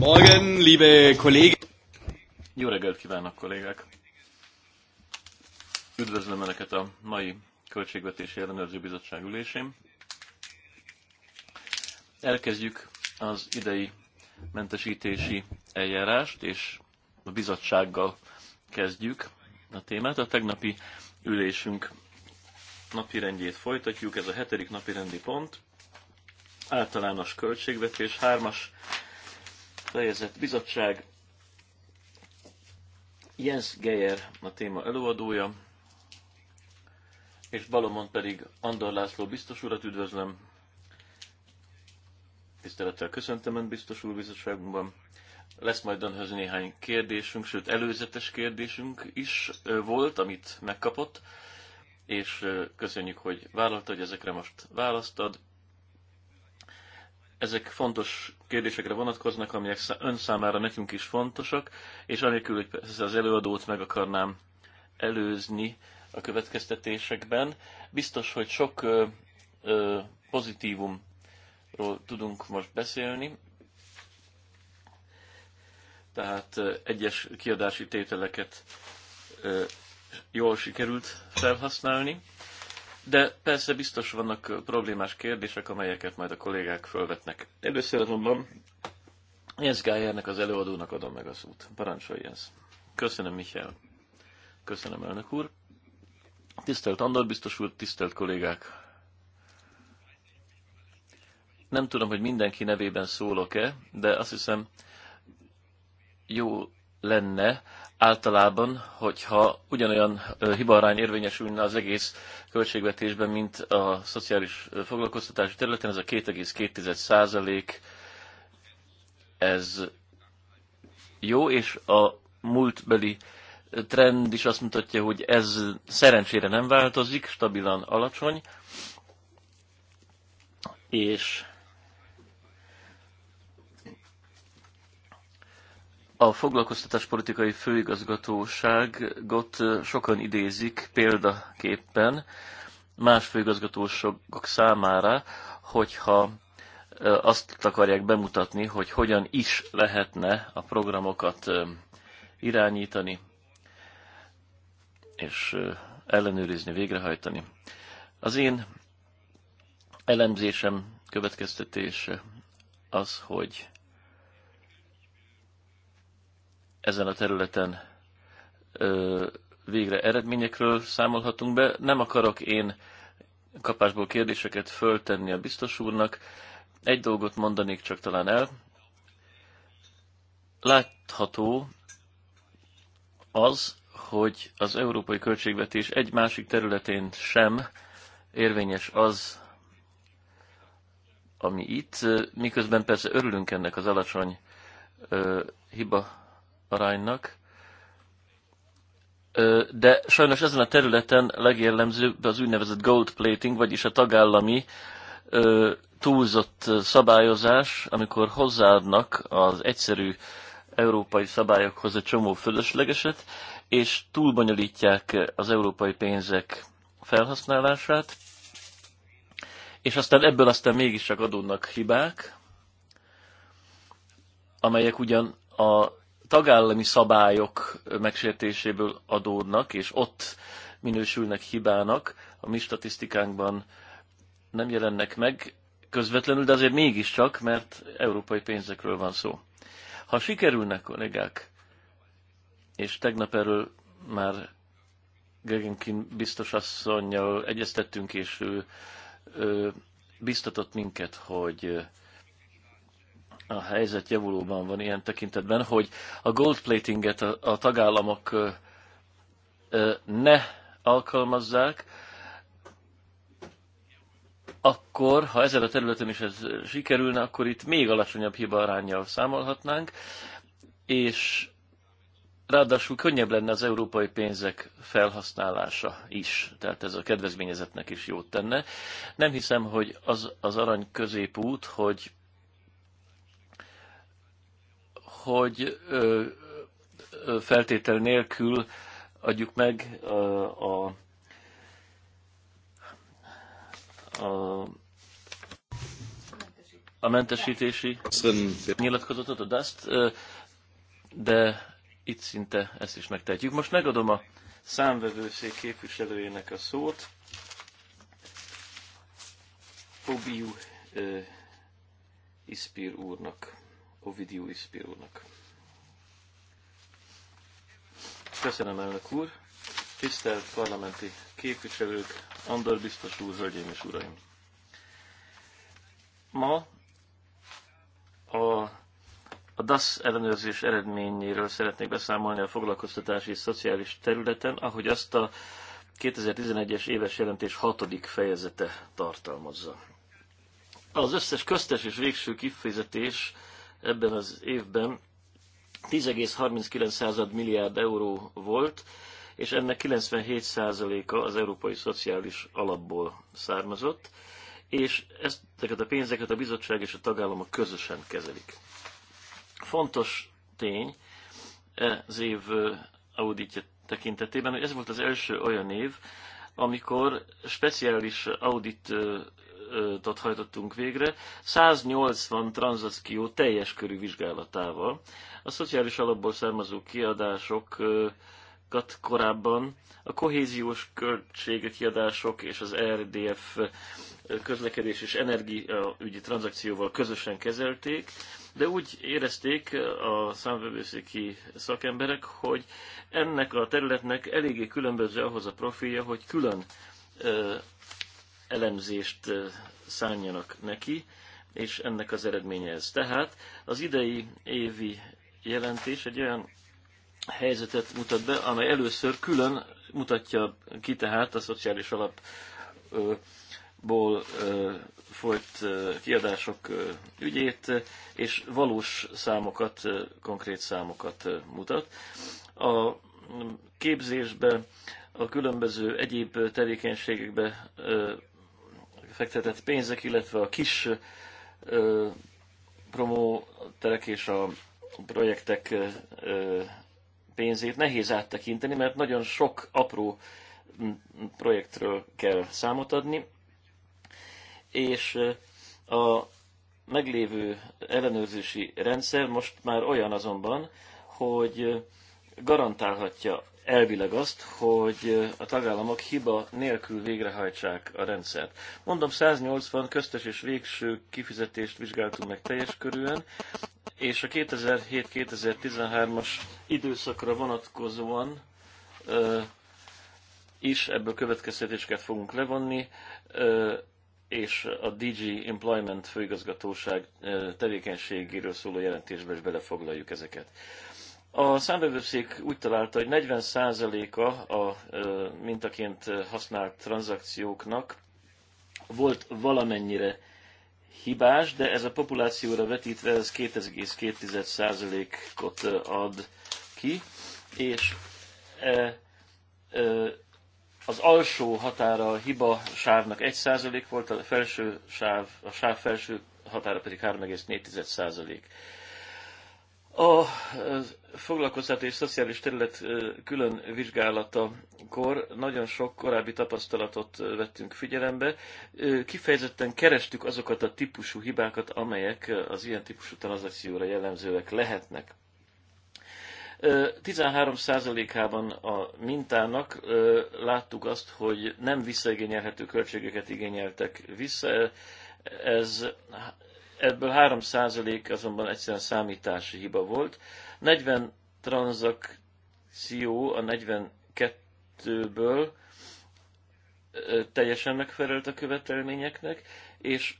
Morgen, liebe Kollegen! Jó reggelt kívánok, kollégák! Üdvözlöm Önöket a mai Költségvetési Ellenőrző Bizottság ülésén. Elkezdjük az idei mentesítési eljárást, és a bizottsággal kezdjük a témát. A tegnapi ülésünk napirendjét folytatjuk, ez a hetedik napirendi pont. Általános költségvetés, hármas fejezet bizottság. Jens Geyer a téma előadója, és Balomon pedig Andor László biztos urat üdvözlöm. Tisztelettel köszöntöm Ön biztos úr bizottságunkban. Lesz majd Önhöz néhány kérdésünk, sőt előzetes kérdésünk is volt, amit megkapott, és köszönjük, hogy vállalta, hogy ezekre most választad ezek fontos kérdésekre vonatkoznak, amelyek ön számára nekünk is fontosak, és anélkül, hogy ezt az előadót meg akarnám előzni a következtetésekben, biztos, hogy sok ö, ö, pozitívumról tudunk most beszélni, tehát egyes kiadási tételeket jól sikerült felhasználni. De persze biztos vannak problémás kérdések, amelyeket majd a kollégák felvetnek. Először azonban Jens Gájernek az előadónak adom meg a szót. Parancsolj Jens. Köszönöm, Michel. Köszönöm, elnök úr. Tisztelt Andor biztos úr, tisztelt kollégák. Nem tudom, hogy mindenki nevében szólok-e, de azt hiszem, jó lenne általában, hogyha ugyanolyan hibarány érvényesülne az egész költségvetésben, mint a szociális foglalkoztatási területen, ez a 2,2 százalék, ez jó, és a múltbeli trend is azt mutatja, hogy ez szerencsére nem változik, stabilan alacsony, és A foglalkoztatáspolitikai főigazgatóságot sokan idézik példaképpen más főigazgatóságok számára, hogyha azt akarják bemutatni, hogy hogyan is lehetne a programokat irányítani és ellenőrizni, végrehajtani. Az én elemzésem, következtetése az, hogy ezen a területen végre eredményekről számolhatunk be. Nem akarok én kapásból kérdéseket föltenni a biztos úrnak. Egy dolgot mondanék csak talán el. Látható az, hogy az európai költségvetés egy másik területén sem érvényes az, ami itt, miközben persze örülünk ennek az alacsony ö, hiba aránynak, de sajnos ezen a területen legjellemzőbb az úgynevezett gold plating, vagyis a tagállami túlzott szabályozás, amikor hozzáadnak az egyszerű európai szabályokhoz egy csomó fölöslegeset, és túlbonyolítják az európai pénzek felhasználását, és aztán ebből aztán mégiscsak adódnak hibák, amelyek ugyan a tagállami szabályok megsértéséből adódnak, és ott minősülnek hibának, a mi statisztikánkban nem jelennek meg közvetlenül, de azért mégiscsak, mert európai pénzekről van szó. Ha sikerülnek, kollégák, és tegnap erről már Gegenkin biztos asszonynal egyeztettünk, és ő, ő biztatott minket, hogy a helyzet javulóban van ilyen tekintetben, hogy a gold platinget a, a tagállamok ö, ö, ne alkalmazzák, akkor, ha ezen a területen is ez sikerülne, akkor itt még alacsonyabb hiba arányjal számolhatnánk, és ráadásul könnyebb lenne az európai pénzek felhasználása is, tehát ez a kedvezményezetnek is jót tenne. Nem hiszem, hogy az az arany középút, hogy hogy feltétel nélkül adjuk meg a, a, a, a mentesítési nyilatkozatot, a DAST, de itt szinte ezt is megtehetjük. Most megadom a számvevőszék képviselőjének a szót. Fobiu Ispír úrnak. Ovidiu Ispirónak. Köszönöm, elnök úr! Tisztelt parlamenti képviselők, Andor biztos úr, hölgyeim és uraim! Ma a, a DASZ ellenőrzés eredményéről szeretnék beszámolni a foglalkoztatási és szociális területen, ahogy azt a 2011-es éves jelentés hatodik fejezete tartalmazza. Az összes köztes és végső kifejezetés ebben az évben 10,39 milliárd euró volt, és ennek 97%-a az Európai Szociális Alapból származott, és ezeket a pénzeket a bizottság és a tagállamok közösen kezelik. Fontos tény ez év auditja tekintetében, hogy ez volt az első olyan év, amikor speciális audit vizsgálatot hajtottunk végre, 180 tranzakció teljes körű vizsgálatával. A szociális alapból származó kiadásokat korábban a kohéziós kiadások és az RDF közlekedés és energiaügyi tranzakcióval közösen kezelték, de úgy érezték a számvevőszéki szakemberek, hogy ennek a területnek eléggé különböző ahhoz a profilja, hogy külön elemzést szálljanak neki, és ennek az eredménye ez. Tehát az idei évi jelentés egy olyan helyzetet mutat be, amely először külön mutatja ki tehát a szociális alapból folyt kiadások ügyét, és valós számokat, konkrét számokat mutat. A képzésbe, a különböző egyéb tevékenységekbe fektetett pénzek, illetve a kis promóterek és a projektek ö, pénzét nehéz áttekinteni, mert nagyon sok apró projektről kell számot adni, és a meglévő ellenőrzési rendszer most már olyan azonban, hogy garantálhatja elvileg azt, hogy a tagállamok hiba nélkül végrehajtsák a rendszert. Mondom, 180 köztes és végső kifizetést vizsgáltunk meg teljes körűen, és a 2007-2013-as időszakra vonatkozóan ö, is ebből következtetéseket fogunk levonni, ö, és a DG Employment főigazgatóság tevékenységéről szóló jelentésbe is belefoglaljuk ezeket. A számbevőszék úgy találta, hogy 40%-a a mintaként használt tranzakcióknak volt valamennyire hibás, de ez a populációra vetítve ez 2,2%-ot ad ki, és e, az alsó határa a hiba sávnak 1% volt, a felső sáv, a sáv felső határa pedig 3,4%. A foglalkoztatás szociális terület külön vizsgálatakor nagyon sok korábbi tapasztalatot vettünk figyelembe. Kifejezetten kerestük azokat a típusú hibákat, amelyek az ilyen típusú tranzakcióra jellemzőek lehetnek. 13%-ában a mintának láttuk azt, hogy nem visszaigényelhető költségeket igényeltek vissza. Ez ebből 3% azonban egyszerűen számítási hiba volt. 40 tranzakció a 42-ből teljesen megfelelt a követelményeknek, és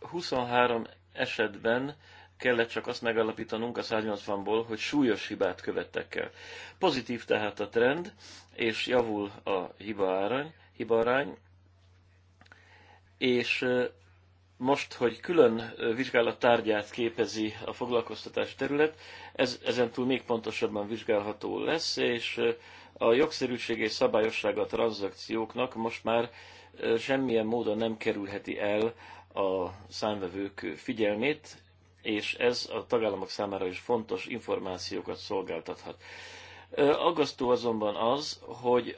23 esetben kellett csak azt megalapítanunk a 180-ból, hogy súlyos hibát követtek el. Pozitív tehát a trend, és javul a hiba, arány, hiba arány, és most, hogy külön vizsgálattárgyát képezi a foglalkoztatás terület, ez ezentúl még pontosabban vizsgálható lesz, és a jogszerűség és szabályossága a tranzakcióknak most már semmilyen módon nem kerülheti el a számvevők figyelmét, és ez a tagállamok számára is fontos információkat szolgáltathat. Aggasztó azonban az, hogy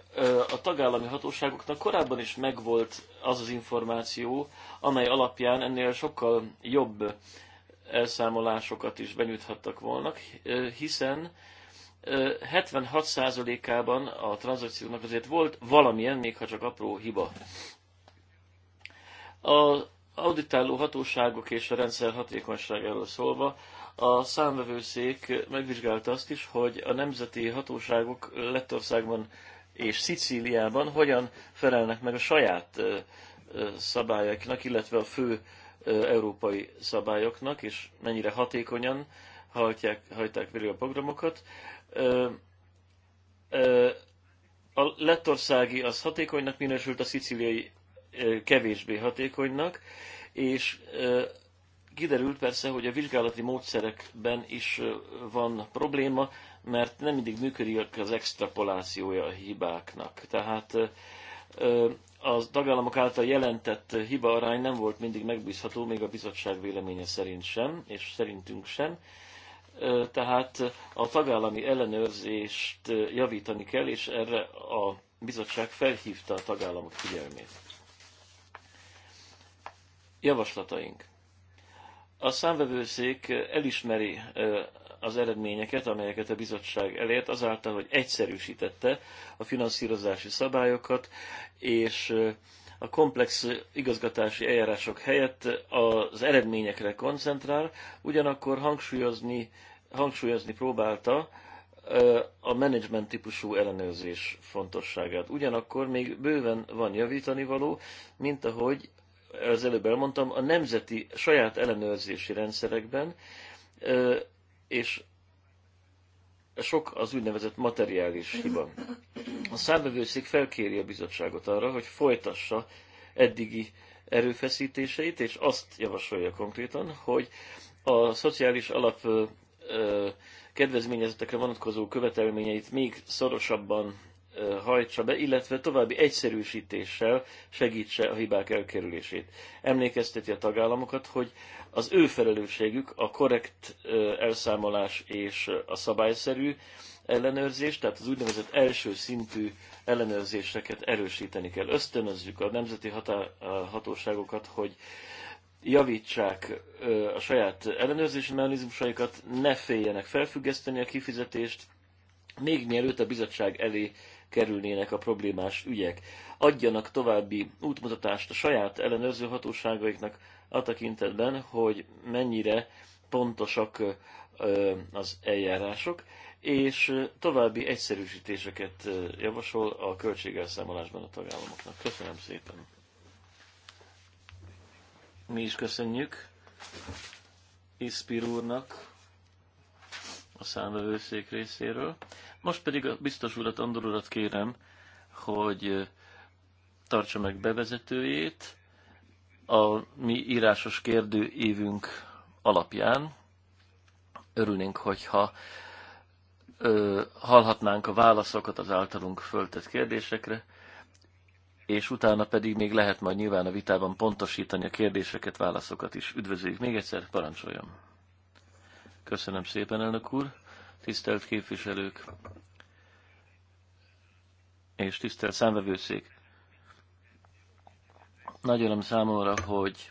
a tagállami hatóságoknak korábban is megvolt az az információ, amely alapján ennél sokkal jobb elszámolásokat is benyújthattak volna, hiszen 76%-ában a tranzakcióknak azért volt valamilyen, még ha csak apró hiba. Az auditáló hatóságok és a rendszer hatékonyságáról szólva, a számvevőszék megvizsgálta azt is, hogy a nemzeti hatóságok Lettországban és Szicíliában hogyan felelnek meg a saját szabályoknak, illetve a fő európai szabályoknak, és mennyire hatékonyan hajtják, hajták végre a programokat. A lettországi az hatékonynak minősült, a szicíliai kevésbé hatékonynak, és Kiderült persze, hogy a vizsgálati módszerekben is van probléma, mert nem mindig működik az extrapolációja a hibáknak. Tehát az tagállamok által jelentett arány nem volt mindig megbízható, még a bizottság véleménye szerint sem, és szerintünk sem. Tehát a tagállami ellenőrzést javítani kell, és erre a bizottság felhívta a tagállamok figyelmét. Javaslataink. A számvevőszék elismeri az eredményeket, amelyeket a bizottság elért, azáltal, hogy egyszerűsítette a finanszírozási szabályokat, és a komplex igazgatási eljárások helyett az eredményekre koncentrál, ugyanakkor hangsúlyozni, hangsúlyozni próbálta a menedzsment típusú ellenőrzés fontosságát. Ugyanakkor még bőven van javítani való, mint ahogy az előbb elmondtam, a nemzeti saját ellenőrzési rendszerekben, és sok az úgynevezett materiális hiba. A számbevőszék felkéri a bizottságot arra, hogy folytassa eddigi erőfeszítéseit, és azt javasolja konkrétan, hogy a szociális alap kedvezményezetekre vonatkozó követelményeit még szorosabban hajtsa be, illetve további egyszerűsítéssel segítse a hibák elkerülését. Emlékezteti a tagállamokat, hogy az ő felelősségük a korrekt elszámolás és a szabályszerű ellenőrzés, tehát az úgynevezett első szintű ellenőrzéseket erősíteni kell. Ösztönözzük a nemzeti hatóságokat, hogy javítsák a saját ellenőrzési mechanizmusaikat, ne féljenek felfüggeszteni a kifizetést, még mielőtt a bizottság elé kerülnének a problémás ügyek. Adjanak további útmutatást a saját ellenőrző hatóságaiknak a tekintetben, hogy mennyire pontosak az eljárások, és további egyszerűsítéseket javasol a költségelszámolásban a tagállamoknak. Köszönöm szépen! Mi is köszönjük Iszpir úrnak a számvevőszék részéről. Most pedig a biztos urat, Andor urat kérem, hogy tartsa meg bevezetőjét a mi írásos kérdőívünk alapján. Örülnénk, hogyha ö, hallhatnánk a válaszokat az általunk föltett kérdésekre, és utána pedig még lehet majd nyilván a vitában pontosítani a kérdéseket, válaszokat is. Üdvözlőjük még egyszer, parancsoljam. Köszönöm szépen, elnök úr! tisztelt képviselők és tisztelt számvevőszék! Nagy öröm számomra, hogy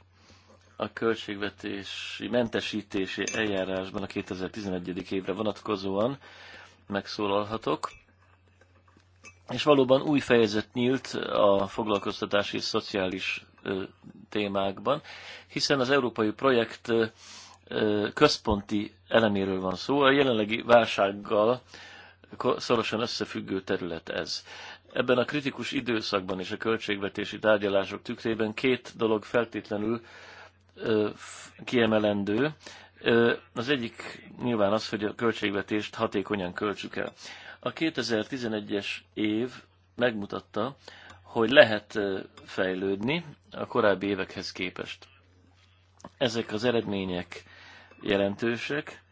a költségvetési mentesítési eljárásban a 2011. évre vonatkozóan megszólalhatok. És valóban új fejezet nyílt a foglalkoztatási és szociális témákban, hiszen az európai projekt központi eleméről van szó. A jelenlegi válsággal szorosan összefüggő terület ez. Ebben a kritikus időszakban és a költségvetési tárgyalások tükrében két dolog feltétlenül kiemelendő. Az egyik nyilván az, hogy a költségvetést hatékonyan költsük el. A 2011-es év megmutatta, hogy lehet fejlődni a korábbi évekhez képest. Ezek az eredmények jelentősek,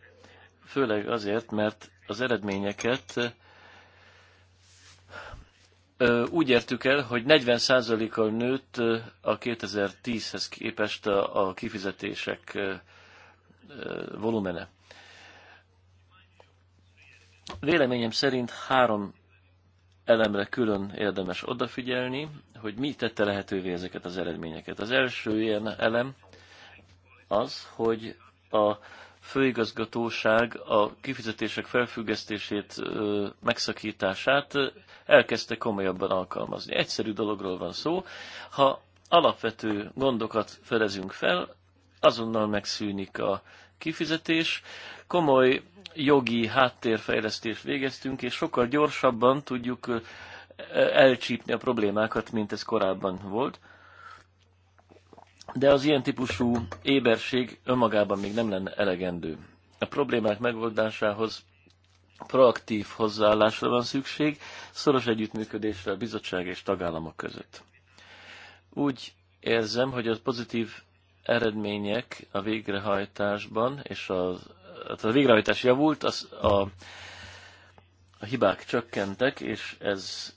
főleg azért, mert az eredményeket úgy értük el, hogy 40%-kal nőtt a 2010-hez képest a kifizetések volumene. Véleményem szerint három elemre külön érdemes odafigyelni, hogy mi tette lehetővé ezeket az eredményeket. Az első ilyen elem az, hogy a főigazgatóság a kifizetések felfüggesztését, megszakítását elkezdte komolyabban alkalmazni. Egyszerű dologról van szó. Ha alapvető gondokat fedezünk fel, azonnal megszűnik a kifizetés. Komoly jogi háttérfejlesztést végeztünk, és sokkal gyorsabban tudjuk elcsípni a problémákat, mint ez korábban volt de az ilyen típusú éberség önmagában még nem lenne elegendő. A problémák megoldásához proaktív hozzáállásra van szükség, szoros együttműködésre a bizottság és tagállamok között. Úgy érzem, hogy az pozitív eredmények a végrehajtásban, és a a végrehajtás javult, az, a, a hibák csökkentek, és ez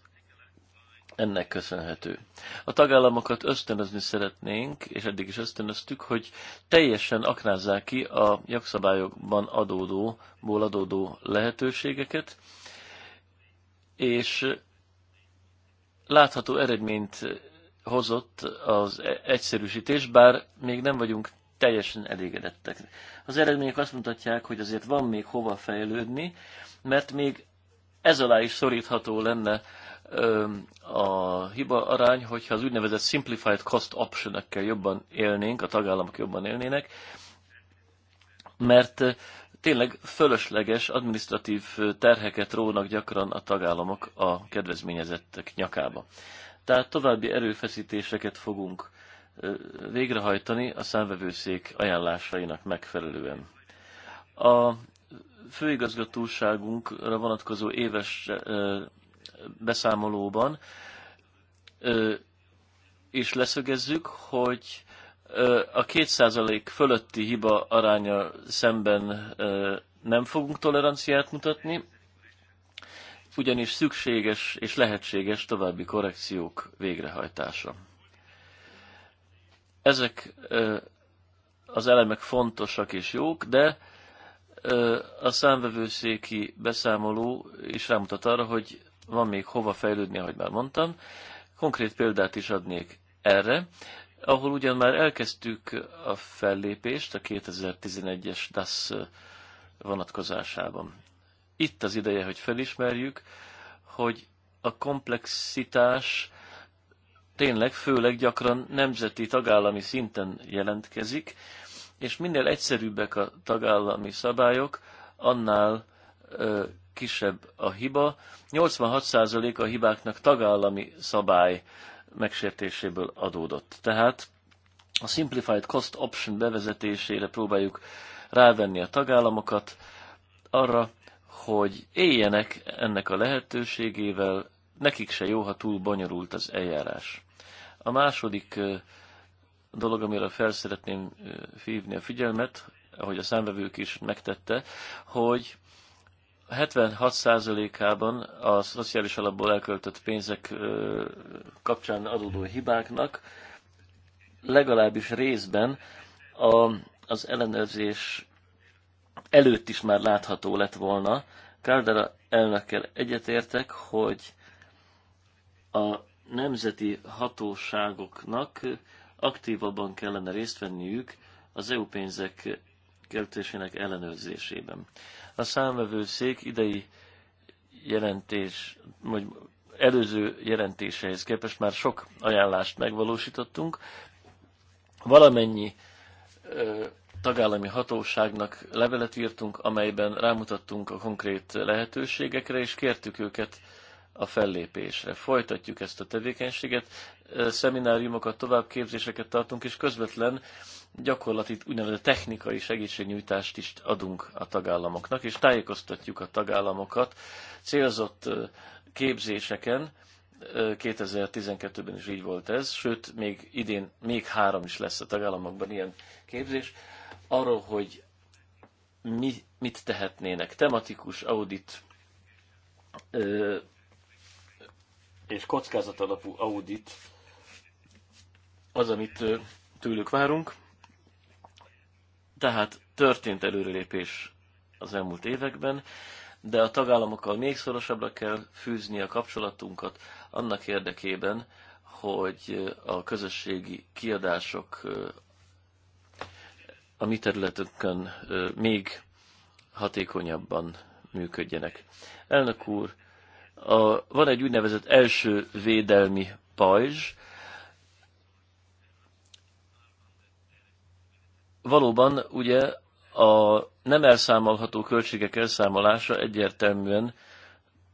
ennek köszönhető. A tagállamokat ösztönözni szeretnénk, és eddig is ösztönöztük, hogy teljesen aknázzák ki a jogszabályokban adódóból adódó lehetőségeket, és látható eredményt hozott az e- egyszerűsítés, bár még nem vagyunk teljesen elégedettek. Az eredmények azt mutatják, hogy azért van még hova fejlődni, mert még ez alá is szorítható lenne a hiba arány, hogyha az úgynevezett simplified cost option jobban élnénk, a tagállamok jobban élnének, mert tényleg fölösleges administratív terheket rónak gyakran a tagállamok a kedvezményezettek nyakába. Tehát további erőfeszítéseket fogunk végrehajtani a számvevőszék ajánlásainak megfelelően. A főigazgatóságunkra vonatkozó éves beszámolóban és leszögezzük, hogy a 2% fölötti hiba aránya szemben nem fogunk toleranciát mutatni, ugyanis szükséges és lehetséges további korrekciók végrehajtása. Ezek az elemek fontosak és jók, de a számvevőszéki beszámoló is rámutat arra, hogy van még hova fejlődni, ahogy már mondtam. Konkrét példát is adnék erre, ahol ugyan már elkezdtük a fellépést a 2011-es DAS vonatkozásában. Itt az ideje, hogy felismerjük, hogy a komplexitás tényleg főleg gyakran nemzeti tagállami szinten jelentkezik, és minél egyszerűbbek a tagállami szabályok, annál kisebb a hiba. 86% a hibáknak tagállami szabály megsértéséből adódott. Tehát a Simplified Cost Option bevezetésére próbáljuk rávenni a tagállamokat arra, hogy éljenek ennek a lehetőségével, nekik se jó, ha túl bonyolult az eljárás. A második dolog, amire fel szeretném hívni a figyelmet, ahogy a számvevők is megtette, hogy 76%-ában a szociális alapból elköltött pénzek kapcsán adódó hibáknak legalábbis részben a, az ellenőrzés előtt is már látható lett volna. Kárdára elnökkel egyetértek, hogy a nemzeti hatóságoknak aktívabban kellene részt venniük az EU pénzek költésének ellenőrzésében a számvevőszék idei jelentés, vagy előző jelentésehez képest már sok ajánlást megvalósítottunk. Valamennyi ö, tagállami hatóságnak levelet írtunk, amelyben rámutattunk a konkrét lehetőségekre, és kértük őket a fellépésre. Folytatjuk ezt a tevékenységet, szemináriumokat, továbbképzéseket tartunk, és közvetlen gyakorlati úgynevezett technikai segítségnyújtást is adunk a tagállamoknak, és tájékoztatjuk a tagállamokat célzott képzéseken, 2012-ben is így volt ez, sőt, még idén még három is lesz a tagállamokban ilyen képzés, arról, hogy mi, mit tehetnének. Tematikus audit és kockázat alapú audit az, amit tőlük várunk. Tehát történt előrelépés az elmúlt években, de a tagállamokkal még szorosabbra kell fűzni a kapcsolatunkat annak érdekében, hogy a közösségi kiadások a mi területünkön még hatékonyabban működjenek. Elnök úr, a, van egy úgynevezett első védelmi pajzs, valóban ugye a nem elszámolható költségek elszámolása egyértelműen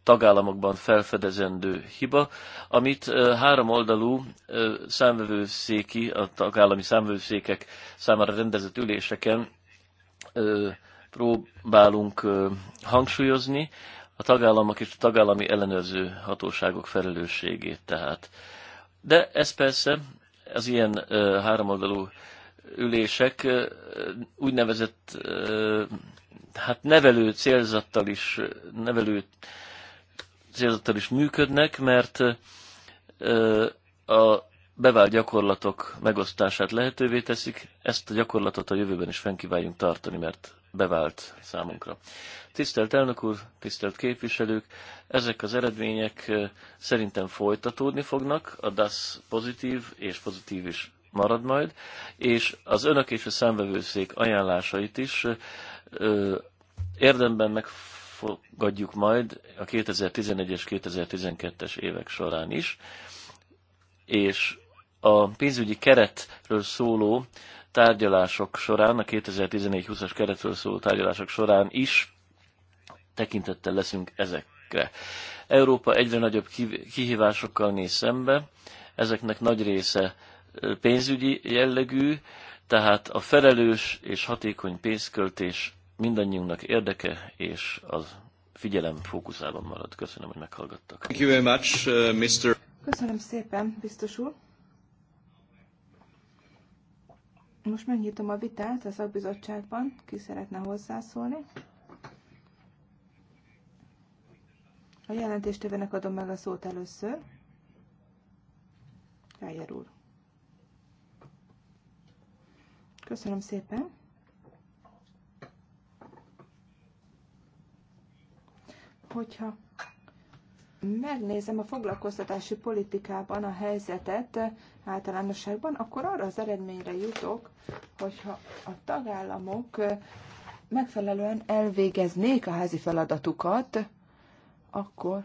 tagállamokban felfedezendő hiba, amit három oldalú számvevőszéki, a tagállami számvevőszékek számára rendezett üléseken próbálunk hangsúlyozni, a tagállamok és a tagállami ellenőrző hatóságok felelősségét tehát. De ez persze az ilyen háromoldalú ülések úgynevezett hát nevelő célzattal is, nevelő célzattal is működnek, mert a bevált gyakorlatok megosztását lehetővé teszik, ezt a gyakorlatot a jövőben is fenn tartani, mert bevált számunkra. Tisztelt elnök úr, tisztelt képviselők, ezek az eredmények szerintem folytatódni fognak, a DASZ pozitív és pozitív is marad majd, és az önök és a számvevőszék ajánlásait is ö, érdemben megfogadjuk majd a 2011-es, 2012-es évek során is, és a pénzügyi keretről szóló tárgyalások során, a 2014-20-as keretről szóló tárgyalások során is tekintettel leszünk ezekre. Európa egyre nagyobb kihívásokkal néz szembe, ezeknek nagy része pénzügyi jellegű, tehát a felelős és hatékony pénzköltés mindannyiunknak érdeke, és az figyelem fókuszában marad. Köszönöm, hogy meghallgattak. Thank you very much, uh, Mr. Köszönöm szépen, biztos úr. Most megnyitom a vitát a szakbizottságban. Ki szeretne hozzászólni? A jelentéstevőnek adom meg a szót először. Kájer úr. Köszönöm szépen. Hogyha megnézem a foglalkoztatási politikában a helyzetet általánosságban, akkor arra az eredményre jutok, hogyha a tagállamok megfelelően elvégeznék a házi feladatukat, akkor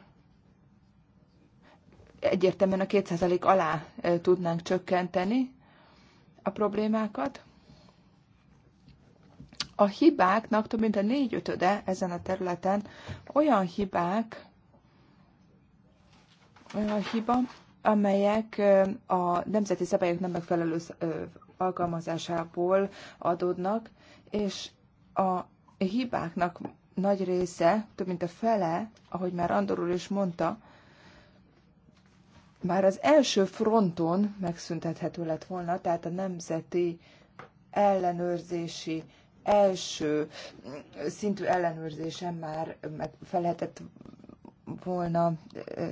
egyértelműen a 2% alá tudnánk csökkenteni a problémákat. A hibáknak több mint a négyötöde ezen a területen olyan hibák, olyan hiba, amelyek a nemzeti szabályok nem megfelelő alkalmazásából adódnak, és a hibáknak nagy része, több mint a fele, ahogy már Andor úr is mondta, már az első fronton megszüntethető lett volna, tehát a nemzeti ellenőrzési első szintű ellenőrzésen már fel lehetett volna ö,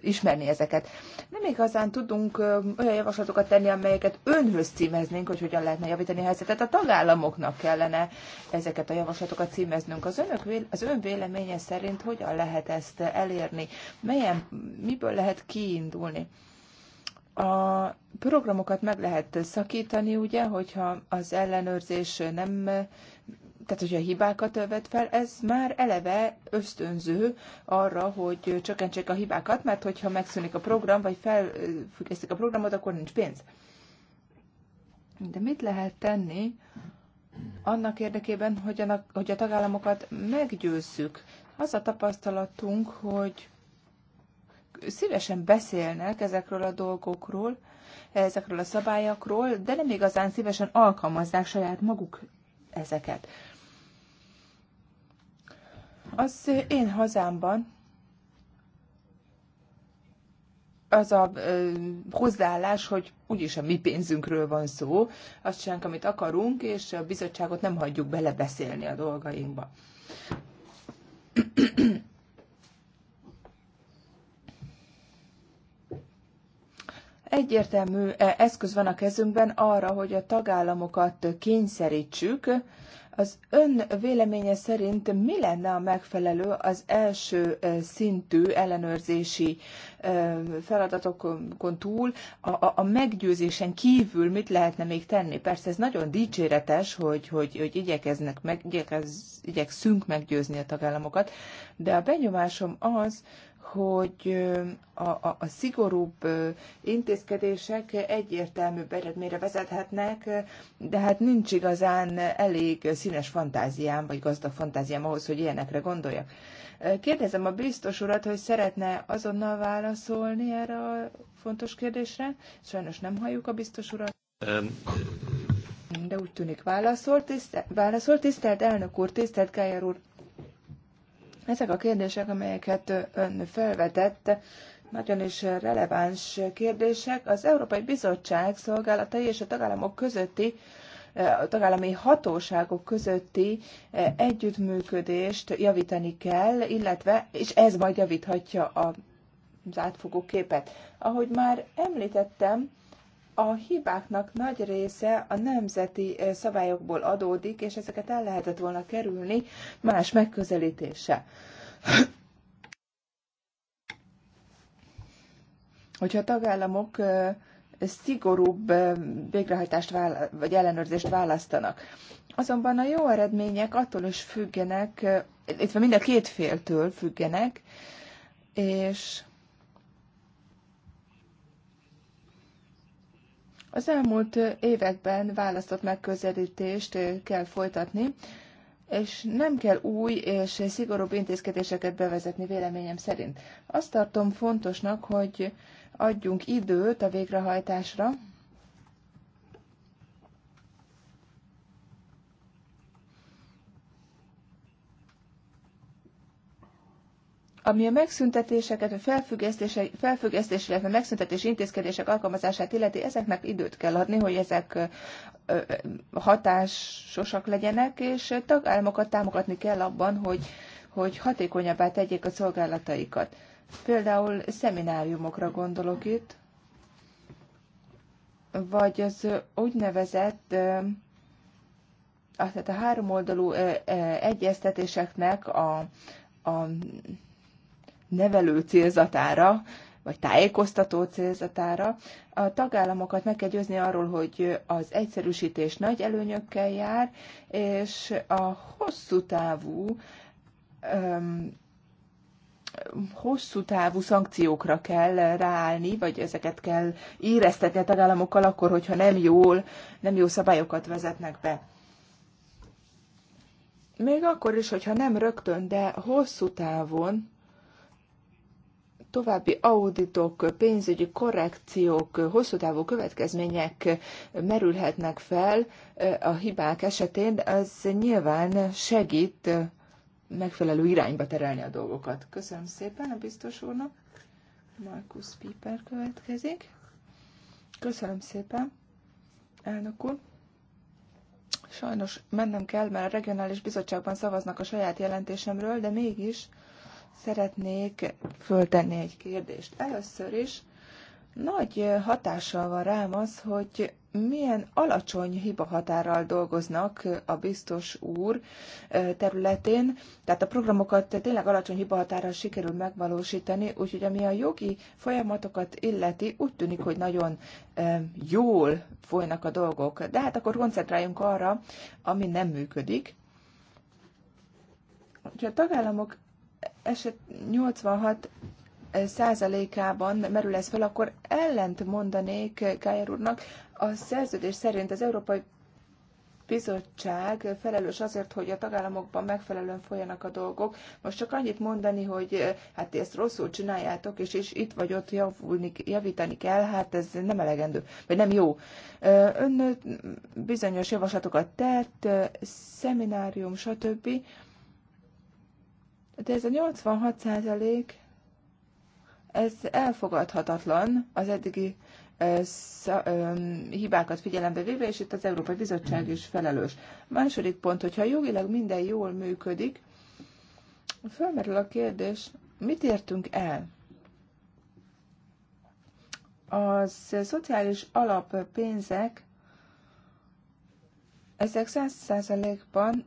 ismerni ezeket. Nem igazán tudunk ö, olyan javaslatokat tenni, amelyeket önhöz címeznénk, hogy hogyan lehetne javítani a helyzetet. A tagállamoknak kellene ezeket a javaslatokat címeznünk. Az, önök, az ön véleménye szerint hogyan lehet ezt elérni? Melyen, miből lehet kiindulni? A programokat meg lehet szakítani, ugye, hogyha az ellenőrzés nem, tehát hogyha hibákat vet fel, ez már eleve ösztönző arra, hogy csökkentsék a hibákat, mert hogyha megszűnik a program, vagy felfüggesztik a programot, akkor nincs pénz. De mit lehet tenni annak érdekében, hogy a, hogy a tagállamokat meggyőzzük? Az a tapasztalatunk, hogy szívesen beszélnek ezekről a dolgokról, ezekről a szabályokról, de nem igazán szívesen alkalmazzák saját maguk ezeket. Az én hazámban az a ö, hozzáállás, hogy úgyis a mi pénzünkről van szó, azt csinálunk, amit akarunk, és a bizottságot nem hagyjuk belebeszélni a dolgainkba. Egyértelmű e, eszköz van a kezünkben arra, hogy a tagállamokat kényszerítsük. Az ön véleménye szerint mi lenne a megfelelő az első e, szintű ellenőrzési e, feladatokon túl, a, a, a meggyőzésen kívül mit lehetne még tenni? Persze ez nagyon dicséretes, hogy, hogy, hogy igyekeznek meg, igyekez, igyekszünk meggyőzni a tagállamokat, de a benyomásom az, hogy a, a, a szigorúbb intézkedések egyértelműbb eredményre vezethetnek, de hát nincs igazán elég színes fantáziám, vagy gazdag fantáziám ahhoz, hogy ilyenekre gondoljak. Kérdezem a biztos urat, hogy szeretne azonnal válaszolni erre a fontos kérdésre. Sajnos nem halljuk a biztos urat. Um. De úgy tűnik válaszolt, tisztelt, válaszolt, tisztelt elnök úr, tisztelt Gájer úr. Ezek a kérdések, amelyeket ön felvetett, nagyon is releváns kérdések. Az Európai Bizottság szolgálatai és a tagállamok közötti a tagállami hatóságok közötti e, együttműködést javítani kell, illetve, és ez majd javíthatja a az átfogó képet. Ahogy már említettem, a hibáknak nagy része a nemzeti szabályokból adódik, és ezeket el lehetett volna kerülni más megközelítéssel. Hogyha a tagállamok szigorúbb végrehajtást vála- vagy ellenőrzést választanak. Azonban a jó eredmények attól is függenek, illetve mind a két féltől függenek, és Az elmúlt években választott megközelítést kell folytatni, és nem kell új és szigorúbb intézkedéseket bevezetni véleményem szerint. Azt tartom fontosnak, hogy adjunk időt a végrehajtásra, ami a megszüntetéseket, a felfüggesztés, illetve megszüntetés intézkedések alkalmazását illeti, ezeknek időt kell adni, hogy ezek hatásosak legyenek, és tagállamokat támogatni kell abban, hogy, hogy hatékonyabbá tegyék a szolgálataikat. Például szemináriumokra gondolok itt, vagy az úgynevezett tehát a háromoldalú egyeztetéseknek a, a nevelő célzatára, vagy tájékoztató célzatára. A tagállamokat meg kell győzni arról, hogy az egyszerűsítés nagy előnyökkel jár, és a hosszú távú öm, hosszú távú szankciókra kell ráállni, vagy ezeket kell éreztetni a tagállamokkal akkor, hogyha nem jól, nem jó szabályokat vezetnek be. Még akkor is, hogyha nem rögtön, de hosszú távon további auditok, pénzügyi korrekciók, hosszú távú következmények merülhetnek fel eh, a hibák esetén, az nyilván segít eh, megfelelő irányba terelni a dolgokat. Köszönöm szépen a biztos úrnak. Markus Piper következik. Köszönöm szépen, elnök úr. Sajnos mennem kell, mert a regionális bizottságban szavaznak a saját jelentésemről, de mégis Szeretnék föltenni egy kérdést. Először is nagy hatással van rám az, hogy milyen alacsony hibahatárral dolgoznak a biztos úr területén, tehát a programokat tényleg alacsony hibahatárral sikerül megvalósítani, úgyhogy ami a jogi folyamatokat illeti, úgy tűnik, hogy nagyon jól folynak a dolgok. De hát akkor koncentráljunk arra, ami nem működik. Ha a tagállamok eset 86 eh, százalékában merül ez fel, akkor ellent mondanék Kájer eh, úrnak. A szerződés szerint az Európai bizottság felelős azért, hogy a tagállamokban megfelelően folyanak a dolgok. Most csak annyit mondani, hogy eh, hát ezt rosszul csináljátok, és, és itt vagy ott javulni, javítani kell, hát ez nem elegendő, vagy nem jó. Ön bizonyos javaslatokat tett, szeminárium, stb. De ez a 86 százalék, ez elfogadhatatlan az eddigi hibákat figyelembe véve, és itt az Európai Bizottság is felelős. Második pont, hogyha jogilag minden jól működik, fölmerül a kérdés, mit értünk el? Az szociális alappénzek ezek száz százalékban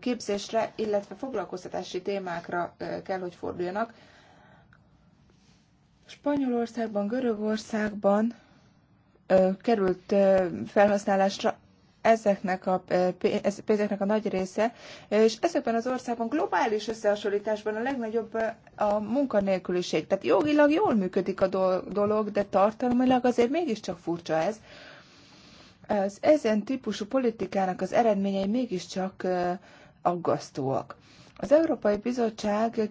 képzésre, illetve foglalkoztatási témákra kell, hogy forduljanak. Spanyolországban, Görögországban került felhasználásra ezeknek a pénzeknek a nagy része, és ezekben az országban globális összehasonlításban a legnagyobb a munkanélküliség. Tehát jogilag jól működik a dolog, de tartalmilag azért mégiscsak furcsa ez, az ezen típusú politikának az eredményei mégiscsak aggasztóak. Az Európai Bizottság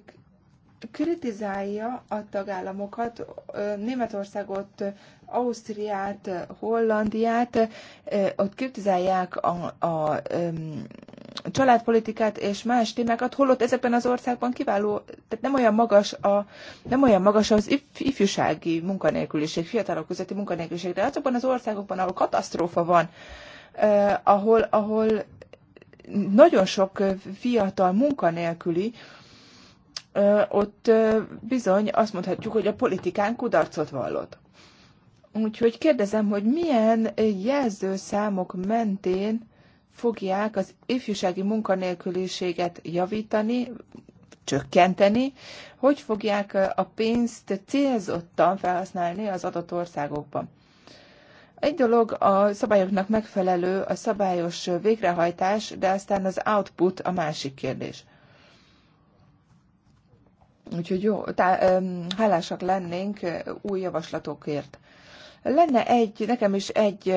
kritizálja a tagállamokat, Németországot, Ausztriát, Hollandiát, ott kritizálják a, a, családpolitikát és más témákat, holott ezekben az országban kiváló, tehát nem olyan magas, a, nem olyan magas az ifjúsági munkanélküliség, fiatalok közötti munkanélküliség, de azokban az országokban, ahol katasztrófa van, eh, ahol, ahol nagyon sok fiatal munkanélküli, eh, ott eh, bizony azt mondhatjuk, hogy a politikán kudarcot vallott. Úgyhogy kérdezem, hogy milyen jelzőszámok mentén fogják az ifjúsági munkanélküliséget javítani, csökkenteni, hogy fogják a pénzt célzottan felhasználni az adott országokban. Egy dolog a szabályoknak megfelelő a szabályos végrehajtás, de aztán az output a másik kérdés. Úgyhogy jó, tá, hálásak lennénk új javaslatokért. Lenne egy, nekem is egy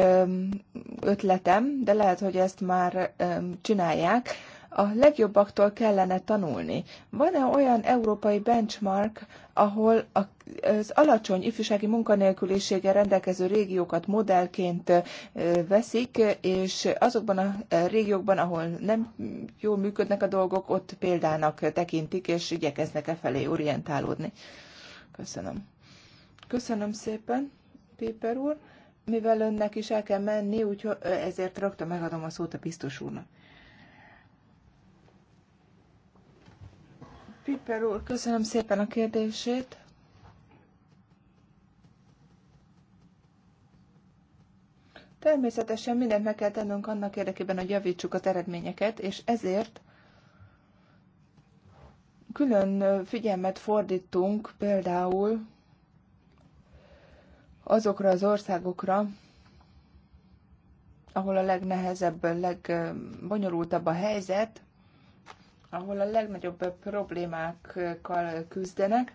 ötletem, de lehet, hogy ezt már csinálják. A legjobbaktól kellene tanulni. Van-e olyan európai benchmark, ahol az alacsony ifjúsági munkanélküliséggel rendelkező régiókat modellként veszik, és azokban a régiókban, ahol nem jól működnek a dolgok, ott példának tekintik, és igyekeznek e felé orientálódni. Köszönöm. Köszönöm szépen. Péper úr. Mivel önnek is el kell menni, úgyhogy ezért rögtön megadom a szót a biztos úrnak. Piper úr, köszönöm szépen a kérdését. Természetesen mindent meg kell tennünk annak érdekében, hogy javítsuk az eredményeket, és ezért külön figyelmet fordítunk például azokra az országokra, ahol a legnehezebb, legbonyolultabb a helyzet, ahol a legnagyobb problémákkal küzdenek,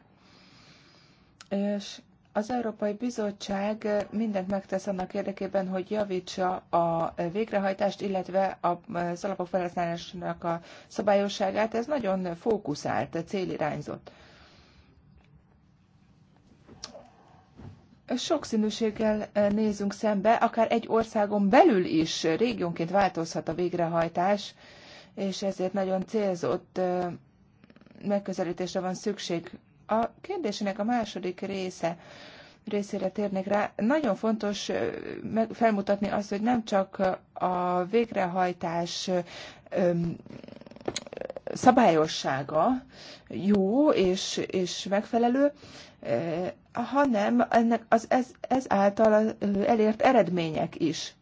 és az Európai Bizottság mindent megtesz annak érdekében, hogy javítsa a végrehajtást, illetve az alapok felhasználásának a szabályosságát. Ez nagyon fókuszált, célirányzott. sokszínűséggel nézünk szembe, akár egy országon belül is régiónként változhat a végrehajtás, és ezért nagyon célzott megközelítésre van szükség. A kérdésének a második része részére térnék rá. Nagyon fontos felmutatni azt, hogy nem csak a végrehajtás szabályossága jó és, és megfelelő, hanem ennek az ez, ez által elért eredmények is.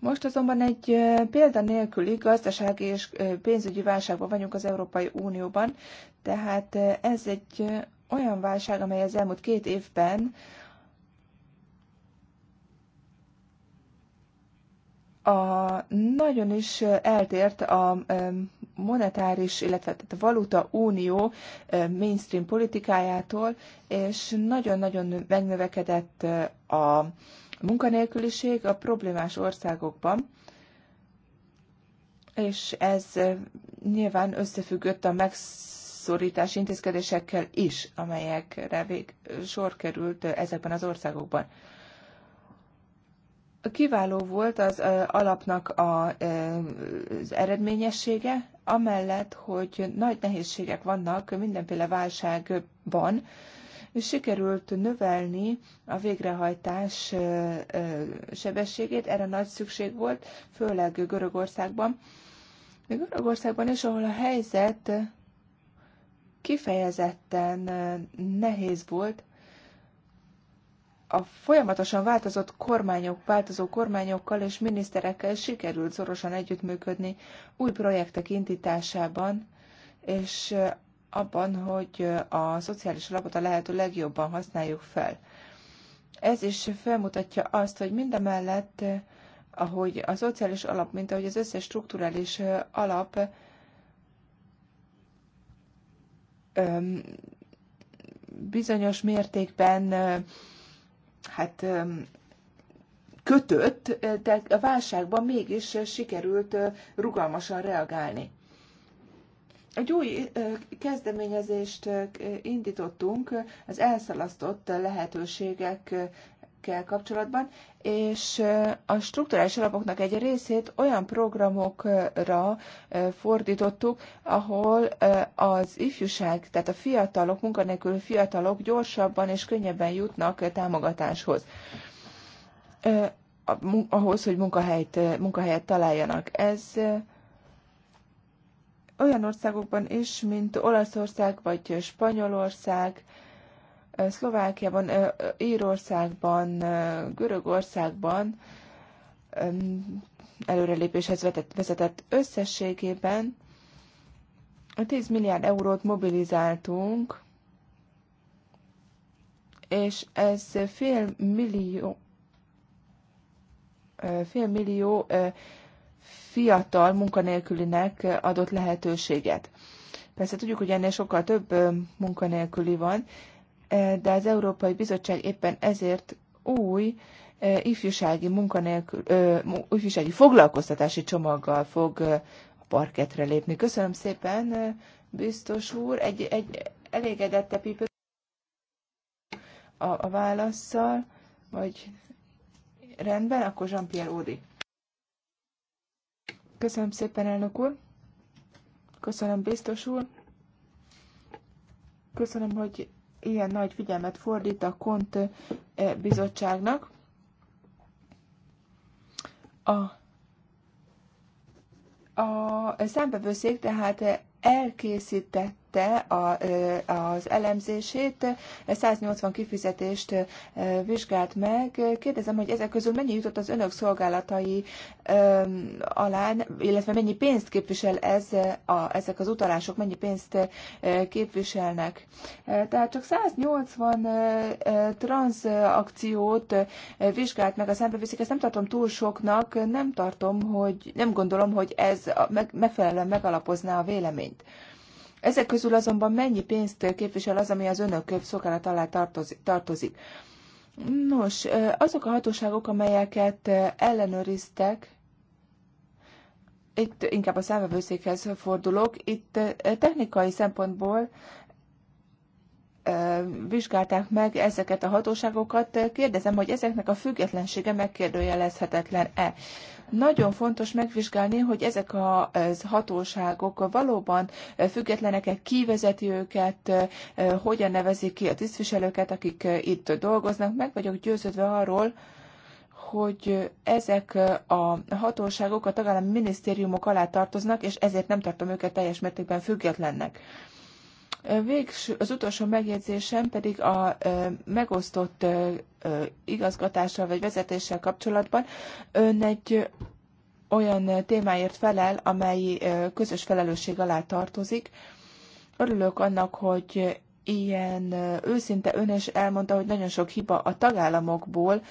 Most azonban egy példa nélküli gazdasági és pénzügyi válságban vagyunk az Európai Unióban, tehát ez egy olyan válság, amely az elmúlt két évben a, nagyon is eltért a monetáris, illetve tehát a valuta unió mainstream politikájától, és nagyon-nagyon megnövekedett a munkanélküliség a problémás országokban, és ez nyilván összefüggött a megszorítási intézkedésekkel is, amelyekre vég, sor került ezekben az országokban. Kiváló volt az alapnak a, az eredményessége, amellett, hogy nagy nehézségek vannak mindenféle válságban, sikerült növelni a végrehajtás sebességét, erre nagy szükség volt, főleg Görögországban. Görögországban is, ahol a helyzet kifejezetten nehéz volt, a folyamatosan változott kormányok, változó kormányokkal és miniszterekkel sikerült szorosan együttműködni új projektek indításában, és abban, hogy a szociális alapot a lehető legjobban használjuk fel. Ez is felmutatja azt, hogy mindemellett, ahogy a szociális alap, mint ahogy az összes strukturális alap bizonyos mértékben hát kötött, de a válságban mégis sikerült rugalmasan reagálni. Egy új kezdeményezést indítottunk az elszalasztott lehetőségek kell kapcsolatban, és a strukturális alapoknak egy részét olyan programokra fordítottuk, ahol az ifjúság, tehát a fiatalok, munkanélkül fiatalok gyorsabban és könnyebben jutnak támogatáshoz ahhoz, hogy munkahelyet, munkahelyet találjanak. Ez olyan országokban is, mint Olaszország vagy Spanyolország, Szlovákiában, Írországban, Görögországban előrelépéshez vezetett összességében 10 milliárd eurót mobilizáltunk, és ez fél millió, fél millió fiatal munkanélkülinek adott lehetőséget. Persze tudjuk, hogy ennél sokkal több munkanélküli van, de az Európai Bizottság éppen ezért új ifjúsági munkanélkül, ifjúsági foglalkoztatási csomaggal fog a parketre lépni. Köszönöm szépen, biztos úr. Egy, egy elégedette a, a válaszsal, vagy rendben, akkor Jean-Pierre Ódi. Köszönöm szépen, elnök úr. Köszönöm, biztos úr. Köszönöm, hogy ilyen nagy figyelmet fordít a KONT eh, bizottságnak. A a számbevőszék tehát elkészített tette a, az elemzését, 180 kifizetést vizsgált meg. Kérdezem, hogy ezek közül mennyi jutott az önök szolgálatai alá, illetve mennyi pénzt képvisel ez a, ezek az utalások, mennyi pénzt képviselnek. Tehát csak 180 tranzakciót vizsgált meg a számbevőszék, ezt nem tartom túl soknak, nem tartom, hogy nem gondolom, hogy ez megfelelően megalapozná a véleményt. Ezek közül azonban mennyi pénzt képvisel az, ami az önök szolgálat alá tartozik? Nos, azok a hatóságok, amelyeket ellenőriztek, itt inkább a számvevőszékhez fordulok, itt technikai szempontból vizsgálták meg ezeket a hatóságokat. Kérdezem, hogy ezeknek a függetlensége megkérdőjelezhetetlen-e? Nagyon fontos megvizsgálni, hogy ezek a hatóságok valóban e, függetlenek-e, kivezeti őket, e, e, hogyan nevezik ki a tisztviselőket, akik itt dolgoznak. Meg vagyok győződve arról, hogy ezek a hatóságok a tagállami minisztériumok alá tartoznak, és ezért nem tartom őket teljes mértékben függetlennek. Végső, az utolsó megjegyzésem pedig a megosztott igazgatással vagy vezetéssel kapcsolatban. Ön egy olyan témáért felel, amely közös felelősség alá tartozik. Örülök annak, hogy ilyen őszinte ön is elmondta, hogy nagyon sok hiba a tagállamokból,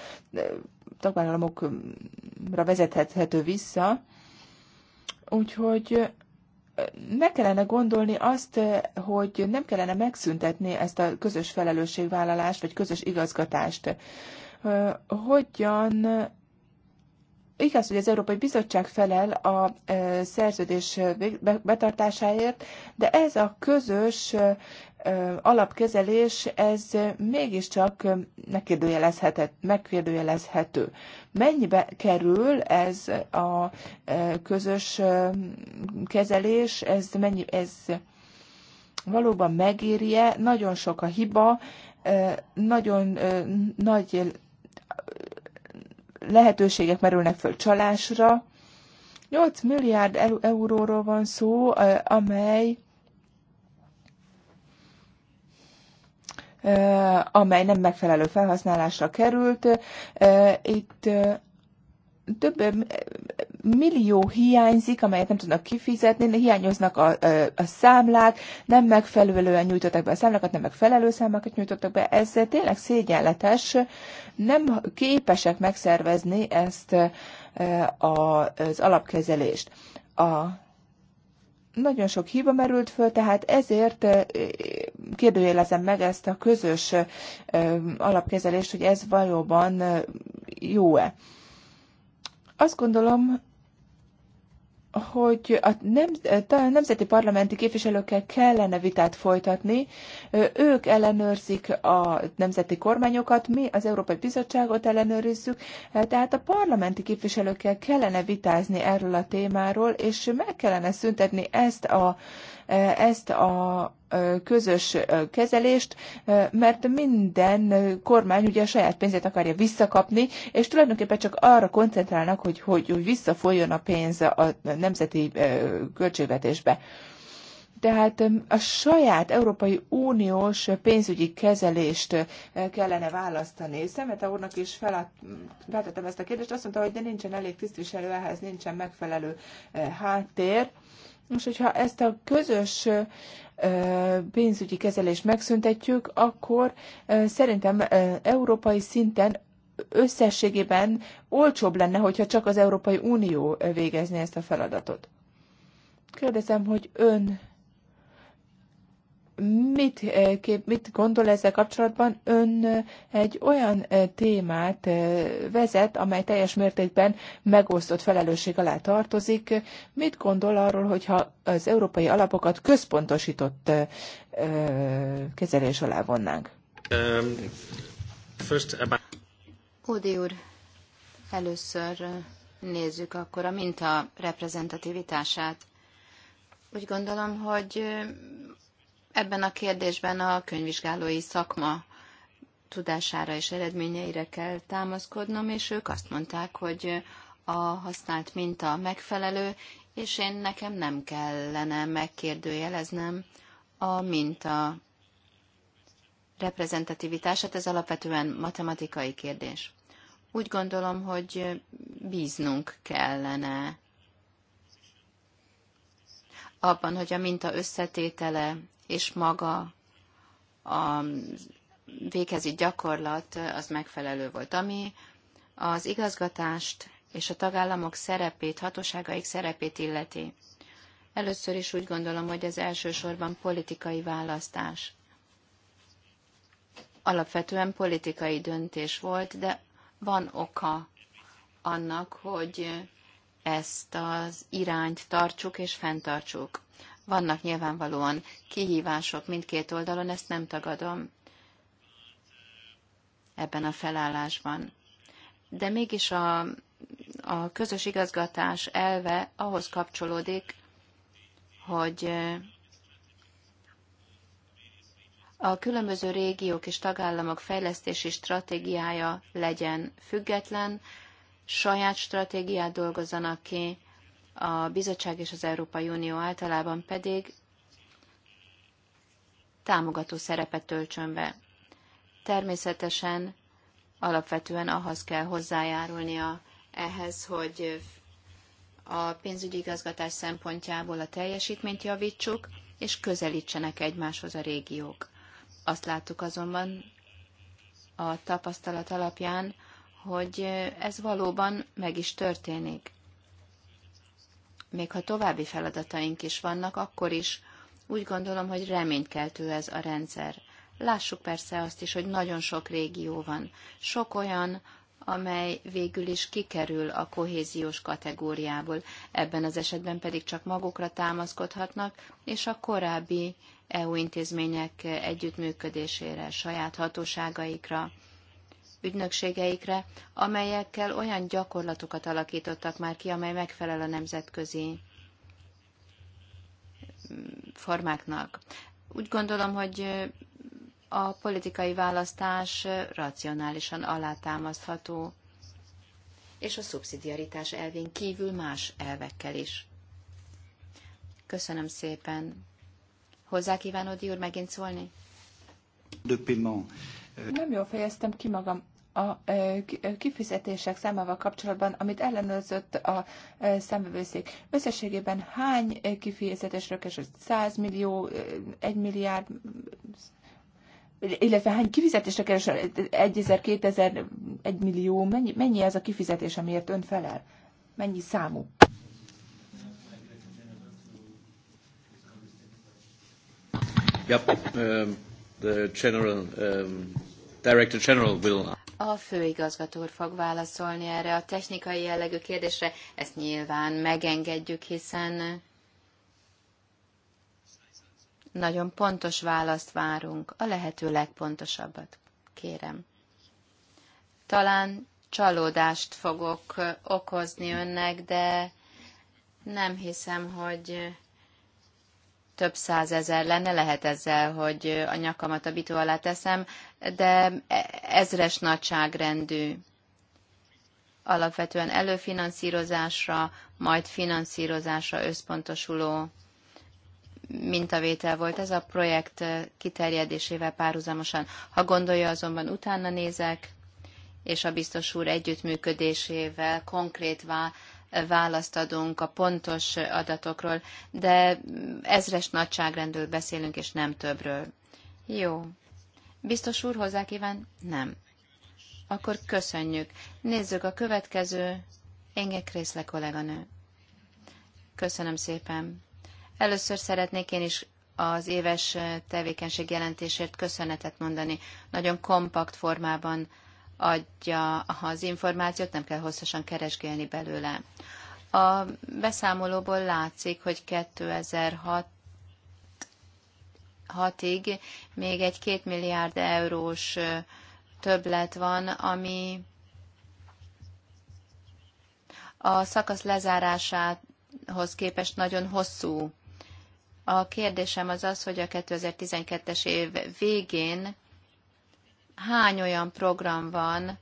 tagállamokra vezethető vissza. Úgyhogy meg kellene gondolni azt, hogy nem kellene megszüntetni ezt a közös felelősségvállalást, vagy közös igazgatást. Hogyan Igaz, hogy az Európai Bizottság felel a szerződés betartásáért, de ez a közös alapkezelés, ez mégiscsak megkérdőjelezhető. Mennyibe kerül ez a közös kezelés, ez, mennyi, ez valóban megéri-e? Nagyon sok a hiba, nagyon nagy lehetőségek merülnek föl csalásra. 8 milliárd euróról van szó, amely amely nem megfelelő felhasználásra került. Itt több millió hiányzik, amelyet nem tudnak kifizetni, hiányoznak a, a, számlák, nem megfelelően nyújtottak be a számlákat, nem megfelelő számlákat nyújtottak be. Ez tényleg szégyenletes, nem képesek megszervezni ezt az alapkezelést. A nagyon sok hiba merült föl, tehát ezért kérdőjelezem meg ezt a közös alapkezelést, hogy ez valóban jó-e. Azt gondolom, hogy a, nem, a nemzeti parlamenti képviselőkkel kellene vitát folytatni. Ők ellenőrzik a nemzeti kormányokat, mi az Európai Bizottságot ellenőrizzük, tehát a parlamenti képviselőkkel kellene vitázni erről a témáról, és meg kellene szüntetni ezt a ezt a közös kezelést, mert minden kormány ugye a saját pénzét akarja visszakapni, és tulajdonképpen csak arra koncentrálnak, hogy, hogy, hogy visszafoljon a pénz a nemzeti költségvetésbe. Tehát a saját Európai Uniós pénzügyi kezelést kellene választani. Szemete úrnak is feltettem ezt a kérdést, azt mondta, hogy de nincsen elég tisztviselő, ehhez nincsen megfelelő háttér. Most, hogyha ezt a közös pénzügyi kezelést megszüntetjük, akkor szerintem európai szinten összességében olcsóbb lenne, hogyha csak az Európai Unió végezné ezt a feladatot. Kérdezem, hogy ön mit, eh, mit gondol ezzel kapcsolatban? Ön eh, egy olyan eh, témát vezet, amely teljes mértékben megosztott felelősség alá tartozik. Mit gondol arról, hogyha az európai alapokat központosított kezelés alá vonnánk? Um, first about... Ódi úr, először nézzük akkor a minta reprezentativitását. Úgy gondolom, hogy Ebben a kérdésben a könyvvizsgálói szakma tudására és eredményeire kell támaszkodnom, és ők azt mondták, hogy a használt minta megfelelő, és én nekem nem kellene megkérdőjeleznem a minta reprezentativitását, ez alapvetően matematikai kérdés. Úgy gondolom, hogy bíznunk kellene abban, hogy a minta összetétele és maga a végezi gyakorlat az megfelelő volt. Ami az igazgatást és a tagállamok szerepét, hatóságaik szerepét illeti. Először is úgy gondolom, hogy ez elsősorban politikai választás. Alapvetően politikai döntés volt, de van oka annak, hogy ezt az irányt tartsuk és fenntartsuk. Vannak nyilvánvalóan kihívások mindkét oldalon, ezt nem tagadom ebben a felállásban. De mégis a, a közös igazgatás elve ahhoz kapcsolódik, hogy a különböző régiók és tagállamok fejlesztési stratégiája legyen független, saját stratégiát dolgozzanak ki, a bizottság és az Európai Unió általában pedig támogató szerepet töltsön be. Természetesen alapvetően ahhoz kell hozzájárulnia ehhez, hogy a pénzügyi igazgatás szempontjából a teljesítményt javítsuk, és közelítsenek egymáshoz a régiók. Azt láttuk azonban a tapasztalat alapján, hogy ez valóban meg is történik még ha további feladataink is vannak, akkor is úgy gondolom, hogy reménykeltő ez a rendszer. Lássuk persze azt is, hogy nagyon sok régió van. Sok olyan, amely végül is kikerül a kohéziós kategóriából. Ebben az esetben pedig csak magukra támaszkodhatnak, és a korábbi EU intézmények együttműködésére, saját hatóságaikra, ügynökségeikre, amelyekkel olyan gyakorlatokat alakítottak már ki, amely megfelel a nemzetközi mm, formáknak. Úgy gondolom, hogy a politikai választás racionálisan alátámasztható, és a szubszidiaritás elvén kívül más elvekkel is. Köszönöm szépen. Hozzá kívánod, úr, megint szólni? Nem jól fejeztem ki magam a kifizetések számával kapcsolatban, amit ellenőrzött a szemvevőszék. Összességében hány kifizetésről került? 100 millió, 1 milliárd, illetve hány kifizetésre került? 1000, 2000, 1 millió, mennyi, mennyi ez a kifizetés, amiért ön felel? Mennyi számú? Yep, um, the general um, director general will. A főigazgató úr fog válaszolni erre a technikai jellegű kérdésre. Ezt nyilván megengedjük, hiszen nagyon pontos választ várunk, a lehető legpontosabbat. Kérem. Talán csalódást fogok okozni önnek, de nem hiszem, hogy több százezer lenne, lehet ezzel, hogy a nyakamat a bitó alá teszem, de ezres nagyságrendű alapvetően előfinanszírozásra, majd finanszírozásra összpontosuló mintavétel volt ez a projekt kiterjedésével párhuzamosan. Ha gondolja, azonban utána nézek, és a biztos úr együttműködésével konkrét választ adunk a pontos adatokról, de ezres nagyságrendről beszélünk, és nem többről. Jó. Biztos úr hozzá kíván? Nem. Akkor köszönjük. Nézzük a következő. Inge Kriszle kolléganő. Köszönöm szépen. Először szeretnék én is az éves tevékenység jelentésért köszönetet mondani. Nagyon kompakt formában adja az információt, nem kell hosszasan keresgélni belőle. A beszámolóból látszik, hogy 2006 ig még egy 2 milliárd eurós többlet van, ami a szakasz lezárásához képest nagyon hosszú. A kérdésem az az, hogy a 2012-es év végén hány olyan program van,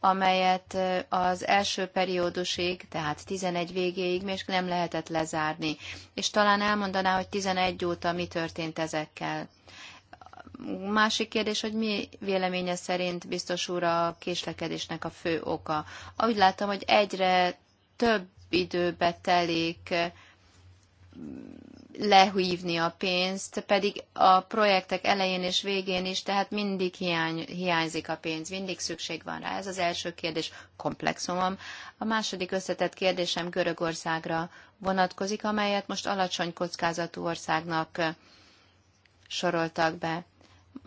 amelyet az első periódusig, tehát 11 végéig még nem lehetett lezárni. És talán elmondaná, hogy 11 óta mi történt ezekkel. Másik kérdés, hogy mi véleménye szerint biztos úr a késlekedésnek a fő oka. Ahogy látom, hogy egyre több időbe telik lehívni a pénzt, pedig a projektek elején és végén is, tehát mindig hiány, hiányzik a pénz, mindig szükség van rá. Ez az első kérdés komplexumom. A második összetett kérdésem Görögországra vonatkozik, amelyet most alacsony kockázatú országnak eh, soroltak be.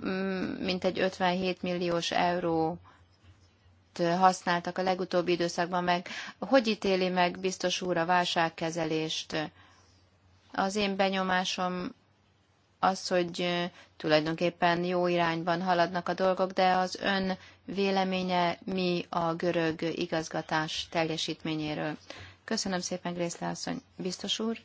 Mm, Mintegy 57 milliós eurót eh, használtak a legutóbbi időszakban meg. Hogy ítéli meg biztos úr a válságkezelést? Az én benyomásom az, hogy tulajdonképpen jó irányban haladnak a dolgok, de az ön véleménye mi a görög igazgatás teljesítményéről. Köszönöm szépen, Grészle asszony. Biztos úr?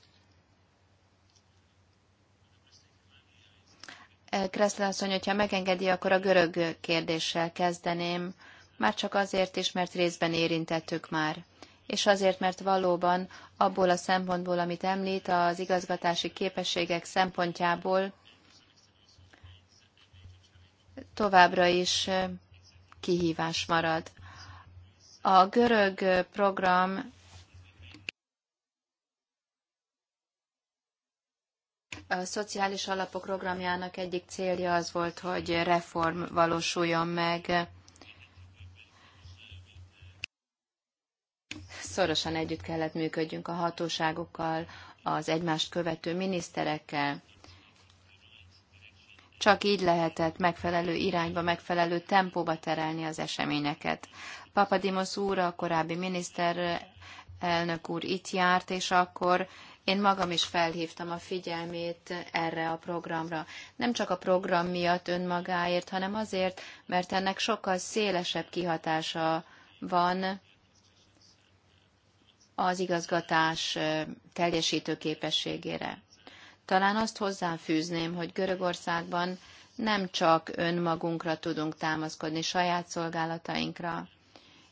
Kreszle asszony, hogyha megengedi, akkor a görög kérdéssel kezdeném, már csak azért is, mert részben érintettük már és azért, mert valóban abból a szempontból, amit említ, az igazgatási képességek szempontjából továbbra is kihívás marad. A görög program A szociális alapok programjának egyik célja az volt, hogy reform valósuljon meg Szorosan együtt kellett működjünk a hatóságokkal, az egymást követő miniszterekkel. Csak így lehetett megfelelő irányba, megfelelő tempóba terelni az eseményeket. Papadimos úr, a korábbi miniszter elnök úr itt járt, és akkor én magam is felhívtam a figyelmét erre a programra. Nem csak a program miatt önmagáért, hanem azért, mert ennek sokkal szélesebb kihatása van az igazgatás teljesítő képességére. Talán azt hozzáfűzném, hogy Görögországban nem csak önmagunkra tudunk támaszkodni, saját szolgálatainkra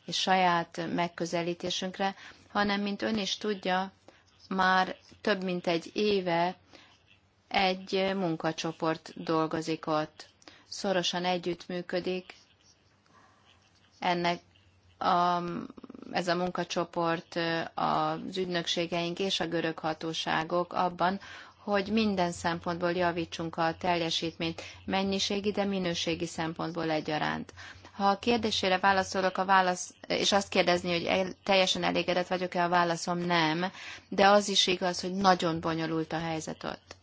és saját megközelítésünkre, hanem, mint ön is tudja, már több mint egy éve egy munkacsoport dolgozik ott. Szorosan együttműködik ennek a, ez a munkacsoport, az ügynökségeink és a görög hatóságok abban, hogy minden szempontból javítsunk a teljesítményt, mennyiségi, de minőségi szempontból egyaránt. Ha a kérdésére válaszolok, a válasz, és azt kérdezni, hogy el, teljesen elégedett vagyok-e, a válaszom nem, de az is igaz, hogy nagyon bonyolult a helyzet ott.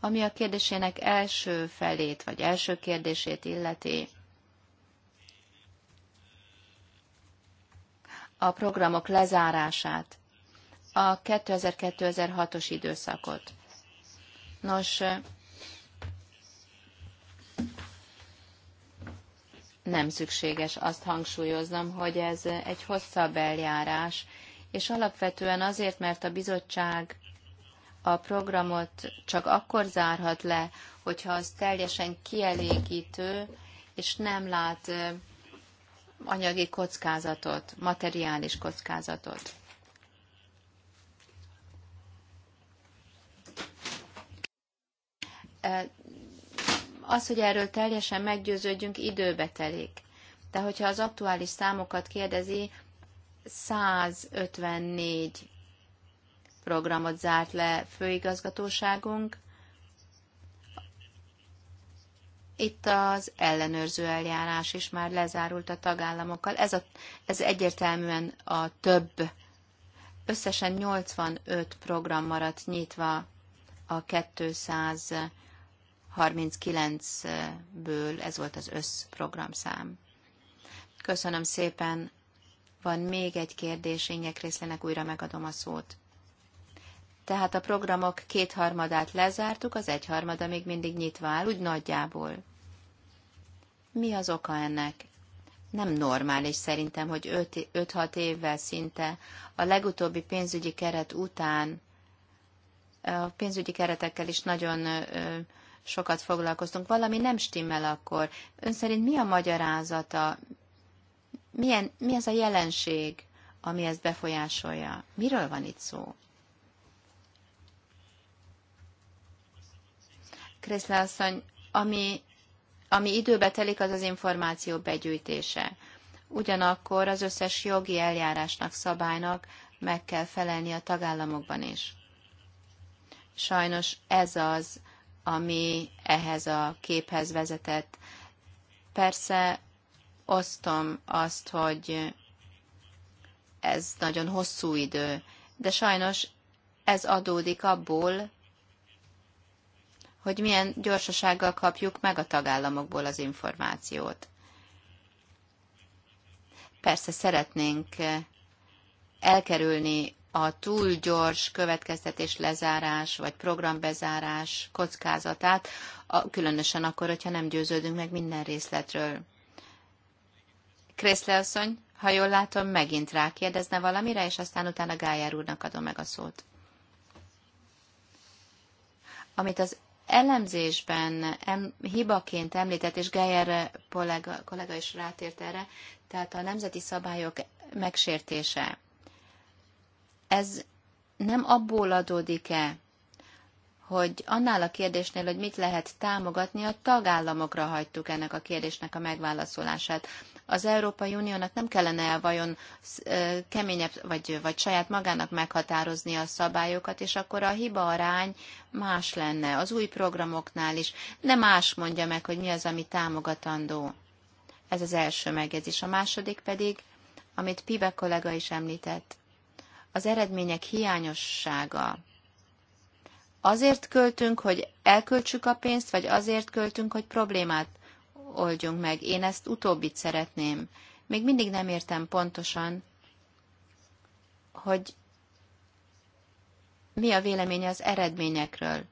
Ami a kérdésének első felét, vagy első kérdését illeti, a programok lezárását, a 2002 2006 os időszakot. Nos, nem szükséges azt hangsúlyoznom, hogy ez egy hosszabb eljárás, és alapvetően azért, mert a bizottság a programot csak akkor zárhat le, hogyha az teljesen kielégítő, és nem lát anyagi kockázatot, materiális kockázatot. Az, hogy erről teljesen meggyőződjünk, időbe telik. De hogyha az aktuális számokat kérdezi, 154 programot zárt le főigazgatóságunk, Itt az ellenőrző eljárás is már lezárult a tagállamokkal. Ez, a, ez egyértelműen a több. Összesen 85 program maradt nyitva a 239-ből, ez volt az összprogramszám. Köszönöm szépen. Van még egy kérdés, ingyek részlenek, újra megadom a szót. Tehát a programok kétharmadát lezártuk, az egyharmada még mindig nyitva áll, úgy nagyjából. Mi az oka ennek? Nem normális szerintem, hogy 5-6 évvel szinte a legutóbbi pénzügyi keret után a pénzügyi keretekkel is nagyon sokat foglalkoztunk. Valami nem stimmel akkor. Ön szerint mi a magyarázata? Milyen, mi ez a jelenség, ami ezt befolyásolja? Miről van itt szó? Kriszle asszony, ami ami időbe telik, az az információ begyűjtése. Ugyanakkor az összes jogi eljárásnak, szabálynak meg kell felelni a tagállamokban is. Sajnos ez az, ami ehhez a képhez vezetett. Persze osztom azt, hogy ez nagyon hosszú idő, de sajnos ez adódik abból, hogy milyen gyorsasággal kapjuk meg a tagállamokból az információt. Persze szeretnénk eh, elkerülni a túl gyors következtetés lezárás vagy programbezárás kockázatát, különösen akkor, hogyha nem győződünk meg minden részletről. Krészle asszony, ha jól látom, megint rákérdezne valamire, és aztán utána Gájár úrnak adom meg a szót. Amit az elemzésben em, hibaként említett, és Geyer kollega, kollega is rátért erre, tehát a nemzeti szabályok megsértése, ez nem abból adódik-e, hogy annál a kérdésnél, hogy mit lehet támogatni, a tagállamokra hagytuk ennek a kérdésnek a megválaszolását az Európai Uniónak nem kellene vajon keményebb, vagy, vagy saját magának meghatározni a szabályokat, és akkor a hiba arány más lenne az új programoknál is. Nem más mondja meg, hogy mi az, ami támogatandó. Ez az első megjegyzés. A második pedig, amit Pibe kollega is említett, az eredmények hiányossága. Azért költünk, hogy elköltsük a pénzt, vagy azért költünk, hogy problémát oldjunk meg. Én ezt utóbbit szeretném. Még mindig nem értem pontosan, hogy mi a véleménye az eredményekről.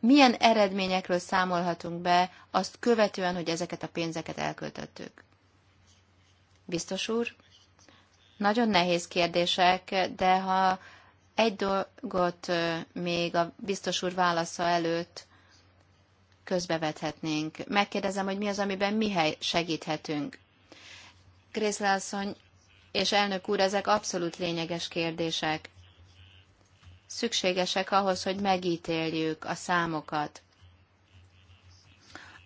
Milyen eredményekről számolhatunk be azt követően, hogy ezeket a pénzeket elköltöttük? Biztos úr? Nagyon nehéz kérdések, de ha egy dolgot még a biztos úr válasza előtt közbevethetnénk. Megkérdezem, hogy mi az, amiben mi segíthetünk. Krészle és elnök úr, ezek abszolút lényeges kérdések. Szükségesek ahhoz, hogy megítéljük a számokat.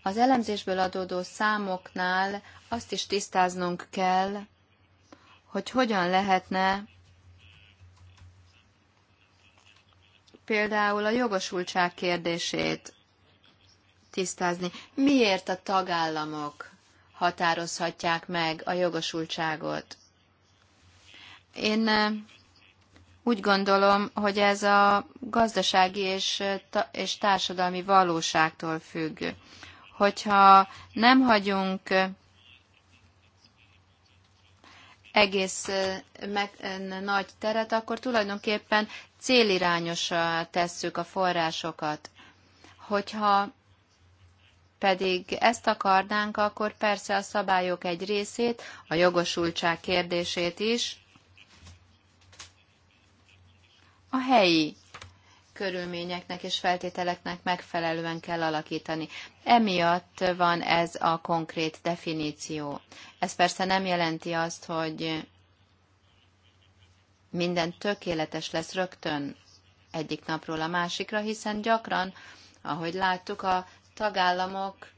Az elemzésből adódó számoknál azt is tisztáznunk kell, hogy hogyan lehetne például a jogosultság kérdését tisztázni. Miért a tagállamok határozhatják meg a jogosultságot? Én eh, úgy gondolom, hogy ez a gazdasági és, eh, és társadalmi valóságtól függ. Hogyha nem hagyunk eh, egész meg, nagy teret, akkor tulajdonképpen célirányosra tesszük a forrásokat. Hogyha pedig ezt akarnánk, akkor persze a szabályok egy részét, a jogosultság kérdését is a helyi körülményeknek és feltételeknek megfelelően kell alakítani. Emiatt van ez a konkrét definíció. Ez persze nem jelenti azt, hogy minden tökéletes lesz rögtön egyik napról a másikra, hiszen gyakran, ahogy láttuk, a tagállamok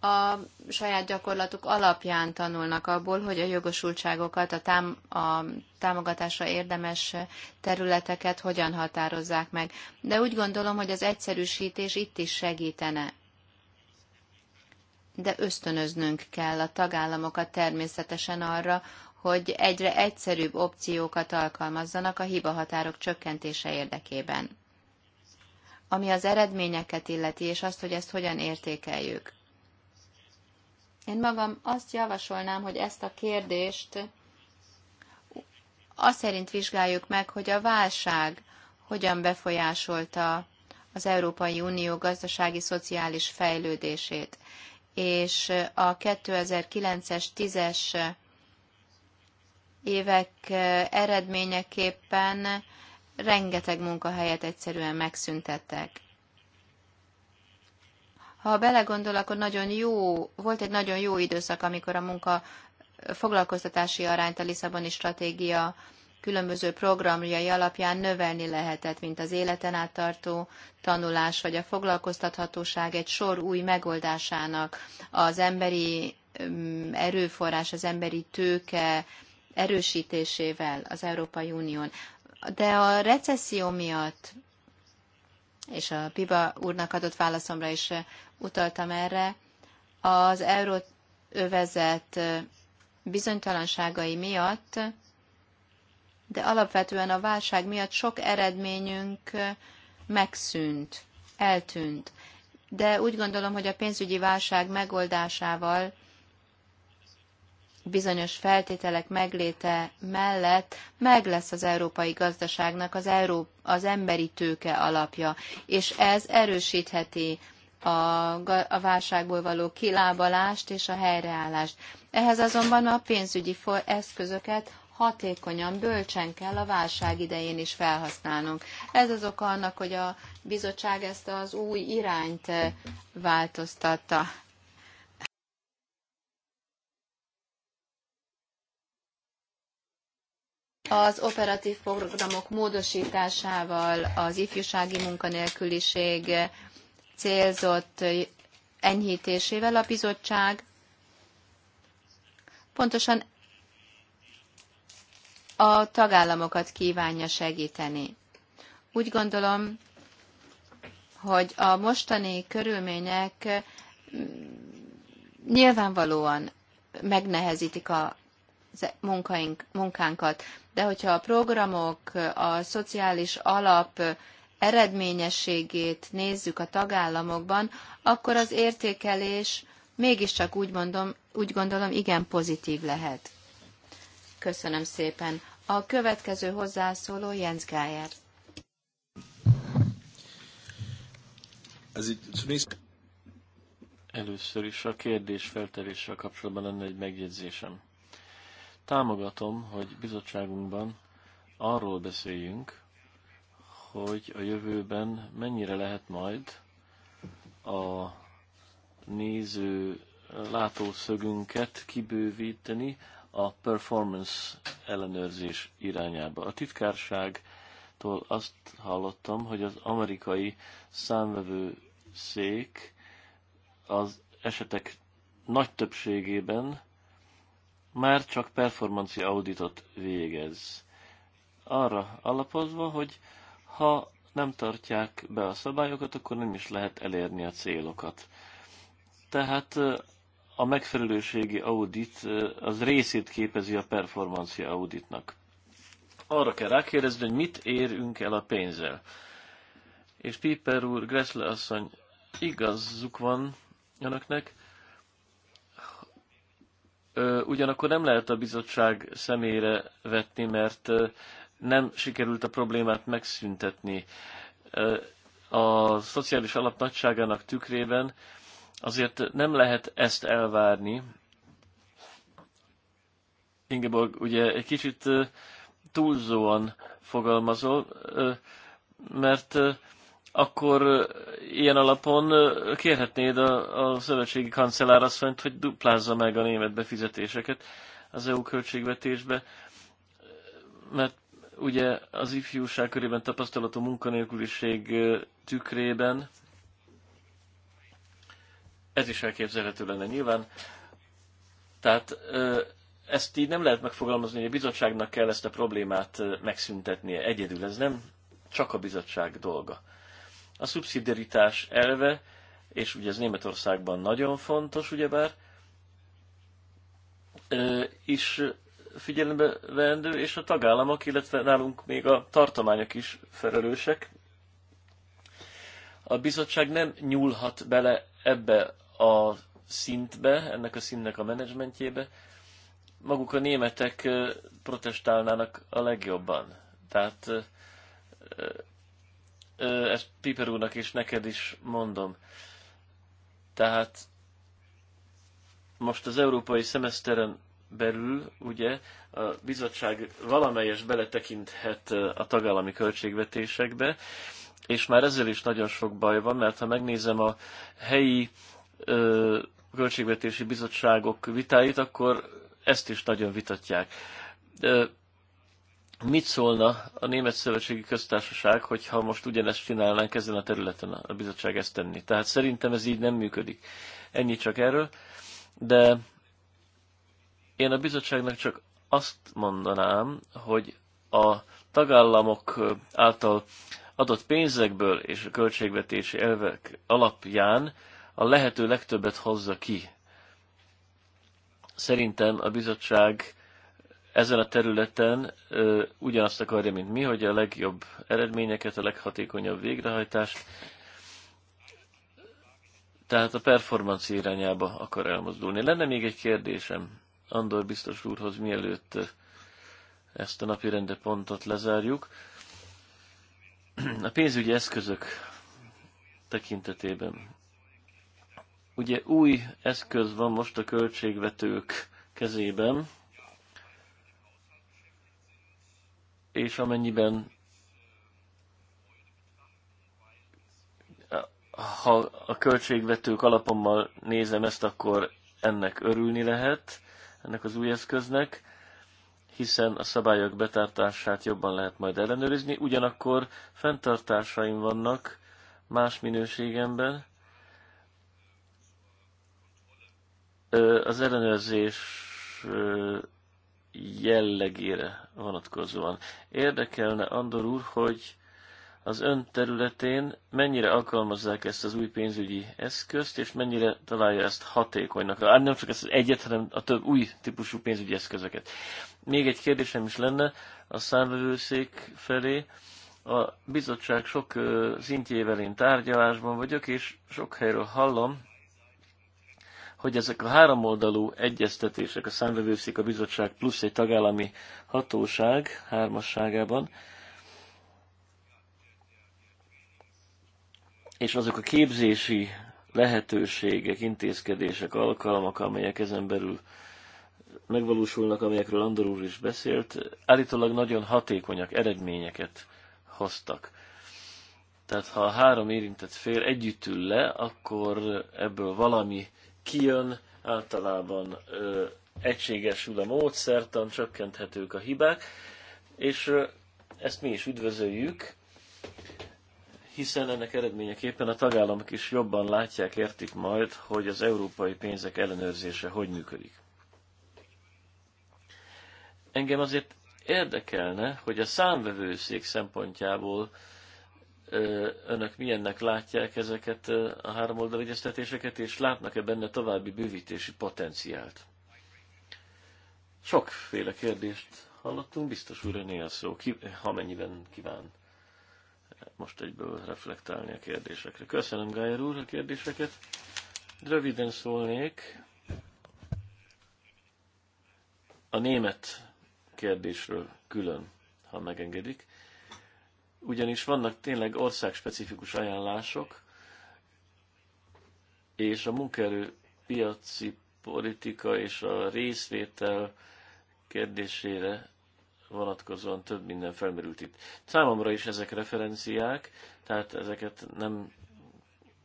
a saját gyakorlatuk alapján tanulnak abból, hogy a jogosultságokat, a, tám- a támogatásra érdemes területeket hogyan határozzák meg. De úgy gondolom, hogy az egyszerűsítés itt is segítene. De ösztönöznünk kell a tagállamokat természetesen arra, hogy egyre egyszerűbb opciókat alkalmazzanak a hibahatárok csökkentése érdekében ami az eredményeket illeti, és azt, hogy ezt hogyan értékeljük. Én magam azt javasolnám, hogy ezt a kérdést azt szerint vizsgáljuk meg, hogy a válság hogyan befolyásolta az Európai Unió gazdasági szociális fejlődését, és a 2009-es, 10-es évek eredményeképpen rengeteg munkahelyet egyszerűen megszüntettek. Ha belegondol, akkor nagyon jó, volt egy nagyon jó időszak, amikor a munka foglalkoztatási arányt a Lisszaboni stratégia különböző programjai alapján növelni lehetett, mint az életen át tartó tanulás, vagy a foglalkoztathatóság egy sor új megoldásának, az emberi mm, erőforrás, az emberi tőke erősítésével az Európai Unión. De a recesszió miatt, és a Piba úrnak adott válaszomra is eh, utaltam erre, az eurót övezet eh, bizonytalanságai miatt, de alapvetően a válság miatt sok eredményünk eh, megszűnt, eltűnt. De úgy gondolom, hogy a pénzügyi válság megoldásával bizonyos feltételek megléte mellett meg lesz az európai gazdaságnak az, Euró- az emberi tőke alapja, és ez erősítheti a, a válságból való kilábalást és a helyreállást. Ehhez azonban a pénzügyi eszközöket hatékonyan, bölcsen kell a válság idején is felhasználnunk. Ez az oka annak, hogy a bizottság ezt az új irányt eh, változtatta. az operatív programok módosításával az ifjúsági munkanélküliség célzott enyhítésével a bizottság pontosan a tagállamokat kívánja segíteni. Úgy gondolom, hogy a mostani körülmények nyilvánvalóan megnehezítik a munkaink, munkánkat. De hogyha a programok, a szociális alap eredményességét nézzük a tagállamokban, akkor az értékelés mégiscsak úgy, mondom, úgy gondolom igen pozitív lehet. Köszönöm szépen. A következő hozzászóló Jens Gájer. Először is a kérdés feltevéssel kapcsolatban lenne egy megjegyzésem. Támogatom, hogy bizottságunkban arról beszéljünk, hogy a jövőben mennyire lehet majd a néző látószögünket kibővíteni a performance ellenőrzés irányába. A titkárságtól azt hallottam, hogy az amerikai számvevő szék az esetek nagy többségében már csak performance auditot végez. Arra alapozva, hogy ha nem tartják be a szabályokat, akkor nem is lehet elérni a célokat. Tehát a megfelelőségi audit az részét képezi a performancia auditnak. Arra kell rákérdezni, hogy mit érünk el a pénzzel. És Piper úr, Gressle asszony, igazuk van önöknek, ugyanakkor nem lehet a bizottság személyre vetni, mert nem sikerült a problémát megszüntetni. A szociális alap nagyságának tükrében azért nem lehet ezt elvárni. Ingeborg, ugye egy kicsit túlzóan fogalmazol, mert akkor ilyen alapon kérhetnéd a, a szövetségi kancellárasszonyt, hogy duplázza meg a német befizetéseket az EU költségvetésbe, mert ugye az ifjúság körében tapasztalatú munkanélküliség tükrében ez is elképzelhető lenne nyilván. Tehát ezt így nem lehet megfogalmazni, hogy a bizottságnak kell ezt a problémát megszüntetnie egyedül. Ez nem csak a bizottság dolga. A szubszidiaritás elve, és ugye ez Németországban nagyon fontos, ugyebár, is figyelembe vendő, és a tagállamok, illetve nálunk még a tartományok is felelősek. A bizottság nem nyúlhat bele ebbe a szintbe, ennek a szintnek a menedzsmentjébe. Maguk a németek protestálnának a legjobban. Tehát ezt Piper úrnak és neked is mondom. Tehát most az európai szemeszteren belül, ugye, a bizottság valamelyes beletekinthet a tagállami költségvetésekbe, és már ezzel is nagyon sok baj van, mert ha megnézem a helyi ö, költségvetési bizottságok vitáit, akkor ezt is nagyon vitatják. Ö, Mit szólna a Német Szövetségi Köztársaság, hogyha most ugyanezt csinálnánk ezen a területen, a bizottság ezt tenni? Tehát szerintem ez így nem működik. Ennyi csak erről, de én a bizottságnak csak azt mondanám, hogy a tagállamok által adott pénzekből és a költségvetési elvek alapján a lehető legtöbbet hozza ki. Szerintem a bizottság ezen a területen ö, ugyanazt akarja, mint mi, hogy a legjobb eredményeket, a leghatékonyabb végrehajtást, tehát a performance irányába akar elmozdulni. Lenne még egy kérdésem Andor biztos úrhoz, mielőtt ezt a napi rendepontot lezárjuk. A pénzügyi eszközök tekintetében. Ugye új eszköz van most a költségvetők kezében, és amennyiben ha a költségvetők alapommal nézem ezt, akkor ennek örülni lehet, ennek az új eszköznek, hiszen a szabályok betartását jobban lehet majd ellenőrizni, ugyanakkor fenntartásaim vannak más minőségemben. Az ellenőrzés jellegére vonatkozóan. Érdekelne, Andor úr, hogy az ön területén mennyire alkalmazzák ezt az új pénzügyi eszközt, és mennyire találja ezt hatékonynak. Hát nem csak ezt az egyet, hanem a több új típusú pénzügyi eszközöket. Még egy kérdésem is lenne a számvevőszék felé. A bizottság sok szintjével én tárgyalásban vagyok, és sok helyről hallom, hogy ezek a háromoldalú egyeztetések, a számvevőszék, a bizottság plusz egy tagállami hatóság hármasságában, és azok a képzési lehetőségek, intézkedések, alkalmak, amelyek ezen belül megvalósulnak, amelyekről Andor úr is beszélt, állítólag nagyon hatékonyak eredményeket hoztak. Tehát ha a három érintett fél együtt ül le, akkor ebből valami kijön, általában ö, egységesül a módszertan, csökkenthetők a hibák, és ö, ezt mi is üdvözöljük, hiszen ennek eredményeképpen a tagállamok is jobban látják, értik majd, hogy az európai pénzek ellenőrzése hogy működik. Engem azért érdekelne, hogy a számvevőszék szempontjából önök milyennek látják ezeket a háromoldal egyeztetéseket, és látnak-e benne további bővítési potenciált? Sokféle kérdést hallottunk, biztos úr, a szó, ki, ha mennyiben kíván most egyből reflektálni a kérdésekre. Köszönöm, Gájer úr, a kérdéseket. Röviden szólnék a német kérdésről külön, ha megengedik ugyanis vannak tényleg országspecifikus ajánlások, és a munkaerő piaci politika és a részvétel kérdésére vonatkozóan több minden felmerült itt. Számomra is ezek referenciák, tehát ezeket nem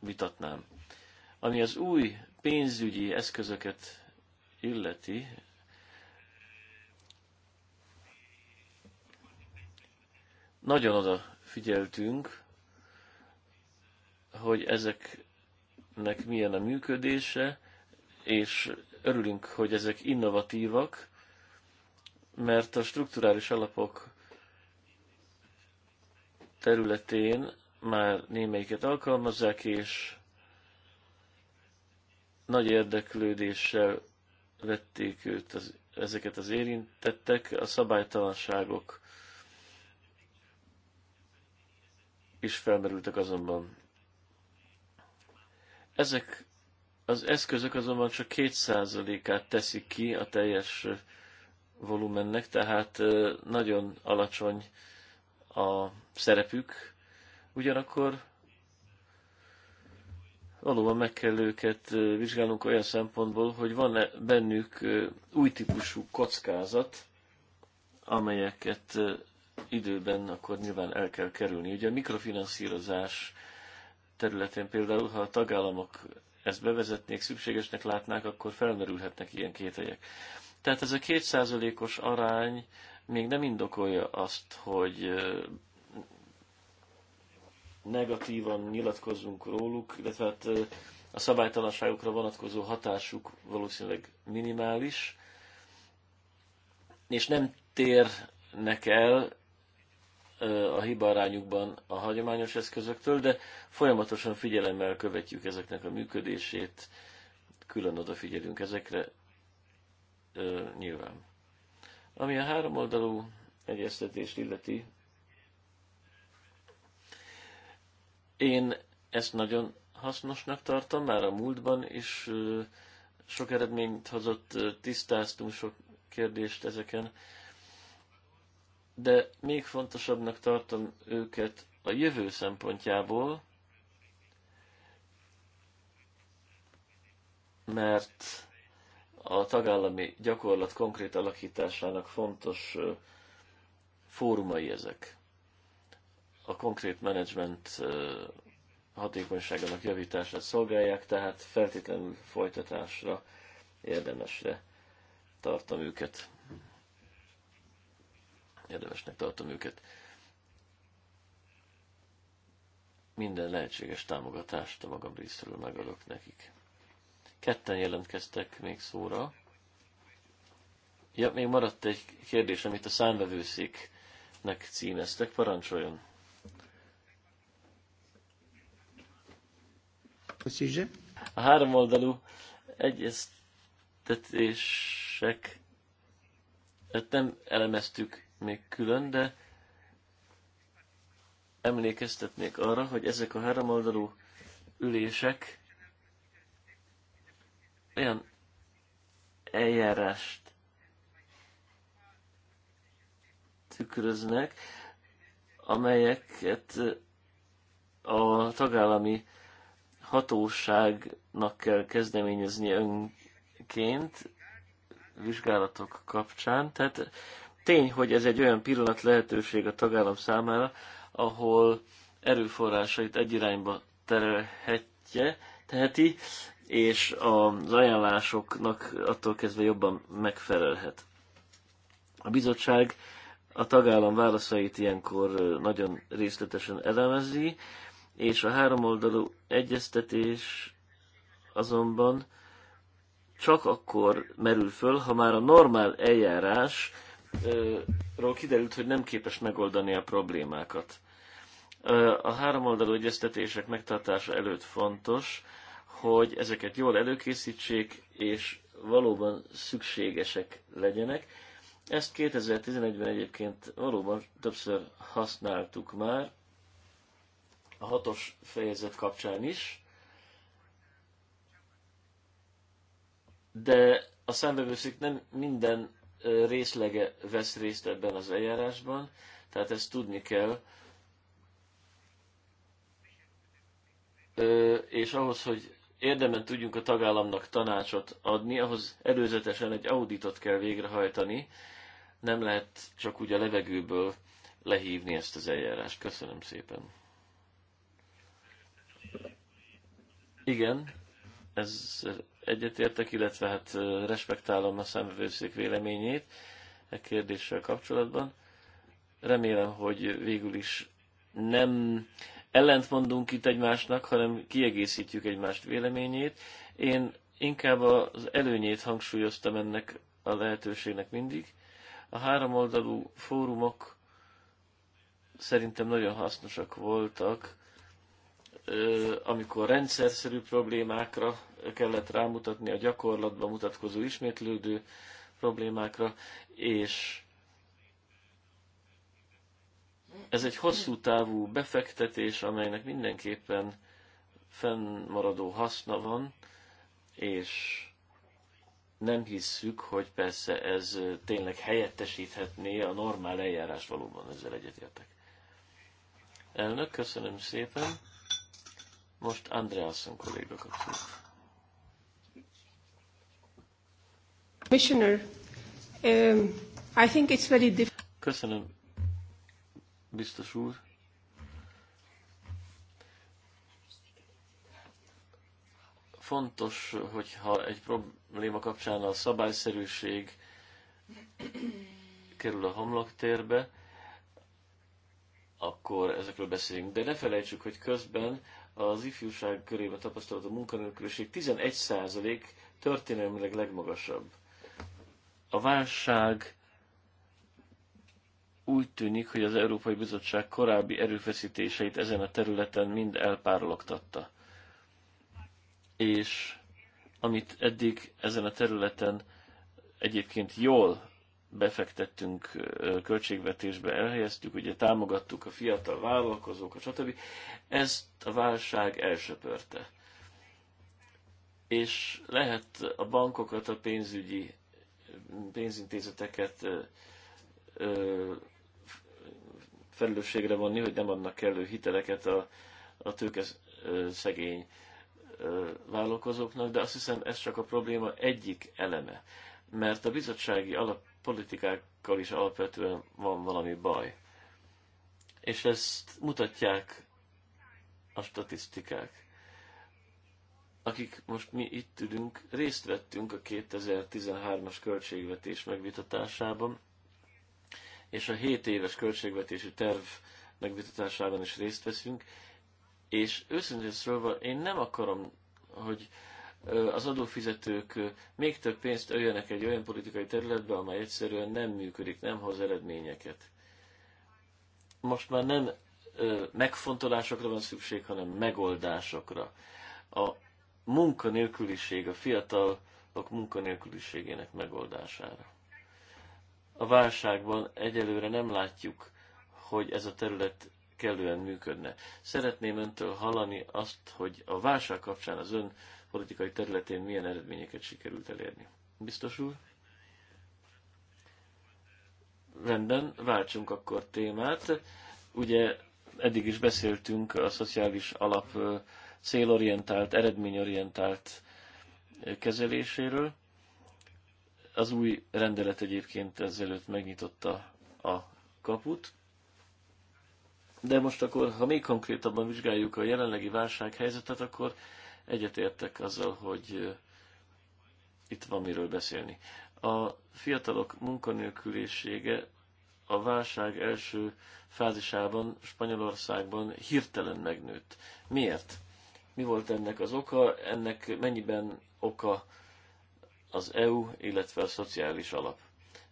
vitatnám. Ami az új pénzügyi eszközöket illeti, nagyon oda figyeltünk, hogy ezeknek milyen a működése, és örülünk, hogy ezek innovatívak, mert a strukturális alapok területén már némelyiket alkalmazzák, és nagy érdeklődéssel vették őt az, ezeket az érintettek, a szabálytalanságok is felmerültek azonban. Ezek az eszközök azonban csak 2%-át teszik ki a teljes volumennek, tehát nagyon alacsony a szerepük. Ugyanakkor valóban meg kell őket vizsgálnunk olyan szempontból, hogy van-e bennük új típusú kockázat, amelyeket időben akkor nyilván el kell kerülni. Ugye a mikrofinanszírozás területén például, ha a tagállamok ezt bevezetnék, szükségesnek látnák, akkor felmerülhetnek ilyen kételyek. Tehát ez a kétszázalékos arány még nem indokolja azt, hogy negatívan nyilatkozzunk róluk, illetve hát a szabálytalanságokra vonatkozó hatásuk valószínűleg minimális, és nem térnek el a arányukban a hagyományos eszközöktől, de folyamatosan figyelemmel követjük ezeknek a működését, külön odafigyelünk ezekre nyilván. Ami a háromoldalú egyeztetést illeti, én ezt nagyon hasznosnak tartom, már a múltban is sok eredményt hozott, tisztáztunk sok kérdést ezeken de még fontosabbnak tartom őket a jövő szempontjából, mert a tagállami gyakorlat konkrét alakításának fontos fórumai ezek. A konkrét menedzsment hatékonyságának javítását szolgálják, tehát feltétlenül folytatásra érdemesre tartom őket érdemesnek tartom őket. Minden lehetséges támogatást a magam részéről megadok nekik. Ketten jelentkeztek még szóra. Ja, még maradt egy kérdés, amit a számvevőszéknek címeztek. Parancsoljon! A három oldalú egyeztetések hát nem elemeztük még külön, de emlékeztetnék arra, hogy ezek a háromoldalú ülések olyan eljárást tükröznek, amelyeket a tagállami hatóságnak kell kezdeményezni önként vizsgálatok kapcsán. Tehát Tény, hogy ez egy olyan pillanat lehetőség a tagállam számára, ahol erőforrásait egy irányba terelhetje, teheti, és az ajánlásoknak attól kezdve jobban megfelelhet. A bizottság a tagállam válaszait ilyenkor nagyon részletesen elemezi, és a háromoldalú egyeztetés azonban csak akkor merül föl, ha már a normál eljárás ról kiderült, hogy nem képes megoldani a problémákat. A háromoldalú egyeztetések megtartása előtt fontos, hogy ezeket jól előkészítsék, és valóban szükségesek legyenek. Ezt 2011-ben egyébként valóban többször használtuk már, a hatos fejezet kapcsán is, de a számbevőszék nem minden részlege vesz részt ebben az eljárásban, tehát ezt tudni kell. És ahhoz, hogy érdemben tudjunk a tagállamnak tanácsot adni, ahhoz előzetesen egy auditot kell végrehajtani, nem lehet csak úgy a levegőből lehívni ezt az eljárást. Köszönöm szépen. Igen, ez egyetértek, illetve hát respektálom a szemvőszék véleményét e kérdéssel kapcsolatban. Remélem, hogy végül is nem ellent mondunk itt egymásnak, hanem kiegészítjük egymást véleményét. Én inkább az előnyét hangsúlyoztam ennek a lehetőségnek mindig. A háromoldalú fórumok szerintem nagyon hasznosak voltak amikor rendszerszerű problémákra kellett rámutatni, a gyakorlatban mutatkozó ismétlődő problémákra, és ez egy hosszú távú befektetés, amelynek mindenképpen fennmaradó haszna van, és nem hisszük, hogy persze ez tényleg helyettesíthetné a normál eljárás valóban, ezzel egyetértek. Elnök, köszönöm szépen. Most Andreasen kolléga kapcsolat. Commissioner, um, I think it's very difficult. Köszönöm, biztos úr. Fontos, hogyha egy probléma kapcsán a szabályszerűség kerül a homloktérbe, akkor ezekről beszélünk. De ne felejtsük, hogy közben az ifjúság körébe tapasztalt a munkanélküliség 11% történelmileg legmagasabb. A válság úgy tűnik, hogy az Európai Bizottság korábbi erőfeszítéseit ezen a területen mind elpárologtatta. És amit eddig ezen a területen egyébként jól befektettünk költségvetésbe, elhelyeztük, ugye támogattuk a fiatal vállalkozókat, stb. Ezt a válság elsöpörte. És lehet a bankokat, a pénzügyi pénzintézeteket felelősségre vonni, hogy nem adnak kellő hiteleket a, a tőke szegény vállalkozóknak, de azt hiszem ez csak a probléma egyik eleme. Mert a bizottsági alap politikákkal is alapvetően van valami baj. És ezt mutatják a statisztikák. Akik most mi itt ülünk, részt vettünk a 2013-as költségvetés megvitatásában, és a 7 éves költségvetési terv megvitatásában is részt veszünk, és őszintén szólva én nem akarom, hogy az adófizetők még több pénzt öljenek egy olyan politikai területbe, amely egyszerűen nem működik, nem hoz eredményeket. Most már nem megfontolásokra van szükség, hanem megoldásokra. A munkanélküliség, a fiatalok munkanélküliségének megoldására. A válságban egyelőre nem látjuk, hogy ez a terület kellően működne. Szeretném öntől hallani azt, hogy a válság kapcsán az ön politikai területén milyen eredményeket sikerült elérni. Biztos úr? Rendben, váltsunk akkor témát. Ugye eddig is beszéltünk a szociális alap célorientált, eredményorientált kezeléséről. Az új rendelet egyébként ezelőtt megnyitotta a kaput. De most akkor, ha még konkrétabban vizsgáljuk a jelenlegi válsághelyzetet, akkor Egyetértek azzal, hogy itt van miről beszélni. A fiatalok munkanélkülisége a válság első fázisában Spanyolországban hirtelen megnőtt. Miért? Mi volt ennek az oka? Ennek mennyiben oka az EU, illetve a szociális alap?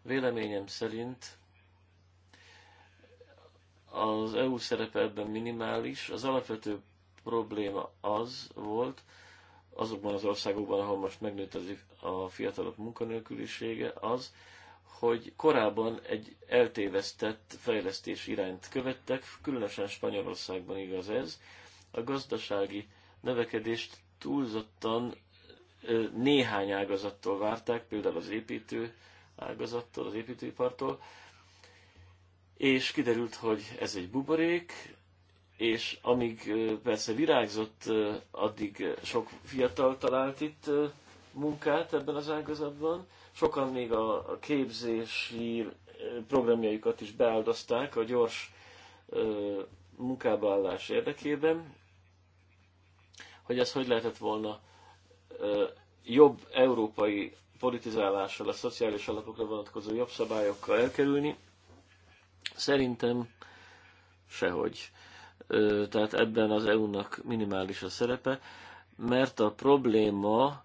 Véleményem szerint az EU szerepe ebben minimális, az alapvető probléma az volt, azokban az országokban, ahol most megnőtt az a fiatalok munkanélkülisége, az, hogy korábban egy eltévesztett fejlesztés irányt követtek, különösen Spanyolországban igaz ez, a gazdasági növekedést túlzottan néhány ágazattól várták, például az építő ágazattól, az építőipartól, és kiderült, hogy ez egy buborék, és amíg persze virágzott, addig sok fiatal talált itt munkát ebben az ágazatban. Sokan még a képzési programjaikat is beáldozták a gyors munkába állás érdekében, hogy ez hogy lehetett volna jobb európai politizálással, a szociális alapokra vonatkozó jobb szabályokkal elkerülni. Szerintem sehogy tehát ebben az EU-nak minimális a szerepe, mert a probléma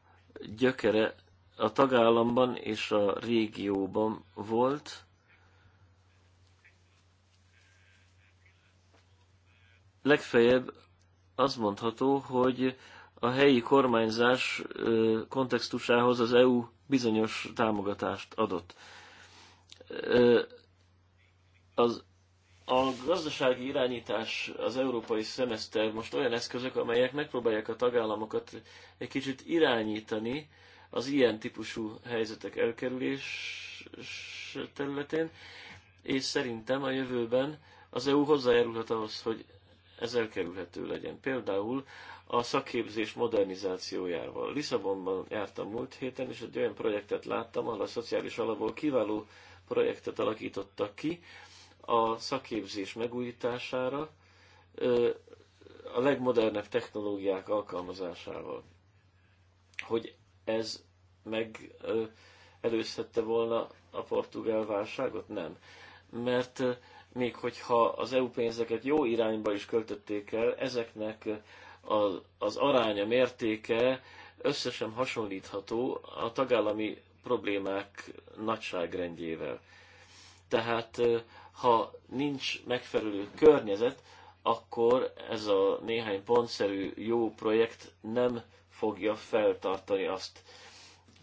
gyökere a tagállamban és a régióban volt, legfeljebb az mondható, hogy a helyi kormányzás kontextusához az EU bizonyos támogatást adott. Az a gazdasági irányítás, az európai szemeszter most olyan eszközök, amelyek megpróbálják a tagállamokat egy kicsit irányítani az ilyen típusú helyzetek elkerülés területén, és szerintem a jövőben az EU hozzájárulhat ahhoz, hogy ez elkerülhető legyen. Például a szakképzés modernizációjával. Lisszabonban jártam múlt héten, és egy olyan projektet láttam, ahol a szociális alapból kiváló projektet alakítottak ki, a szakképzés megújítására, a legmodernebb technológiák alkalmazásával. Hogy ez meg előzhette volna a portugál válságot? Nem. Mert még hogyha az EU pénzeket jó irányba is költötték el, ezeknek az, az aránya, mértéke összesen hasonlítható a tagállami problémák nagyságrendjével. Tehát ha nincs megfelelő környezet, akkor ez a néhány pontszerű jó projekt nem fogja feltartani azt.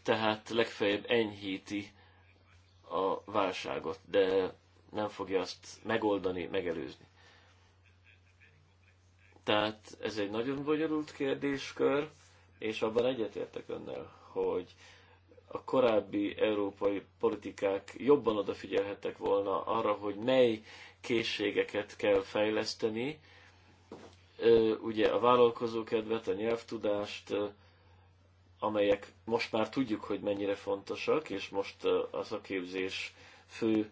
Tehát legfeljebb enyhíti a válságot, de nem fogja azt megoldani, megelőzni. Tehát ez egy nagyon bonyolult kérdéskör, és abban egyetértek önnel, hogy a korábbi európai politikák jobban odafigyelhettek volna arra, hogy mely készségeket kell fejleszteni, ugye a vállalkozókedvet, a nyelvtudást, amelyek most már tudjuk, hogy mennyire fontosak, és most a képzés fő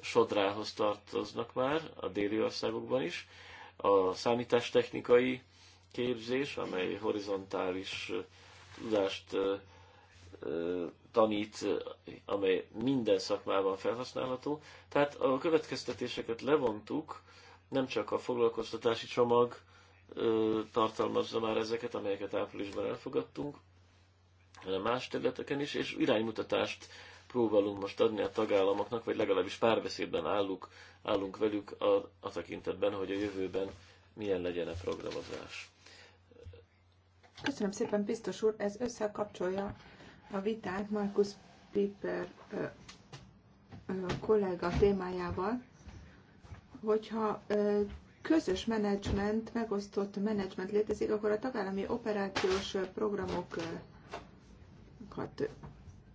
sodrához tartoznak már a déli országokban is. A számítástechnikai képzés, amely horizontális tudást tanít, amely minden szakmában felhasználható. Tehát a következtetéseket levontuk, nem csak a foglalkoztatási csomag tartalmazza már ezeket, amelyeket áprilisban elfogadtunk, hanem más területeken is, és iránymutatást próbálunk most adni a tagállamoknak, vagy legalábbis párbeszédben állunk, állunk velük a, a tekintetben, hogy a jövőben milyen legyen a programozás. Köszönöm szépen, biztos úr, ez összekapcsolja a vitát Markus Piper kollega témájával, hogyha közös menedzsment, megosztott menedzsment létezik, akkor a tagállami operációs programokat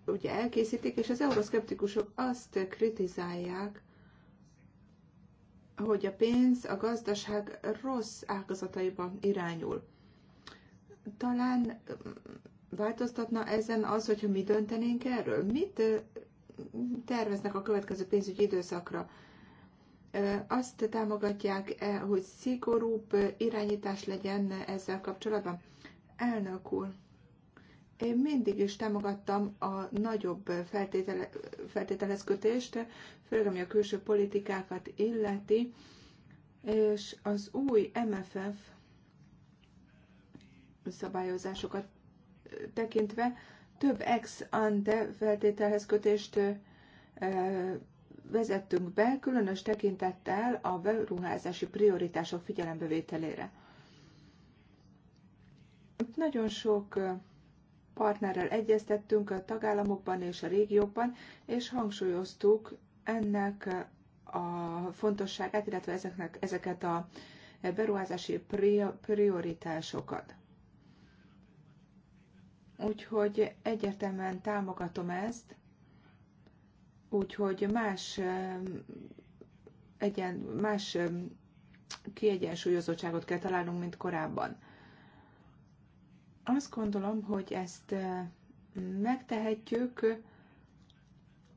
ugye elkészítik, és az euroszkeptikusok azt kritizálják, hogy a pénz a gazdaság rossz ágazataiba irányul. Talán változtatna ezen az, hogyha mi döntenénk erről? Mit terveznek a következő pénzügyi időszakra? Azt támogatják, -e, hogy szigorúbb irányítás legyen ezzel kapcsolatban? Elnök úr, én mindig is támogattam a nagyobb feltétele, feltételezkötést, főleg ami a külső politikákat illeti, és az új MFF szabályozásokat tekintve több ex ante feltételhez kötést vezettünk be, különös tekintettel a beruházási prioritások figyelembevételére. Nagyon sok partnerrel egyeztettünk a tagállamokban és a régiókban, és hangsúlyoztuk ennek a fontosságát, illetve ezeknek, ezeket a beruházási prioritásokat. Úgyhogy egyértelműen támogatom ezt, úgyhogy más, egyen, más kiegyensúlyozottságot kell találnunk, mint korábban. Azt gondolom, hogy ezt megtehetjük,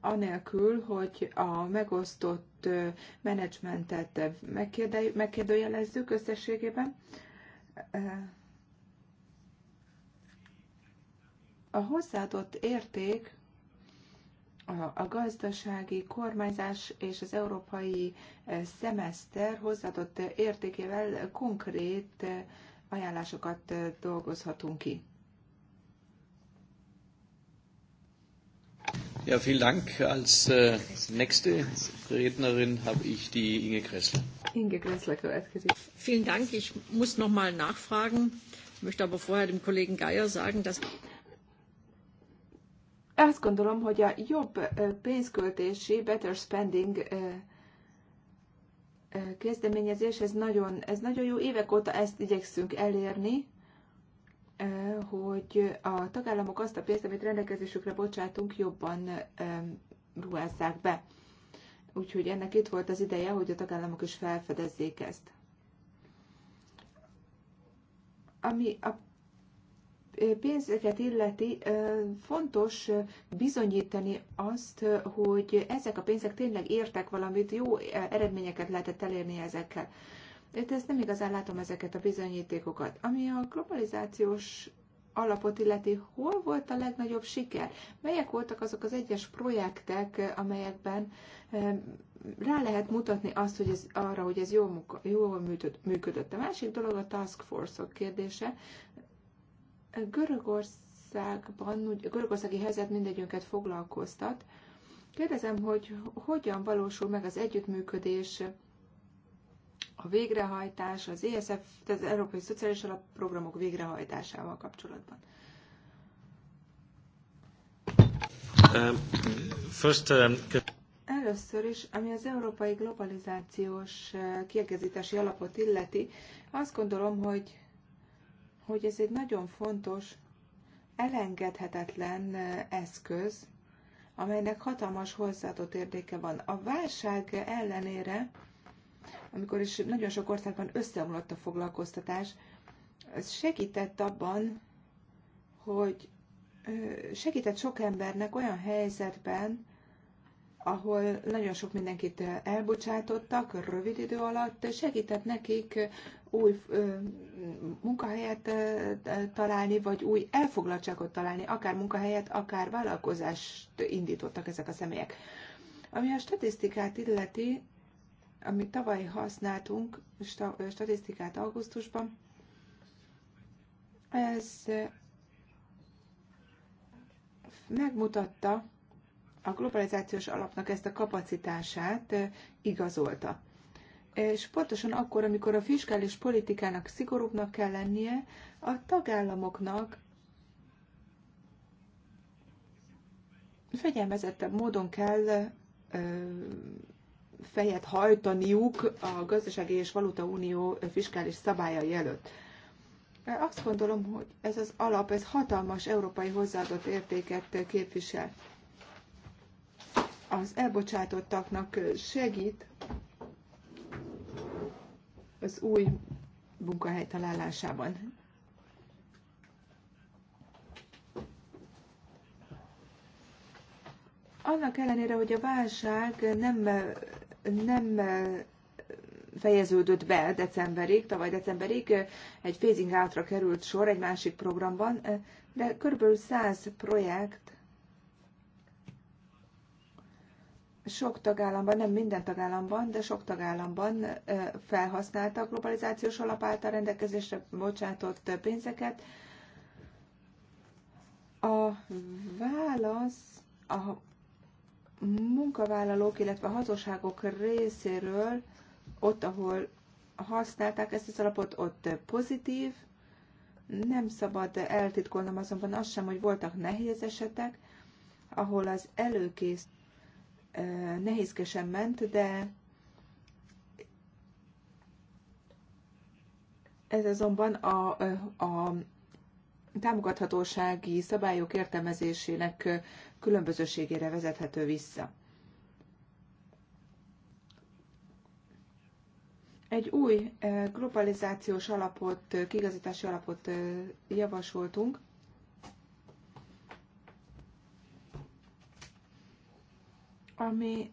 anélkül, hogy a megosztott menedzsmentet megkérdőjelezzük összességében. A hozzáadott érték a gazdasági kormányzás és az európai eh, szemeszter hozzáadott értékével konkrét eh, ajánlásokat eh, dolgozhatunk ki. Ja, vielen Dank. Als äh, nächste Rednerin habe ich die Inge Kressler. Inge Kressler következik. Vielen Dank. Ich muss noch mal nachfragen. Ich möchte aber vorher dem Kollegen Geier sagen, dass azt gondolom, hogy a jobb pénzköltési, better spending kezdeményezés, ez nagyon, ez nagyon jó. Évek óta ezt igyekszünk elérni, hogy a tagállamok azt a pénzt, amit rendelkezésükre bocsátunk, jobban ruházzák be. Úgyhogy ennek itt volt az ideje, hogy a tagállamok is felfedezzék ezt. Ami a pénzeket illeti, fontos bizonyítani azt, hogy ezek a pénzek tényleg értek valamit, jó eredményeket lehetett elérni ezekkel. Én ezt nem igazán látom ezeket a bizonyítékokat. Ami a globalizációs alapot illeti, hol volt a legnagyobb siker? Melyek voltak azok az egyes projektek, amelyekben rá lehet mutatni azt, hogy ez, arra, hogy ez jól, jól működött. A másik dolog a Task Force-ok -ok kérdése. Görögországban, görögországi helyzet mindegyünket foglalkoztat. Kérdezem, hogy hogyan valósul meg az együttműködés, a végrehajtás, az ESF, az Európai Szociális Alapprogramok végrehajtásával kapcsolatban. Um, first, um... Először is, ami az európai globalizációs uh, kiegészítési alapot illeti, azt gondolom, hogy hogy ez egy nagyon fontos, elengedhetetlen eszköz, amelynek hatalmas hozzáadott értéke van. A válság ellenére, amikor is nagyon sok országban összeomlott a foglalkoztatás, ez segített abban, hogy segített sok embernek olyan helyzetben, ahol nagyon sok mindenkit elbocsátottak rövid idő alatt, segített nekik új munkahelyet találni, vagy új elfoglaltságot találni, akár munkahelyet, akár vállalkozást indítottak ezek a személyek. Ami a statisztikát illeti, amit tavaly használtunk, statisztikát augusztusban, ez megmutatta, a globalizációs alapnak ezt a kapacitását igazolta. És pontosan akkor, amikor a fiskális politikának szigorúbbnak kell lennie, a tagállamoknak fegyelmezettebb módon kell fejet hajtaniuk a gazdasági és valuta unió fiskális szabályai előtt. Azt gondolom, hogy ez az alap, ez hatalmas európai hozzáadott értéket képvisel az elbocsátottaknak segít az új munkahely találásában. Annak ellenére, hogy a válság nem, nem fejeződött be decemberig, tavaly decemberig egy phasing outra került sor egy másik programban, de körülbelül 100 projekt sok tagállamban, nem minden tagállamban, de sok tagállamban felhasználta a globalizációs alap által rendelkezésre bocsátott pénzeket. A válasz a munkavállalók, illetve a hatóságok részéről, ott, ahol használták ezt az alapot, ott pozitív. Nem szabad eltitkolnom azonban azt sem, hogy voltak nehéz esetek, ahol az előkész nehézkesen ment, de ez azonban a, a támogathatósági szabályok értelmezésének különbözőségére vezethető vissza. Egy új globalizációs alapot, kigazítási alapot javasoltunk, Ami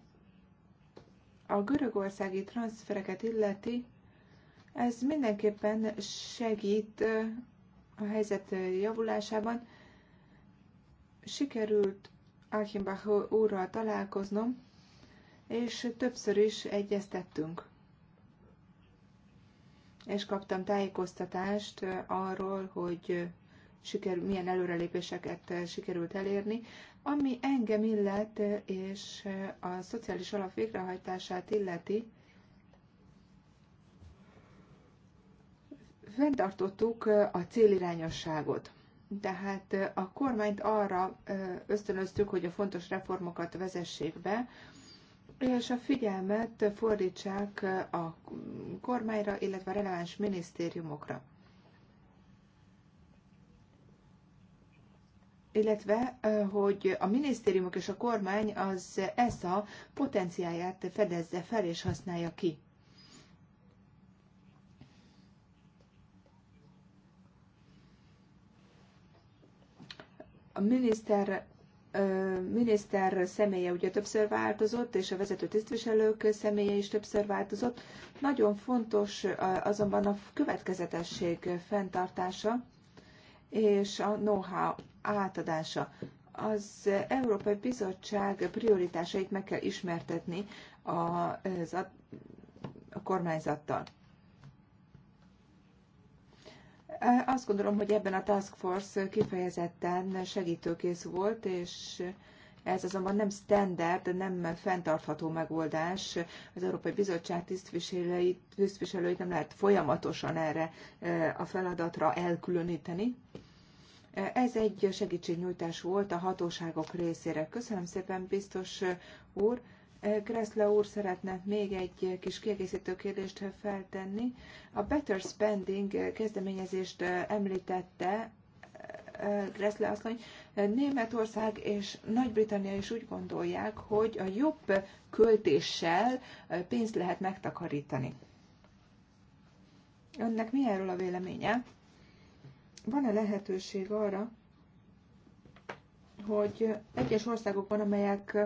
a görögországi transfereket illeti, ez mindenképpen segít a helyzet javulásában. Sikerült Achenbach úrral találkoznom, és többször is egyeztettünk. És kaptam tájékoztatást arról, hogy sikerül, milyen előrelépéseket sikerült elérni. Ami engem illet, és a szociális alap végrehajtását illeti, fenntartottuk a célirányosságot. Tehát a kormányt arra ösztönöztük, hogy a fontos reformokat vezessék be, és a figyelmet fordítsák a kormányra, illetve a releváns minisztériumokra. illetve hogy a minisztériumok és a kormány az ESA potenciáját fedezze fel és használja ki. A miniszter miniszter személye ugye többször változott, és a vezető tisztviselők személye is többször változott. Nagyon fontos azonban a következetesség fenntartása, és a know-how átadása. Az Európai Bizottság prioritásait meg kell ismertetni a, a, a kormányzattal. Azt gondolom, hogy ebben a Task Force kifejezetten segítőkész volt, és ez azonban nem standard, nem fenntartható megoldás. Az Európai Bizottság tisztviselőit, tisztviselőit nem lehet folyamatosan erre a feladatra elkülöníteni. Ez egy segítségnyújtás volt a hatóságok részére. Köszönöm szépen, biztos úr. Kreszle úr szeretne még egy kis kiegészítő kérdést feltenni. A Better Spending kezdeményezést említette Gressle asszony, Németország és Nagy-Britannia is úgy gondolják, hogy a jobb költéssel pénzt lehet megtakarítani. Önnek mi erről a véleménye? Van-e lehetőség arra, hogy egyes országokban, amelyek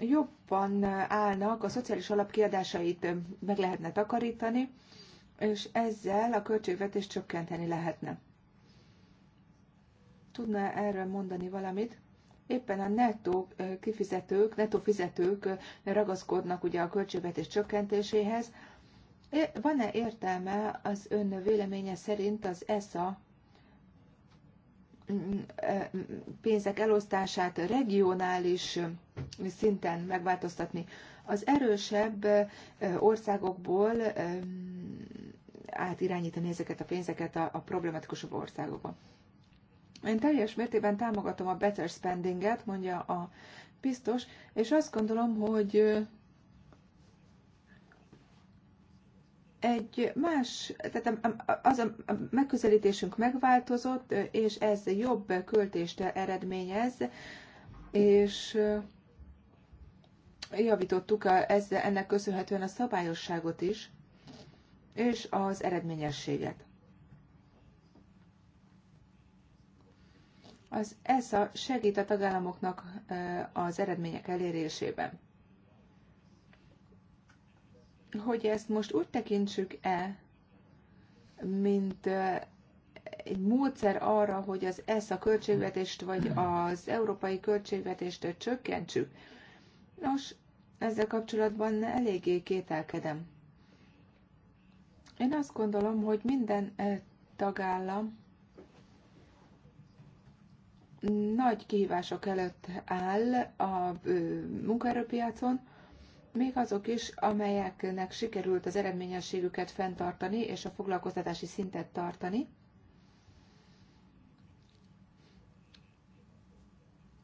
jobban állnak, a szociális alap kiadásait meg lehetne takarítani, és ezzel a költségvetést csökkenteni lehetne tudna erről mondani valamit? Éppen a nettó kifizetők, nettó fizetők ragaszkodnak ugye a költségvetés csökkentéséhez. Van-e értelme az ön véleménye szerint az ESA mm, mm, mm, pénzek elosztását regionális szinten megváltoztatni. Az erősebb országokból átirányítani ezeket a pénzeket a, problematikusabb országokba. Én teljes mértében támogatom a better spendinget, mondja a biztos, és azt gondolom, hogy egy más, tehát az a megközelítésünk megváltozott, és ez jobb költést eredményez, és javítottuk a, ezzel, ennek köszönhetően a szabályosságot is, és az eredményességet. Az ESA segít a tagállamoknak az eredmények elérésében. Hogy ezt most úgy tekintsük-e, mint egy módszer arra, hogy az ESZA költségvetést vagy az európai költségvetést csökkentsük. Nos, ezzel kapcsolatban eléggé kételkedem. Én azt gondolom, hogy minden tagállam nagy kihívások előtt áll a munkaerőpiacon, még azok is, amelyeknek sikerült az eredményességüket fenntartani és a foglalkoztatási szintet tartani.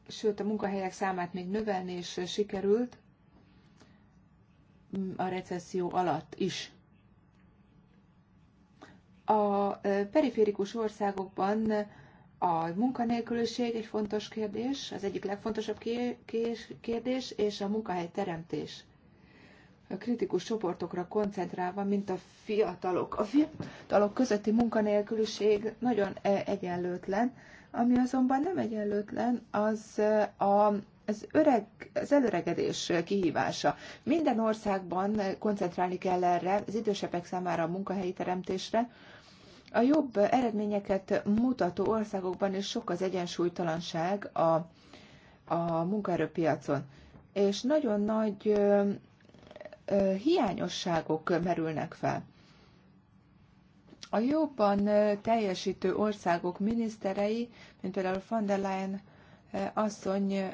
Sőt, a munkahelyek számát még növelni is sikerült a recesszió alatt is. A periférikus országokban a munkanélküliség egy fontos kérdés, az egyik legfontosabb kérdés, és a munkahely teremtés. A kritikus csoportokra koncentrálva, mint a fiatalok. A fiatalok közötti munkanélküliség nagyon e, egyenlőtlen, ami azonban nem egyenlőtlen, az a az, öreg, az előregedés kihívása. Minden országban koncentrálni kell erre, az idősebbek számára a munkahelyi teremtésre, a jobb eredményeket mutató országokban is sok az egyensúlytalanság a, a munkaerőpiacon, és nagyon nagy ö, ö, hiányosságok merülnek fel. A jobban teljesítő országok miniszterei, mint például von der Leyen asszonynal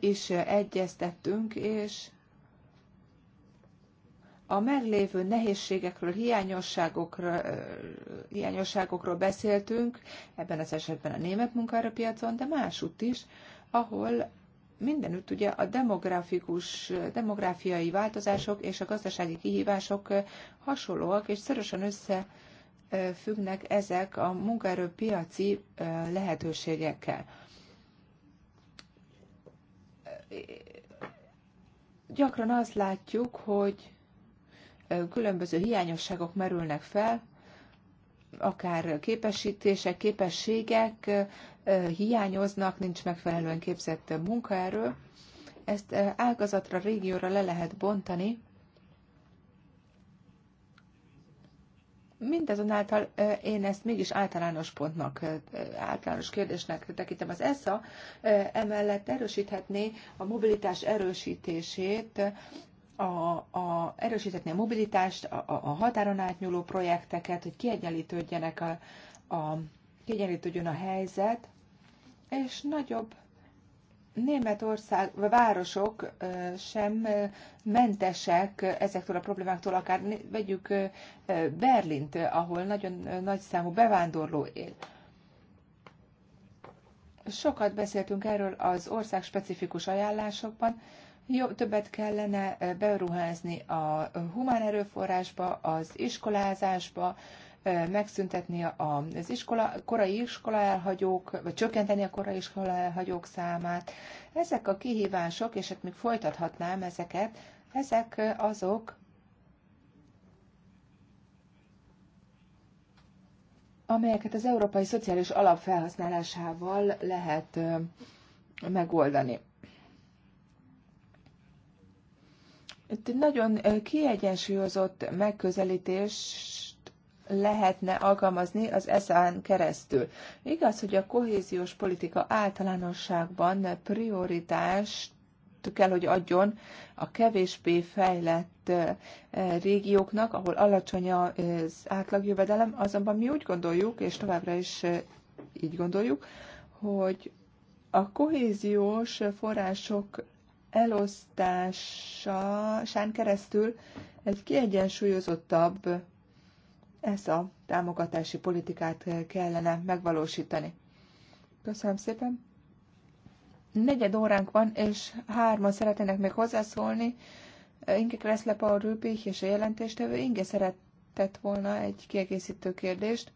is egyeztettünk, és a meglévő nehézségekről, hiányosságokról, hiányosságokról beszéltünk, ebben az esetben a német munkaerőpiacon, de másútt is, ahol mindenütt ugye a demográfikus, demográfiai változások és a gazdasági kihívások hasonlóak, és szorosan összefüggnek ezek a munkaerőpiaci lehetőségekkel gyakran azt látjuk, hogy különböző hiányosságok merülnek fel, akár képesítések, képességek hiányoznak, nincs megfelelően képzett munkaerő. Ezt ágazatra, régióra le lehet bontani. Mindazonáltal én ezt mégis általános pontnak, általános kérdésnek tekintem. Az ESZA, emellett erősíthetné a mobilitás erősítését a, a erősíteni a mobilitást, a, a, a határon átnyúló projekteket, hogy kiegyenlítődjenek a, a, kiegyenlítődjön a helyzet, és nagyobb Németország városok sem mentesek ezektől a problémáktól, akár vegyük Berlint, ahol nagyon nagy számú bevándorló él. Sokat beszéltünk erről az ország specifikus ajánlásokban, jó, többet kellene eh, beruházni a humán erőforrásba, az iskolázásba, eh, megszüntetni az iskola, korai iskola elhagyók, vagy csökkenteni a korai iskola elhagyók számát. Ezek a kihívások, és hát még folytathatnám ezeket, ezek eh, azok, amelyeket az Európai Szociális Alap felhasználásával lehet megoldani. Itt egy nagyon kiegyensúlyozott megközelítést lehetne alkalmazni az ESZÁN keresztül. Igaz, hogy a kohéziós politika általánosságban prioritást kell, hogy adjon a kevésbé fejlett régióknak, ahol alacsony az átlagjövedelem, azonban mi úgy gondoljuk, és továbbra is így gondoljuk, hogy a kohéziós források elosztásán keresztül egy kiegyensúlyozottabb ezt a támogatási politikát kellene megvalósítani. Köszönöm szépen. Negyed óránk van, és hárman szeretnének még hozzászólni. Inge Kreszle, Paul Rübich és a jelentéstevő. Inge szeretett volna egy kiegészítő kérdést.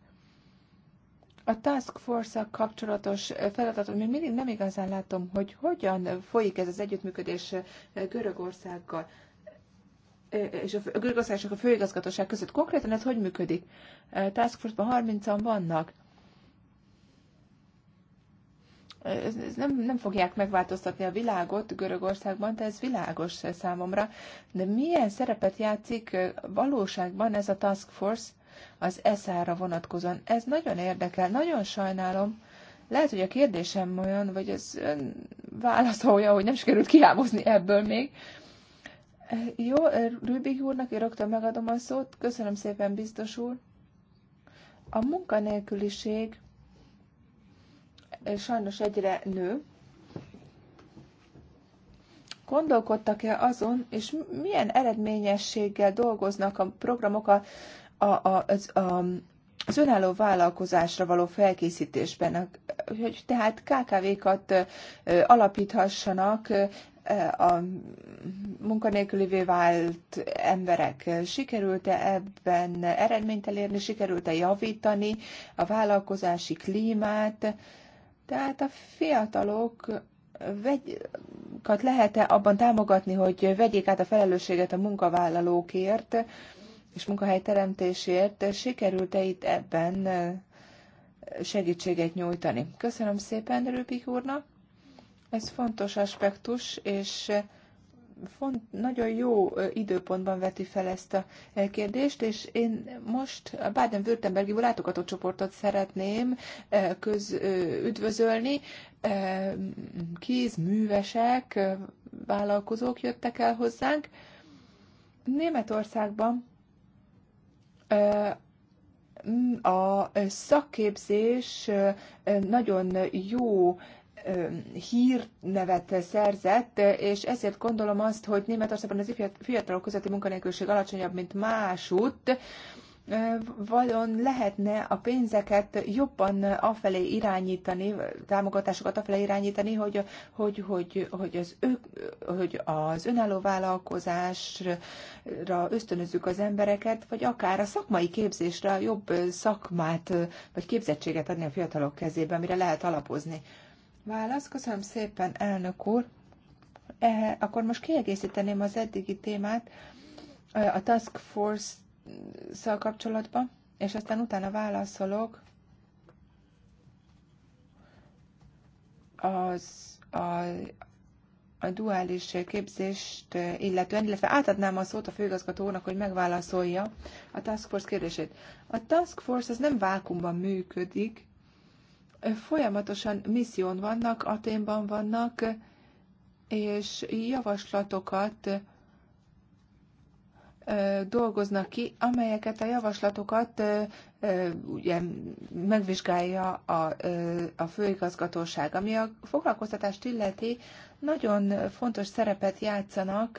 A Task force kapcsolatos feladatot még mindig nem igazán látom, hogy hogyan folyik ez az együttműködés eh, Görögországgal eh, és a Görögország és a főigazgatóság között. Konkrétan ez hogy működik? Task Force-ban 30-an vannak. Ez nem, nem fogják megváltoztatni a világot Görögországban, de ez világos számomra. De milyen szerepet játszik eh, valóságban ez a Task Force az eszára ra vonatkozóan. Ez nagyon érdekel, nagyon sajnálom. Lehet, hogy a kérdésem olyan, vagy az ön válaszolja, hogy nem sikerült kihámozni ebből még. Eh, jó, eh, Rübig úrnak én rögtön megadom a szót. Köszönöm szépen, biztos úr. A munkanélküliség eh, sajnos egyre nő. Gondolkodtak-e azon, és milyen eredményességgel dolgoznak a programok a a, a, az, a, az önálló vállalkozásra való felkészítésben, hogy tehát KKV-kat alapíthassanak a munkanélkülivé vált emberek. Sikerült-e ebben eredményt elérni, sikerült-e javítani a vállalkozási klímát? Tehát a fiatalok lehet-e abban támogatni, hogy vegyék át a felelősséget a munkavállalókért, és munkahelyteremtésért sikerült-e itt ebben segítséget nyújtani. Köszönöm szépen Rübik úrnak, ez fontos aspektus, és font, nagyon jó időpontban veti fel ezt a kérdést, és én most a Baden-Württembergi látogató csoportot szeretném köz, üdvözölni. Kézművesek, vállalkozók jöttek el hozzánk. Németországban a szakképzés nagyon jó hírnevet szerzett, és ezért gondolom azt, hogy Németországban az fiatalok közötti munkanélküliség alacsonyabb, mint másutt, vajon lehetne a pénzeket jobban afelé irányítani, támogatásokat afelé irányítani, hogy, hogy, hogy, hogy, az, ő, hogy az önálló vállalkozásra ösztönözzük az embereket, vagy akár a szakmai képzésre jobb szakmát vagy képzettséget adni a fiatalok kezébe, amire lehet alapozni. Válasz, köszönöm szépen, elnök úr. E, akkor most kiegészíteném az eddigi témát a Task Force szal kapcsolatba, és aztán utána válaszolok az, a, a duális képzést illetően, illetve átadnám a szót a főigazgatónak, hogy megválaszolja a Task Force kérdését. A Task Force az nem vákumban működik, folyamatosan misszión vannak, Aténban vannak, és javaslatokat dolgoznak ki, amelyeket a javaslatokat ugye megvizsgálja a, a főigazgatóság. Ami a foglalkoztatást illeti, nagyon fontos szerepet játszanak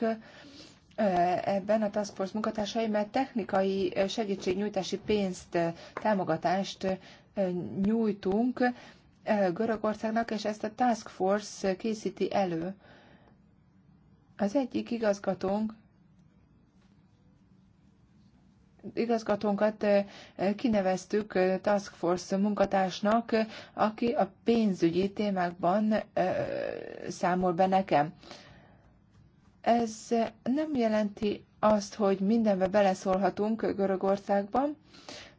ebben a Task Force munkatársai, mert technikai segítségnyújtási pénzt, támogatást nyújtunk Görögországnak, és ezt a Task Force készíti elő. Az egyik igazgatónk igazgatónkat kineveztük Task Force munkatársnak, aki a pénzügyi témákban számol be nekem. Ez nem jelenti azt, hogy mindenbe beleszólhatunk Görögországban,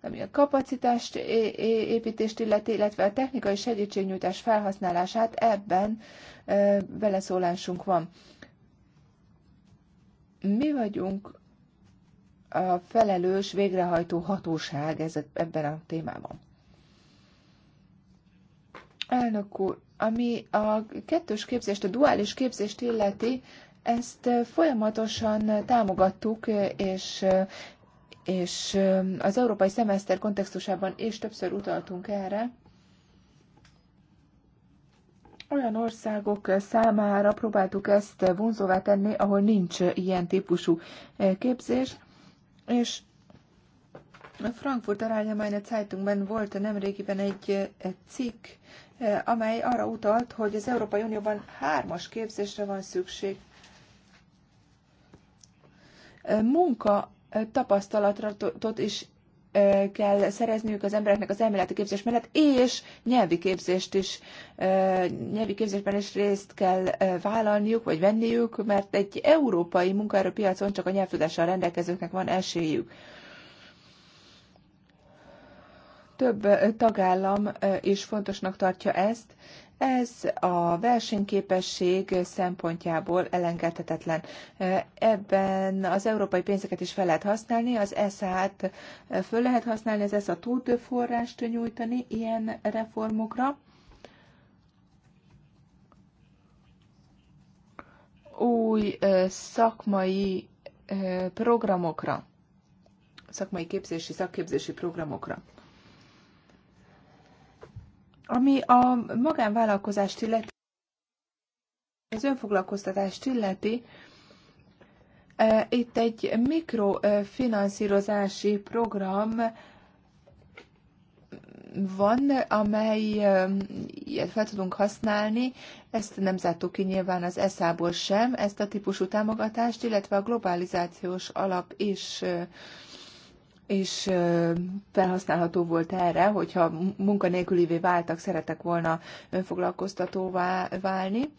ami a kapacitást építést illeti, illetve a technikai segítségnyújtás felhasználását, ebben beleszólásunk van. Mi vagyunk a felelős végrehajtó hatóság ez, ebben a témában. Elnök úr, ami a kettős képzést, a duális képzést illeti, ezt folyamatosan támogattuk, és, és az európai szemeszter kontextusában is többször utaltunk erre. Olyan országok számára próbáltuk ezt vonzóvá tenni, ahol nincs ilyen típusú képzés és a Frankfurter Allgemeine Zeitungben volt nemrégiben egy cikk, eh, amely arra utalt, hogy az Európai Unióban hármas képzésre van szükség. Eh, munka eh, tapasztalatot is kell szerezniük az embereknek az elméleti képzés mellett, és nyelvi képzést is, nyelvi képzésben is részt kell vállalniuk, vagy venniük, mert egy európai munkaerőpiacon csak a nyelvtudással rendelkezőknek van esélyük. Több tagállam is fontosnak tartja ezt, ez a versenyképesség szempontjából elengedhetetlen. Ebben az európai pénzeket is fel lehet használni, az ESZ-t föl lehet használni, az ESZ-a tud forrást nyújtani ilyen reformokra. Új szakmai programokra, szakmai képzési, szakképzési programokra. Ami a magánvállalkozást illeti, az önfoglalkoztatást illeti, e, itt egy mikrofinanszírozási program van, amely e, ilyet fel tudunk használni. Ezt nem zártuk ki nyilván az ESZÁ-ból sem, ezt a típusú támogatást, illetve a globalizációs alap is e, és felhasználható volt erre, hogyha munkanélkülivé váltak, szeretek volna önfoglalkoztatóvá válni.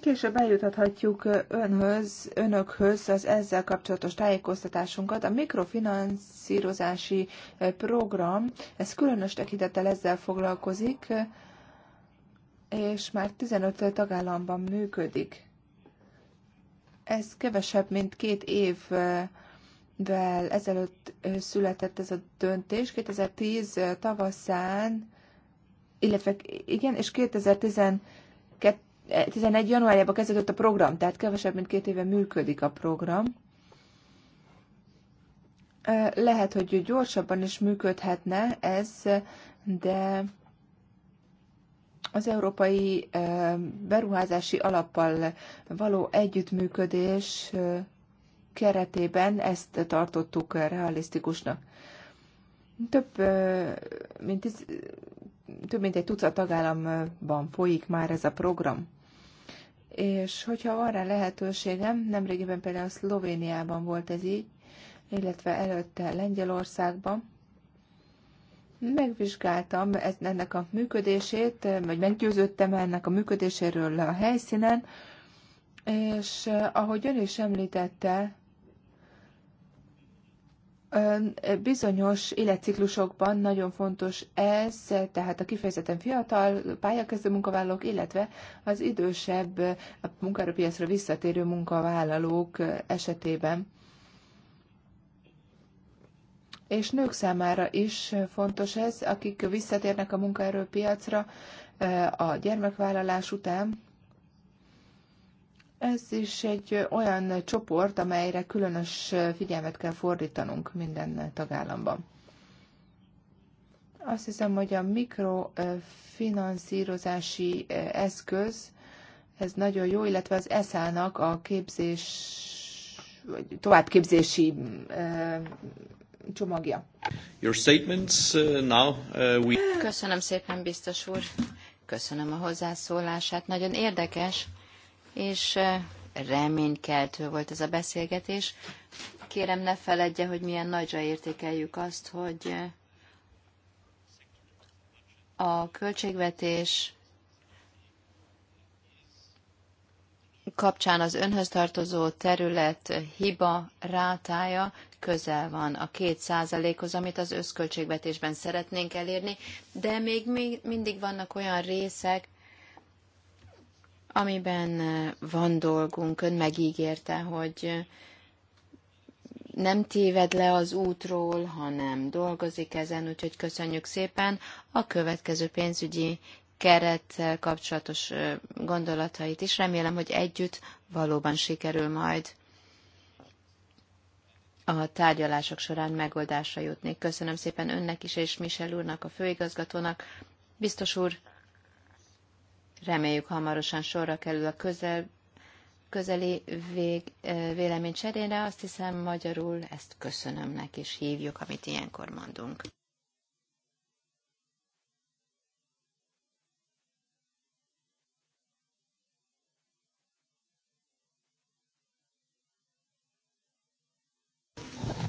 Később eljutathatjuk önhöz, önökhöz az ezzel kapcsolatos tájékoztatásunkat. A mikrofinanszírozási program, ez különös tekintettel ezzel foglalkozik, és már 15 tagállamban működik. Ez kevesebb, mint két évvel ezelőtt született ez a döntés, 2010 tavaszán, illetve igen, és 2011 januárjában kezdődött a program, tehát kevesebb, mint két éve működik a program. Lehet, hogy gyorsabban is működhetne ez, de az Európai Beruházási Alappal való együttműködés keretében ezt tartottuk realisztikusnak. Több mint, több mint egy tucat tagállamban folyik már ez a program. És hogyha van rá lehetőségem, nemrégiben például Szlovéniában volt ez így, illetve előtte Lengyelországban, Megvizsgáltam ennek a működését, vagy meggyőződtem ennek a működéséről a helyszínen, és eh, ahogy ön is említette, eh, Bizonyos életciklusokban nagyon fontos ez, tehát a kifejezetten fiatal pályakezdő munkavállalók, illetve az idősebb eh, a munkaerőpiacra visszatérő munkavállalók esetében és nők számára is fontos ez, akik visszatérnek a munkaerőpiacra a gyermekvállalás után. Ez is egy olyan csoport, amelyre különös figyelmet kell fordítanunk minden tagállamban. Azt hiszem, hogy a mikrofinanszírozási eszköz, ez nagyon jó, illetve az ESZÁ-nak a képzés, vagy továbbképzési csomagja. Your statements, uh, now, uh, we... Köszönöm szépen, biztos úr. Köszönöm a hozzászólását. Nagyon érdekes, és uh, reménykeltő volt ez a beszélgetés. Kérem, ne feledje, hogy milyen nagyra értékeljük azt, hogy uh, a költségvetés kapcsán az önhöz tartozó terület hiba rátája közel van a két százalékhoz, amit az összköltségvetésben szeretnénk elérni, de még, még mindig vannak olyan részek, amiben van dolgunk. Ön megígérte, hogy nem téved le az útról, hanem dolgozik ezen, úgyhogy köszönjük szépen. A következő pénzügyi kerettel kapcsolatos gondolatait is. Remélem, hogy együtt valóban sikerül majd a tárgyalások során megoldásra jutni. Köszönöm szépen önnek is, és Michel úrnak, a főigazgatónak. Biztos úr, reméljük hamarosan sorra kerül a közel, közeli vég, véleménycserére. Azt hiszem, magyarul ezt köszönöm neki, és hívjuk, amit ilyenkor mondunk.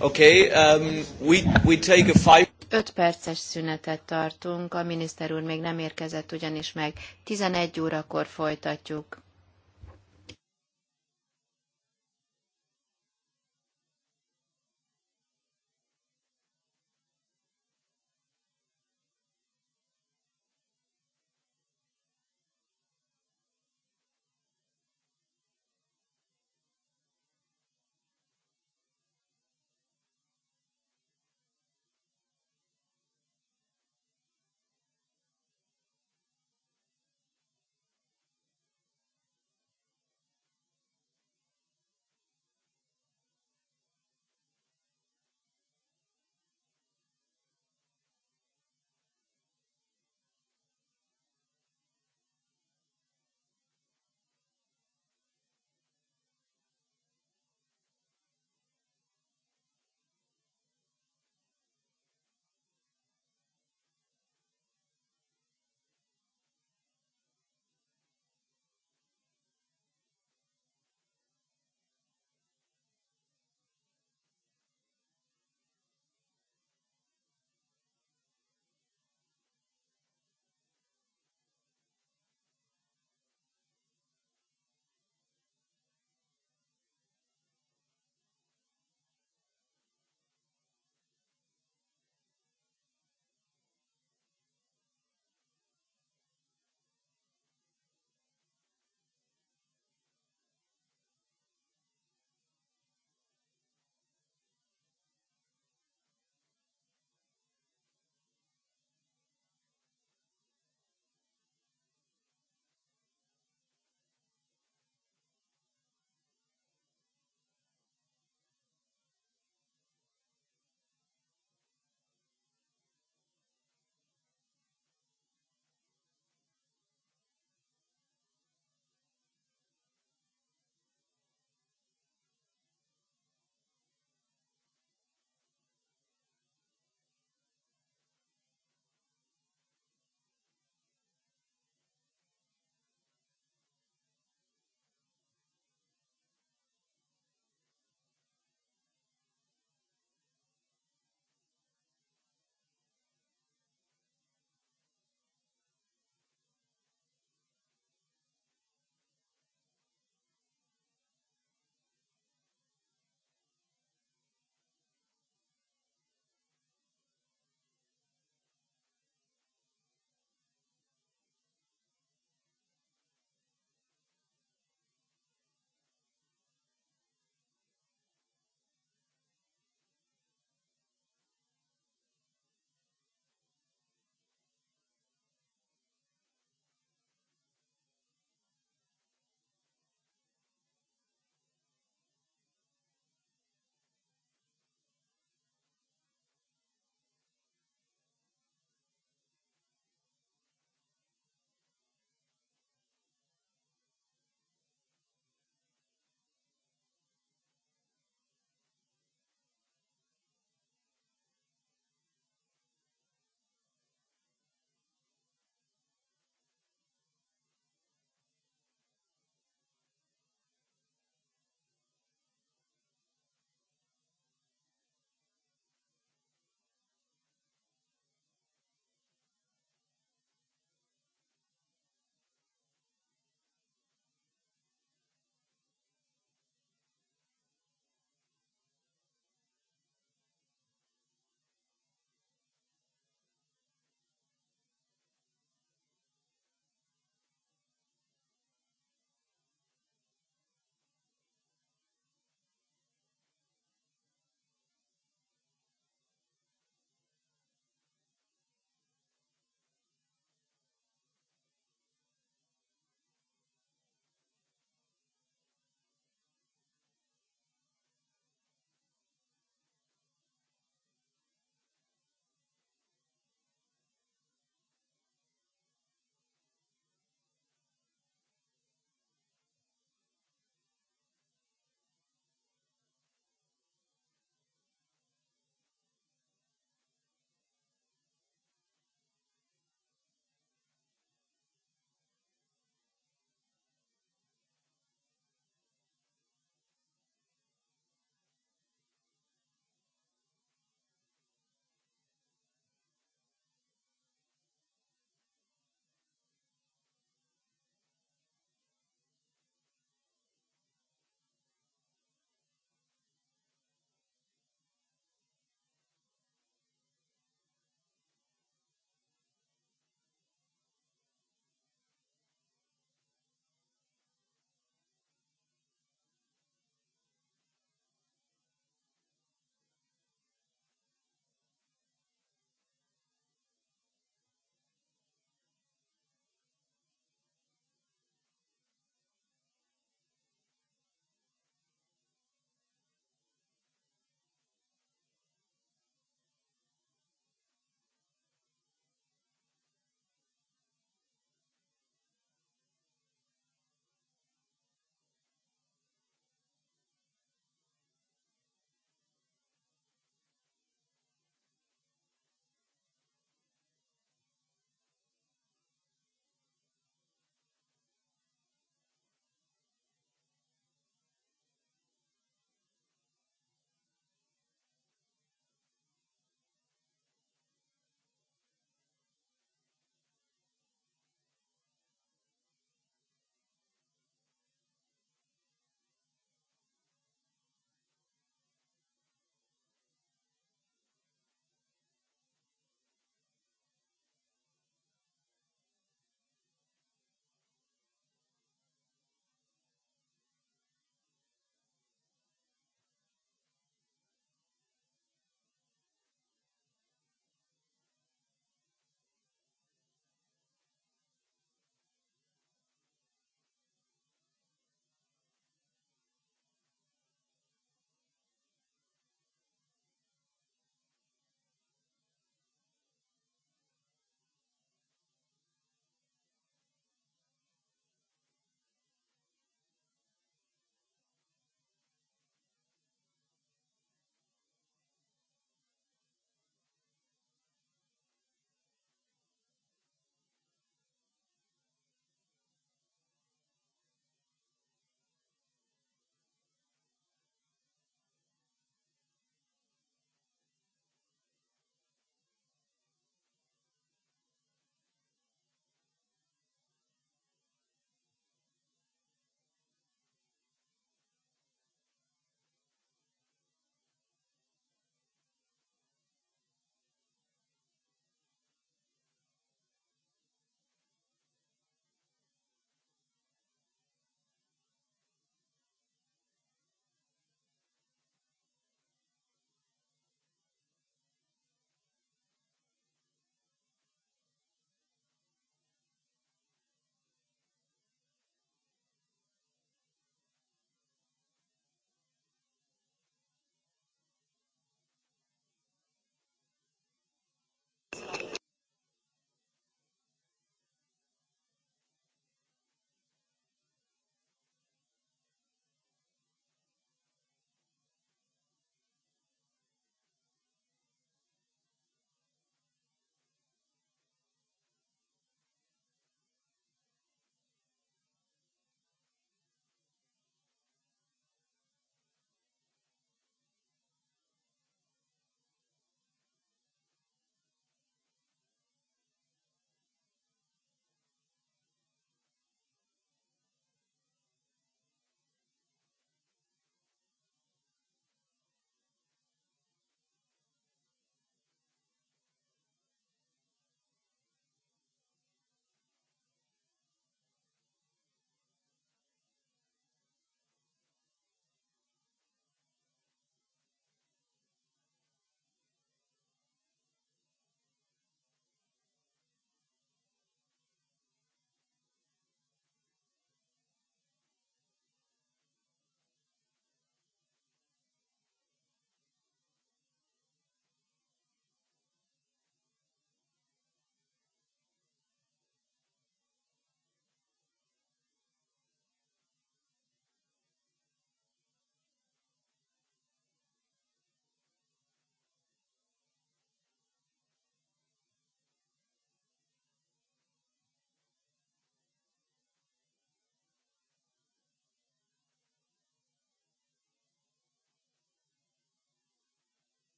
Okay, um, we, we take a five... Öt perces szünetet tartunk, a miniszter úr még nem érkezett ugyanis meg. 11 órakor folytatjuk.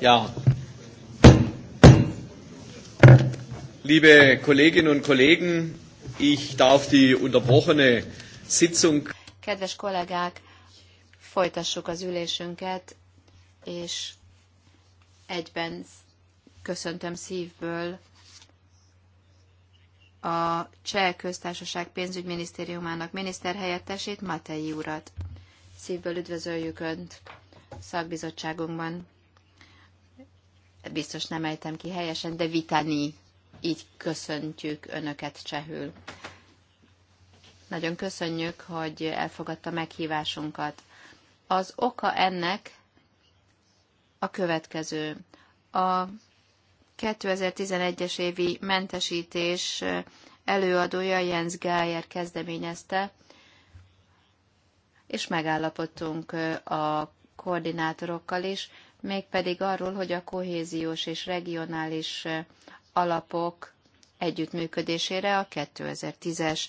Ja. Liebe Kolleginnen und Kollegen, ich darf die unterbrochene Sitzung. Kedves kollégák, folytassuk az ülésünket, és egyben köszöntöm szívből a Cseh Köztársaság pénzügyminisztériumának miniszterhelyettesét, Matei urat. Szívből üdvözöljük Önt szakbizottságunkban. Hát biztos nem ejtem ki helyesen, de vitani, így köszöntjük Önöket csehül. Nagyon köszönjük, hogy elfogadta meghívásunkat. Az oka ennek a következő. A 2011-es évi mentesítés előadója Jens Geyer kezdeményezte, és megállapodtunk a koordinátorokkal is, mégpedig arról, hogy a kohéziós és regionális alapok együttműködésére a 2010-es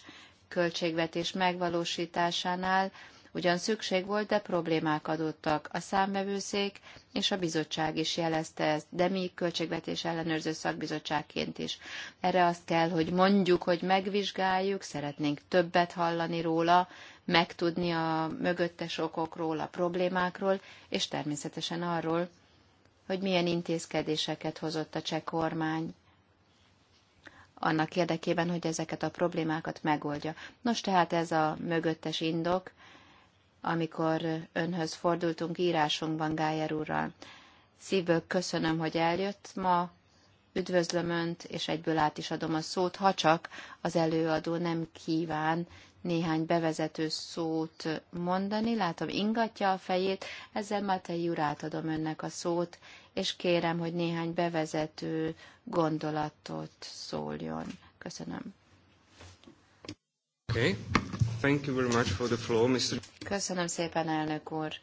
költségvetés megvalósításánál ugyan szükség volt, de problémák adottak. A számvevőszék és a bizottság is jelezte ezt, de mi költségvetés ellenőrző szakbizottságként is. Erre azt kell, hogy mondjuk, hogy megvizsgáljuk, szeretnénk többet hallani róla, megtudni a mögöttes okokról, a problémákról, és természetesen arról, hogy milyen intézkedéseket hozott a cseh kormány annak érdekében, hogy ezeket a problémákat megoldja. Nos, tehát ez a mögöttes indok, amikor önhöz fordultunk írásunkban Gájer úrral. Szívből köszönöm, hogy eljött ma, üdvözlöm Önt, és egyből át is adom a szót, ha csak az előadó nem kíván néhány bevezető szót mondani. Látom, ingatja a fejét, ezzel Matei úr átadom önnek a szót, és kérem, hogy néhány bevezető gondolatot szóljon. Köszönöm. Okay. Thank you very much for the floor, Mr. Köszönöm szépen, elnök úr.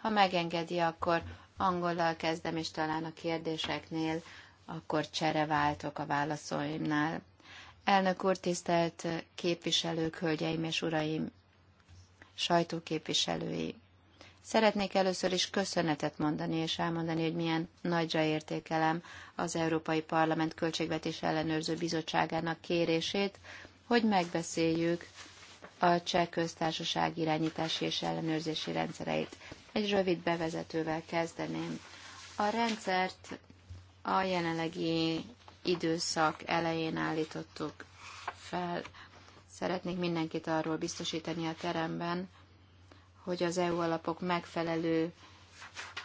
Ha megengedi, akkor angollal kezdem, és talán a kérdéseknél akkor csere váltok a válaszolimnál. Elnök úr, tisztelt képviselők, hölgyeim és uraim, sajtóképviselői! Szeretnék először is köszönetet mondani és elmondani, hogy milyen nagyra értékelem az Európai Parlament Költségvetés Ellenőrző Bizottságának kérését, hogy megbeszéljük a cseh köztársaság irányítási és ellenőrzési rendszereit. Egy rövid bevezetővel kezdeném. A rendszert a jelenlegi időszak elején állítottuk fel. Szeretnék mindenkit arról biztosítani a teremben, hogy az EU alapok megfelelő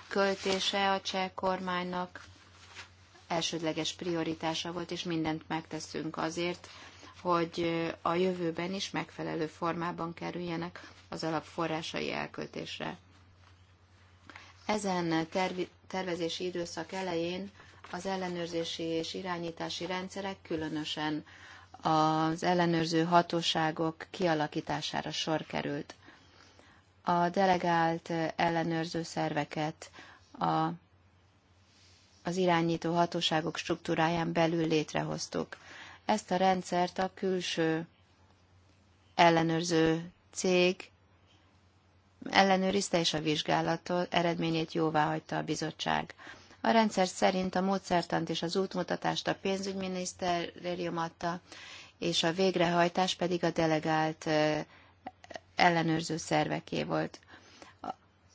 költése a cseh kormánynak elsődleges prioritása volt, és mindent megteszünk azért, hogy a jövőben is megfelelő formában kerüljenek az alapforrásai elköltésre. Ezen tervezési időszak elején az ellenőrzési és irányítási rendszerek, különösen az ellenőrző hatóságok kialakítására sor került. A delegált ellenőrző szerveket a, az irányító hatóságok struktúráján belül létrehoztuk. Ezt a rendszert a külső ellenőrző cég ellenőrizte, és a vizsgálat eredményét jóváhagyta a bizottság. A rendszer szerint a módszertant és az útmutatást a pénzügyminisztérium adta, és a végrehajtás pedig a delegált ellenőrző szerveké volt.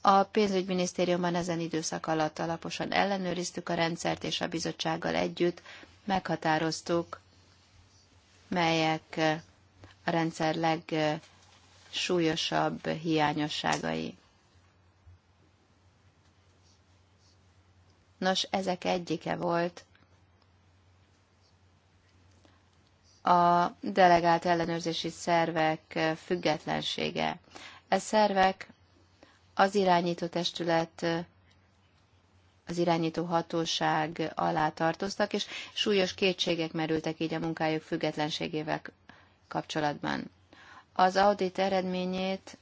A pénzügyminisztériumban ezen időszak alatt alaposan ellenőriztük a rendszert, és a bizottsággal együtt meghatároztuk, melyek a rendszer legsúlyosabb hiányosságai. Nos, ezek egyike volt a delegált ellenőrzési szervek függetlensége. E szervek az irányító testület, az irányító hatóság alá tartoztak, és súlyos kétségek merültek így a munkájuk függetlenségével kapcsolatban. Az audit eredményét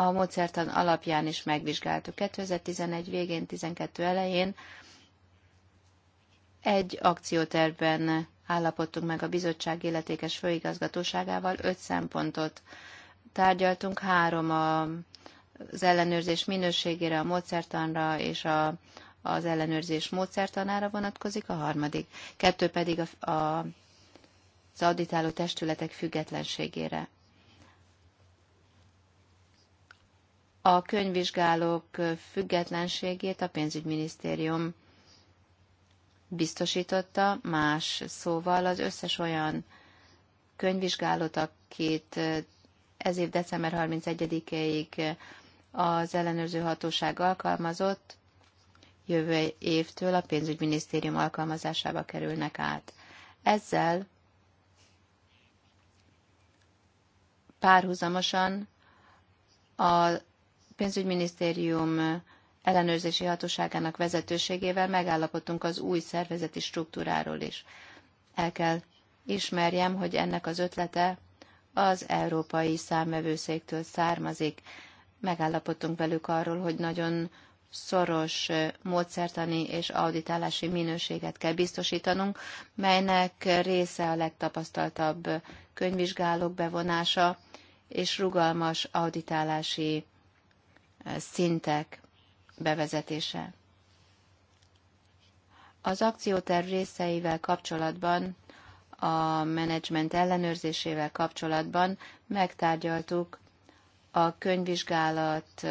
a módszertan alapján is megvizsgáltuk. 2011 végén, 12 elején egy akciótervben állapodtunk meg a bizottság illetékes főigazgatóságával, öt szempontot tárgyaltunk, három a, az ellenőrzés minőségére, a módszertanra és a, az ellenőrzés módszertanára vonatkozik, a harmadik, kettő pedig a, a, az auditáló testületek függetlenségére. a könyvvizsgálók függetlenségét a pénzügyminisztérium biztosította, más szóval az összes olyan könyvvizsgálót, akit ez év december 31-ig az ellenőrző hatóság alkalmazott, jövő évtől a pénzügyminisztérium alkalmazásába kerülnek át. Ezzel párhuzamosan a pénzügyminisztérium ellenőrzési hatóságának vezetőségével megállapodtunk az új szervezeti struktúráról is. El kell ismerjem, hogy ennek az ötlete az Európai Számvevőszéktől származik. Megállapodtunk velük arról, hogy nagyon szoros módszertani és auditálási minőséget kell biztosítanunk, melynek része a legtapasztaltabb könyvvizsgálók bevonása és rugalmas auditálási szintek bevezetése. Az akcióterv részeivel kapcsolatban, a menedzsment ellenőrzésével kapcsolatban megtárgyaltuk a könyvvizsgálat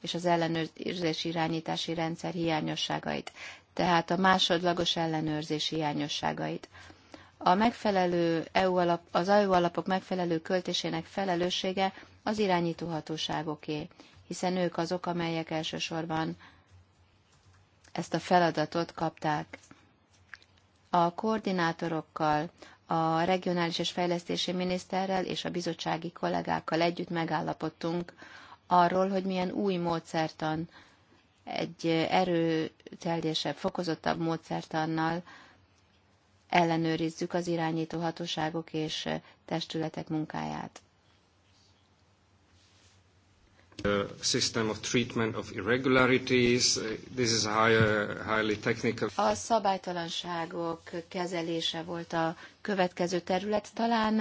és az ellenőrzés irányítási rendszer hiányosságait, tehát a másodlagos ellenőrzés hiányosságait. A megfelelő EU alap, az EU alapok megfelelő költésének felelőssége az irányító hatóságoké, hiszen ők azok, amelyek elsősorban ezt a feladatot kapták. A koordinátorokkal, a regionális és fejlesztési miniszterrel és a bizottsági kollégákkal együtt megállapodtunk arról, hogy milyen új módszertan, egy erőteljesebb, fokozottabb módszertannal ellenőrizzük az irányító hatóságok és testületek munkáját. A szabálytalanságok kezelése volt a következő terület. Talán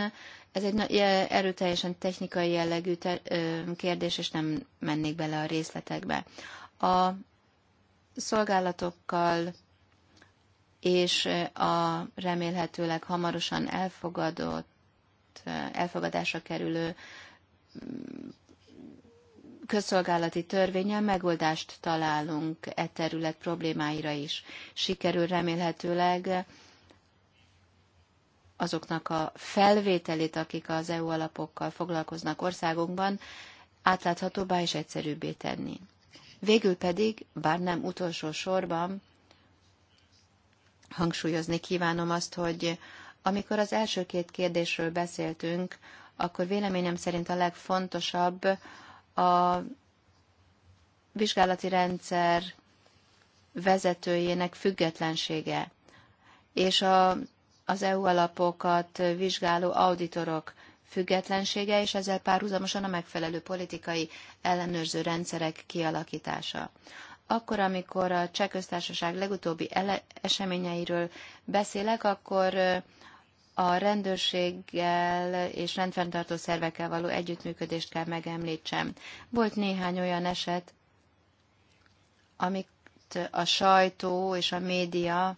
ez egy erőteljesen technikai jellegű ter- kérdés, és nem mennék bele a részletekbe. A szolgálatokkal és a remélhetőleg hamarosan elfogadott, elfogadásra kerülő közszolgálati törvényen megoldást találunk e terület problémáira is. Sikerül remélhetőleg azoknak a felvételét, akik az EU alapokkal foglalkoznak országunkban, átláthatóbbá és egyszerűbbé tenni. Végül pedig, bár nem utolsó sorban, hangsúlyozni kívánom azt, hogy amikor az első két kérdésről beszéltünk, akkor véleményem szerint a legfontosabb a vizsgálati rendszer vezetőjének függetlensége, és a, az EU alapokat vizsgáló auditorok függetlensége, és ezzel párhuzamosan a megfelelő politikai ellenőrző rendszerek kialakítása. Akkor, amikor a Cseh Köztársaság legutóbbi ele- eseményeiről beszélek, akkor a rendőrséggel és rendfenntartó szervekkel való együttműködést kell megemlítsem. Volt néhány olyan eset, amit a sajtó és a média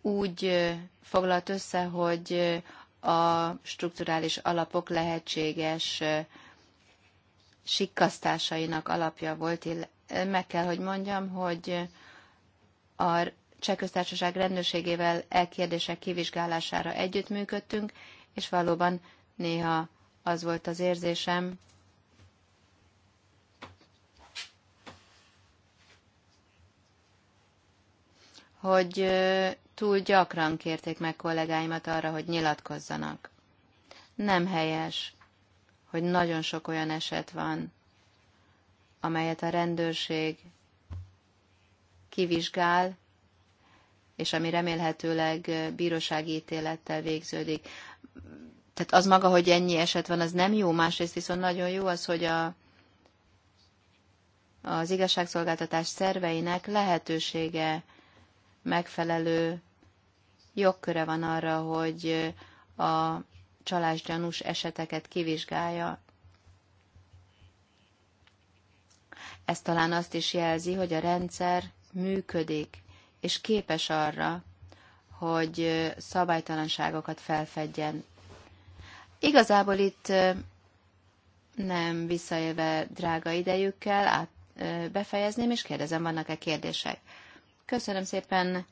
úgy foglalt össze, hogy a strukturális alapok lehetséges sikkasztásainak alapja volt. Meg kell, hogy mondjam, hogy a Csehköztársaság rendőrségével e kérdések kivizsgálására együttműködtünk, és valóban néha az volt az érzésem, hogy túl gyakran kérték meg kollégáimat arra, hogy nyilatkozzanak. Nem helyes, hogy nagyon sok olyan eset van, amelyet a rendőrség kivizsgál, és ami remélhetőleg bírósági ítélettel végződik. Tehát az maga, hogy ennyi eset van, az nem jó, másrészt viszont nagyon jó az, hogy a, az igazságszolgáltatás szerveinek lehetősége, megfelelő jogköre van arra, hogy a csalásgyanús eseteket kivizsgálja. Ez talán azt is jelzi, hogy a rendszer működik, és képes arra, hogy szabálytalanságokat felfedjen. Igazából itt nem visszaélve drága idejükkel, át, befejezném, és kérdezem, vannak-e kérdések. Köszönöm szépen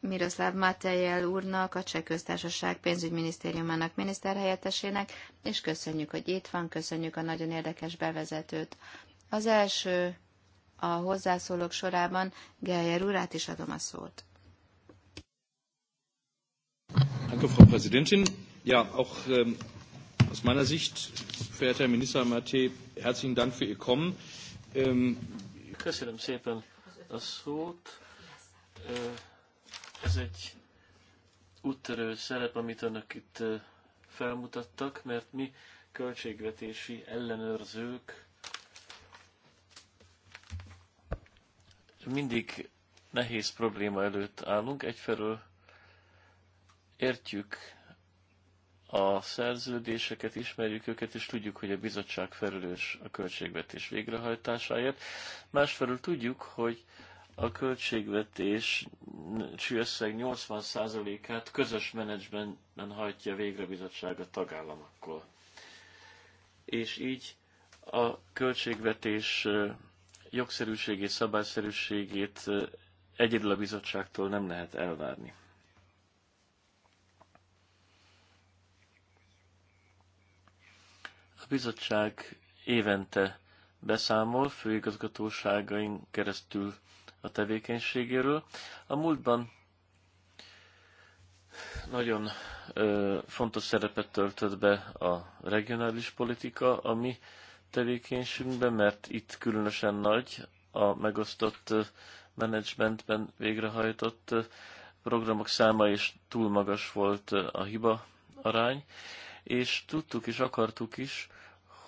Miroslav Matejel úrnak, a Cseh Köztársaság pénzügyminisztériumának miniszterhelyettesének, és köszönjük, hogy itt van, köszönjük a nagyon érdekes bevezetőt. Az első a hozzászólók sorában Geyer úr, is adom a szót. Danke, Frau Präsidentin. Ja, auch ähm, aus meiner Sicht, verehrter Herr Minister Maté, herzlichen Dank für Ihr Kommen. Ähm, Köszönöm szépen a szót. Äh, Ez egy úttörő szerep, amit önök itt äh, felmutattak, mert mi költségvetési ellenőrzők mindig nehéz probléma előtt állunk. Egyfelől értjük a szerződéseket, ismerjük őket, és tudjuk, hogy a bizottság felelős a költségvetés végrehajtásáért. Másfelől tudjuk, hogy a költségvetés csőszeg 80%-át közös menedzsmentben hajtja végre bizottság a tagállamokkal. És így a költségvetés jogszerűségét, szabályszerűségét egyedül a bizottságtól nem lehet elvárni. A bizottság évente beszámol főigazgatóságain keresztül a tevékenységéről. A múltban nagyon ö, fontos szerepet töltött be a regionális politika, ami tevékenységünkben, mert itt különösen nagy a megosztott menedzsmentben végrehajtott programok száma, és túl magas volt a hiba arány, és tudtuk és akartuk is,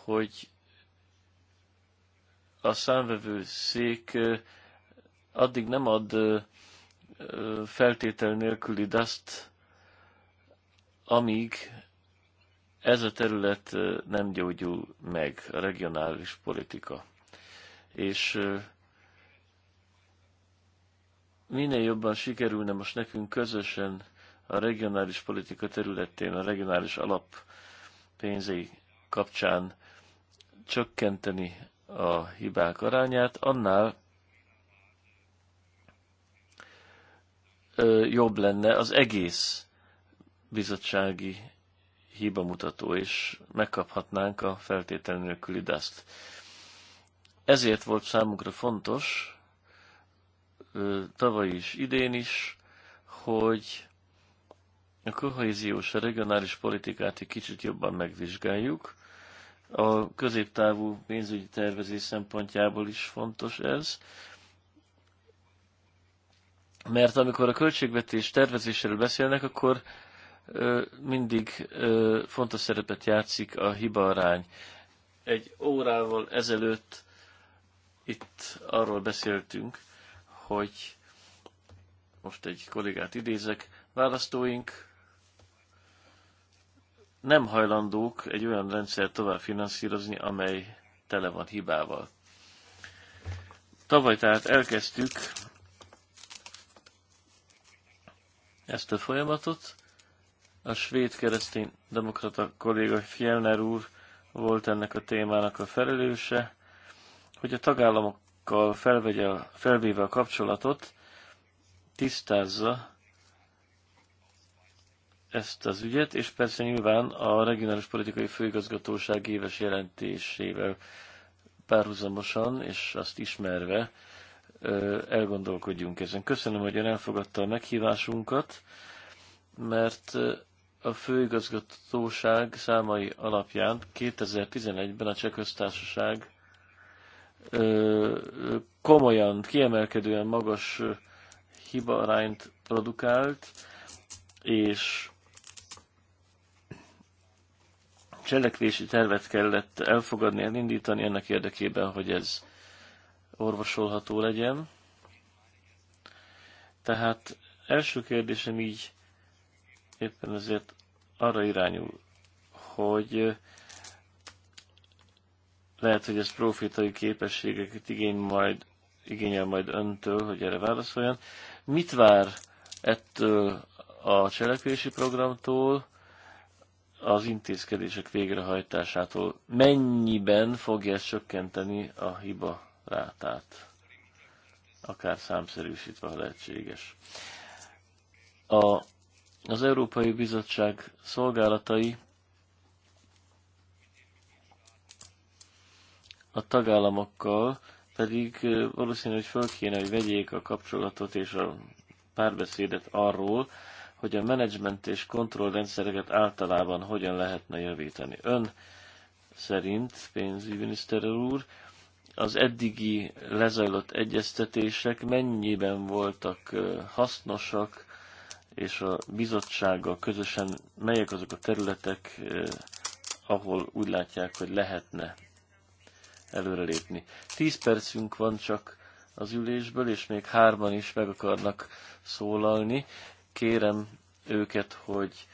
hogy a számvevő szék addig nem ad feltétel nélküli dust, amíg ez a terület nem gyógyul meg, a regionális politika. És minél jobban sikerülne most nekünk közösen a regionális politika területén, a regionális alap pénzei kapcsán csökkenteni a hibák arányát, annál jobb lenne az egész bizottsági hiba mutató és megkaphatnánk a feltétel nélküli daszt. Ezért volt számunkra fontos, tavaly is, idén is, hogy a kohéziós, a regionális politikát egy kicsit jobban megvizsgáljuk. A középtávú pénzügyi tervezés szempontjából is fontos ez, mert amikor a költségvetés tervezéséről beszélnek, akkor mindig fontos szerepet játszik a hibaarány. Egy órával ezelőtt itt arról beszéltünk, hogy most egy kollégát idézek, választóink nem hajlandók egy olyan rendszer tovább finanszírozni, amely tele van hibával. Tavaly tehát elkezdtük ezt a folyamatot, a svéd keresztény demokrata kolléga Fjellner úr volt ennek a témának a felelőse, hogy a tagállamokkal felvegye, felvéve a kapcsolatot, tisztázza ezt az ügyet, és persze nyilván a regionális politikai főigazgatóság éves jelentésével párhuzamosan, és azt ismerve elgondolkodjunk ezen. Köszönöm, hogy ön elfogadta a meghívásunkat, mert a főigazgatóság számai alapján 2011-ben a Csehköztársaság komolyan, kiemelkedően magas hibarányt produkált, és cselekvési tervet kellett elfogadni, elindítani hát ennek érdekében, hogy ez orvosolható legyen. Tehát első kérdésem így éppen ezért arra irányul, hogy lehet, hogy ez profitai képességeket igény majd, igényel majd öntől, hogy erre válaszoljon. Mit vár ettől a cselekvési programtól, az intézkedések végrehajtásától? Mennyiben fogja ez csökkenteni a hiba rátát? Akár számszerűsítve, ha lehetséges. A az Európai Bizottság szolgálatai a tagállamokkal pedig valószínű, hogy föl kéne, hogy vegyék a kapcsolatot és a párbeszédet arról, hogy a menedzsment és kontrollrendszereket általában hogyan lehetne javítani. Ön szerint, pénzügyminiszter úr, az eddigi lezajlott egyeztetések mennyiben voltak hasznosak, és a bizottsággal közösen melyek azok a területek, eh, ahol úgy látják, hogy lehetne előrelépni. Tíz percünk van csak az ülésből, és még hárman is meg akarnak szólalni. Kérem őket, hogy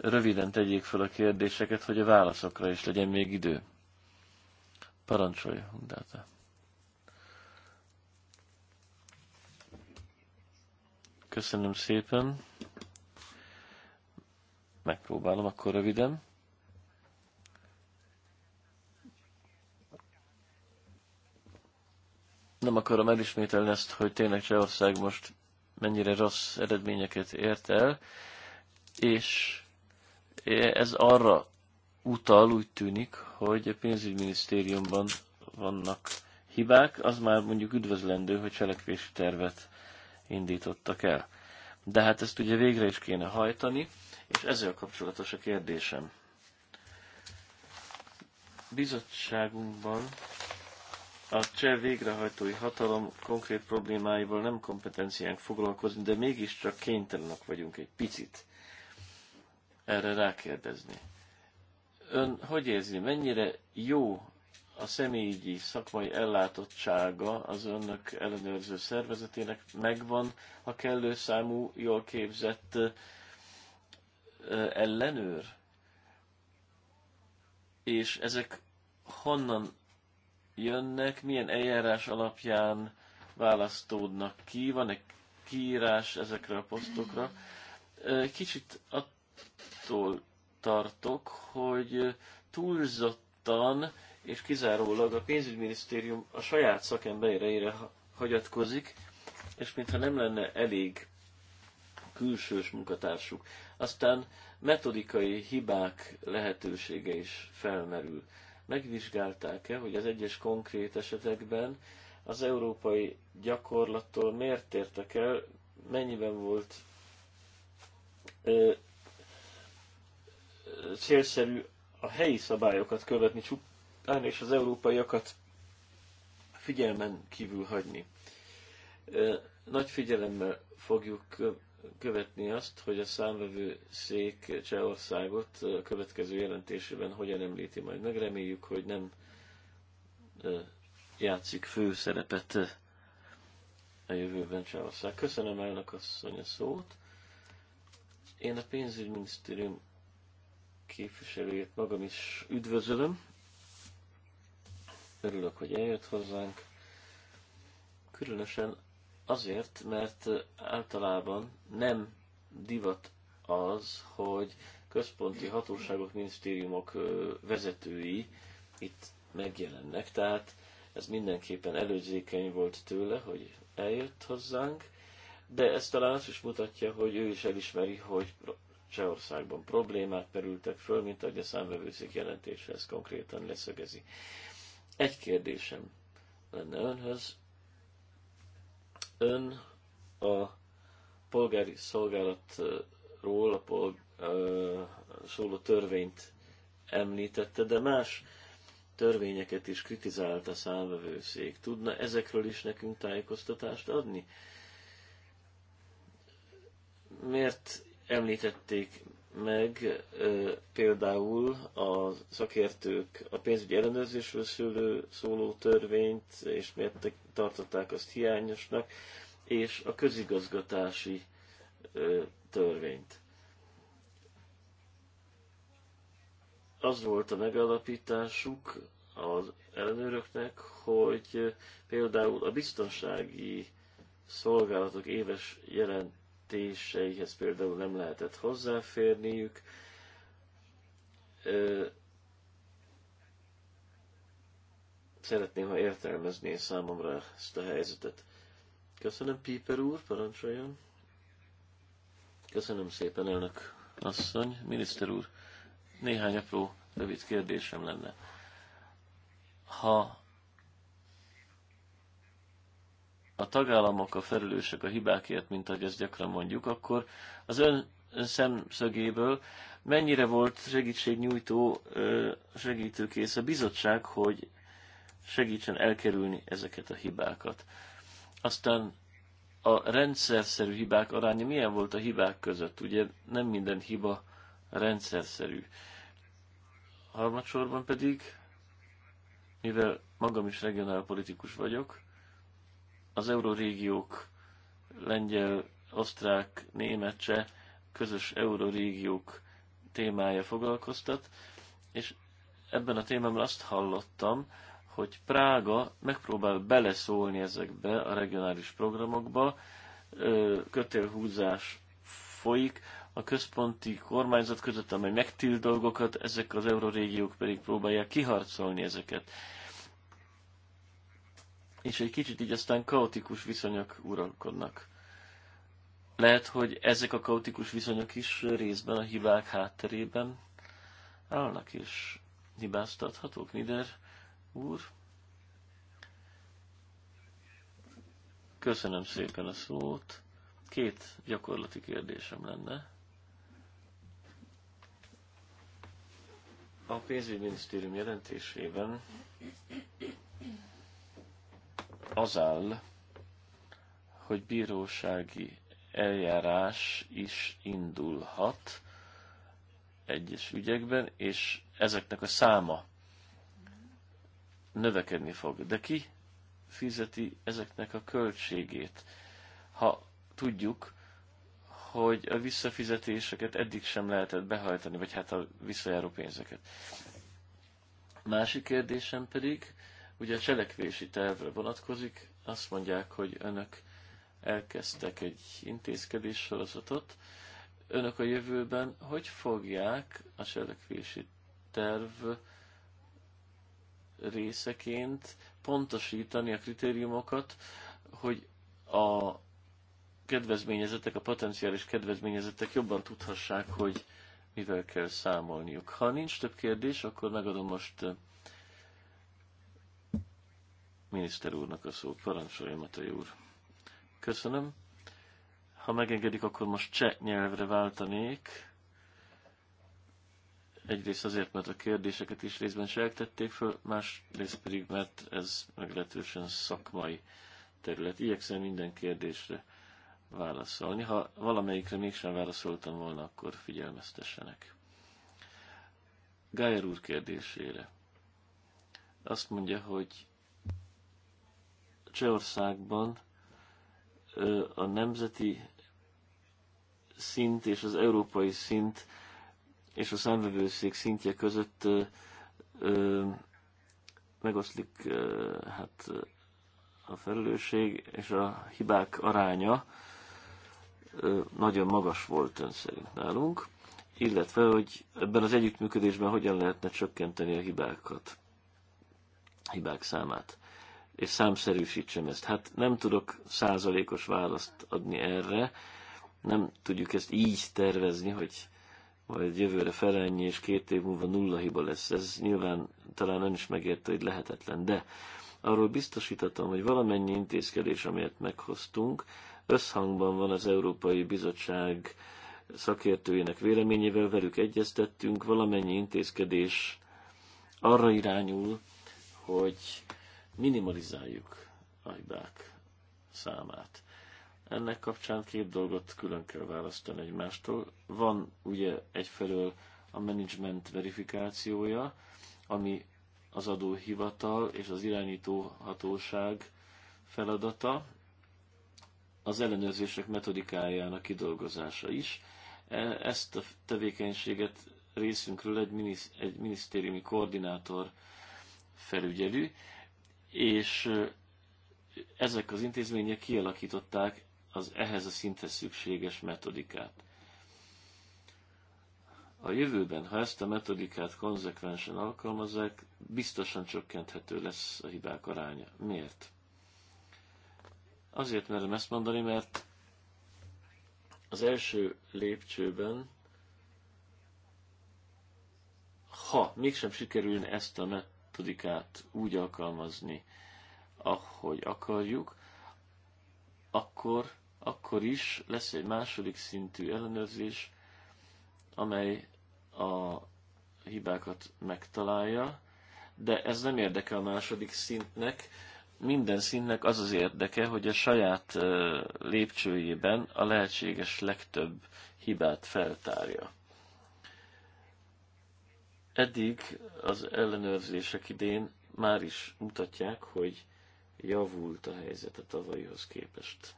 röviden tegyék fel a kérdéseket, hogy a válaszokra is legyen még idő. Parancsolj, Hundáta! Köszönöm szépen. Megpróbálom akkor röviden. Nem akarom elismételni ezt, hogy tényleg Csehország most mennyire rossz eredményeket ért el, és ez arra utal, úgy tűnik, hogy a pénzügyminisztériumban vannak hibák, az már mondjuk üdvözlendő, hogy cselekvési tervet indítottak el. De hát ezt ugye végre is kéne hajtani, és ezzel kapcsolatos a kérdésem. Bizottságunkban a cseh végrehajtói hatalom konkrét problémáival nem kompetenciánk foglalkozni, de mégiscsak kénytelenek vagyunk egy picit erre rákérdezni. Ön hogy érzi, mennyire jó a személyi szakmai ellátottsága az önök ellenőrző szervezetének megvan a kellő számú jól képzett ellenőr? És ezek honnan jönnek, milyen eljárás alapján választódnak ki, van-e kiírás ezekre a posztokra? Kicsit attól tartok, hogy túlzottan és kizárólag a pénzügyminisztérium a saját szakembereire hagyatkozik, és mintha nem lenne elég külsős munkatársuk. Aztán metodikai hibák lehetősége is felmerül. Megvizsgálták-e, hogy az egyes konkrét esetekben az európai gyakorlattól miért tértek el, mennyiben volt ö, célszerű a helyi szabályokat követni, csup, állni és az európaiakat figyelmen kívül hagyni. Nagy figyelemmel fogjuk követni azt, hogy a számvevő szék Csehországot a következő jelentésében hogyan említi majd meg. Reméljük, hogy nem játszik fő szerepet a jövőben Csehország. Köszönöm elnök asszony a szót. Én a pénzügyminisztérium képviselőjét magam is üdvözölöm. Örülök, hogy eljött hozzánk. Különösen azért, mert általában nem divat az, hogy központi hatóságok, minisztériumok vezetői itt megjelennek, tehát ez mindenképpen előzékeny volt tőle, hogy eljött hozzánk, de ez talán azt is mutatja, hogy ő is elismeri, hogy Csehországban problémák merültek föl, mint ahogy a számvevőszék jelentése ezt konkrétan leszögezi. Egy kérdésem lenne önhöz. Ön a polgári szolgálatról a polg, ö, szóló törvényt említette, de más törvényeket is kritizált a számvevőszék. Tudna ezekről is nekünk tájékoztatást adni? Miért említették meg ö, például a szakértők a pénzügyi ellenőrzésről szülő, szóló törvényt, és miért tartották azt hiányosnak, és a közigazgatási ö, törvényt. Az volt a megalapításuk az ellenőröknek, hogy például a biztonsági szolgálatok éves jelent jelentéseihez például nem lehetett hozzáférniük. Szeretném, ha értelmezné számomra ezt a helyzetet. Köszönöm, Piper úr, parancsoljon. Köszönöm szépen, elnök asszony. Miniszter úr, néhány apró, rövid kérdésem lenne. Ha a tagállamok a felelősek a hibákért, mint ahogy ezt gyakran mondjuk, akkor az ön szemszögéből mennyire volt segítségnyújtó, segítőkész a bizottság, hogy segítsen elkerülni ezeket a hibákat. Aztán a rendszerszerű hibák aránya milyen volt a hibák között? Ugye nem minden hiba rendszerszerű. Harmadsorban pedig, mivel magam is regionálpolitikus vagyok, az eurorégiók, lengyel, osztrák, német, cseh, közös eurorégiók témája foglalkoztat, és ebben a témában azt hallottam, hogy Prága megpróbál beleszólni ezekbe a regionális programokba, kötélhúzás folyik, a központi kormányzat között, amely megtilt dolgokat, ezek az eurorégiók pedig próbálják kiharcolni ezeket és egy kicsit így aztán kaotikus viszonyok uralkodnak. Lehet, hogy ezek a kaotikus viszonyok is részben a hibák hátterében állnak, és hibáztathatók, Nider úr. Köszönöm szépen a szót. Két gyakorlati kérdésem lenne. A pénzügyminisztérium jelentésében az áll, hogy bírósági eljárás is indulhat egyes ügyekben, és ezeknek a száma növekedni fog. De ki fizeti ezeknek a költségét? Ha tudjuk, hogy a visszafizetéseket eddig sem lehetett behajtani, vagy hát a visszajáró pénzeket. Másik kérdésem pedig, Ugye a cselekvési tervre vonatkozik, azt mondják, hogy önök elkezdtek egy intézkedés sorozatot. Önök a jövőben hogy fogják a cselekvési terv részeként pontosítani a kritériumokat, hogy a kedvezményezettek, a potenciális kedvezményezettek jobban tudhassák, hogy mivel kell számolniuk. Ha nincs több kérdés, akkor megadom most miniszter úrnak a szót. Parancsolja, Matai úr. Köszönöm. Ha megengedik, akkor most cseh nyelvre váltanék. Egyrészt azért, mert a kérdéseket is részben sejtették föl, másrészt pedig, mert ez meglehetősen szakmai terület. Igyekszem minden kérdésre válaszolni. Ha valamelyikre mégsem válaszoltam volna, akkor figyelmeztessenek. Gájer úr kérdésére. Azt mondja, hogy Csehországban a nemzeti szint és az európai szint és a számvevőszék szintje között megoszlik hát a felelősség és a hibák aránya nagyon magas volt ön szerint nálunk, illetve, hogy ebben az együttműködésben hogyan lehetne csökkenteni a hibákat, hibák számát és számszerűsítsem ezt. Hát nem tudok százalékos választ adni erre, nem tudjuk ezt így tervezni, hogy majd jövőre felennyi, és két év múlva nulla hiba lesz. Ez nyilván talán ön is megérte, hogy lehetetlen, de arról biztosítatom, hogy valamennyi intézkedés, amelyet meghoztunk, összhangban van az Európai Bizottság szakértőjének véleményével, velük egyeztettünk, valamennyi intézkedés arra irányul, hogy minimalizáljuk a hibák számát. Ennek kapcsán két dolgot külön kell választani egymástól. Van ugye egyfelől a menedzsment verifikációja, ami az adóhivatal és az irányító hatóság feladata, az ellenőrzések metodikájának kidolgozása is. E, ezt a tevékenységet részünkről egy, egy minisztériumi koordinátor felügyelő, és ezek az intézmények kialakították az ehhez a szinthez szükséges metodikát. A jövőben, ha ezt a metodikát konzekvensen alkalmazzák, biztosan csökkenthető lesz a hibák aránya. Miért? Azért merem ezt mondani, mert az első lépcsőben, ha mégsem sikerülne ezt a tudikát úgy alkalmazni, ahogy akarjuk, akkor, akkor is lesz egy második szintű ellenőrzés, amely a hibákat megtalálja, de ez nem érdeke a második szintnek. Minden szintnek az az érdeke, hogy a saját lépcsőjében a lehetséges legtöbb hibát feltárja. Eddig az ellenőrzések idén már is mutatják, hogy javult a helyzet a tavalyihoz képest.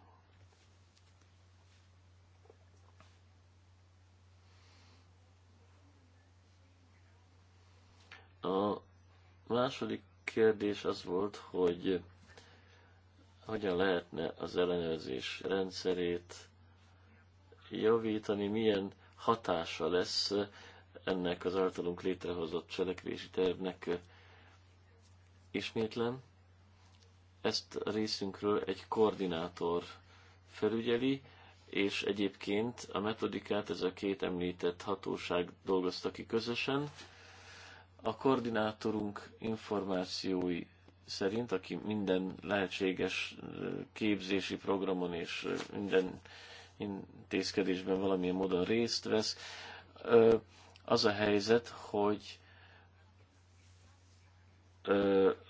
A második kérdés az volt, hogy hogyan lehetne az ellenőrzés rendszerét javítani, milyen hatása lesz ennek az általunk létrehozott cselekvési tervnek ismétlen. Ezt a részünkről egy koordinátor felügyeli, és egyébként a metodikát ez a két említett hatóság dolgozta ki közösen. A koordinátorunk információi szerint, aki minden lehetséges képzési programon és minden intézkedésben valamilyen módon részt vesz, az a helyzet, hogy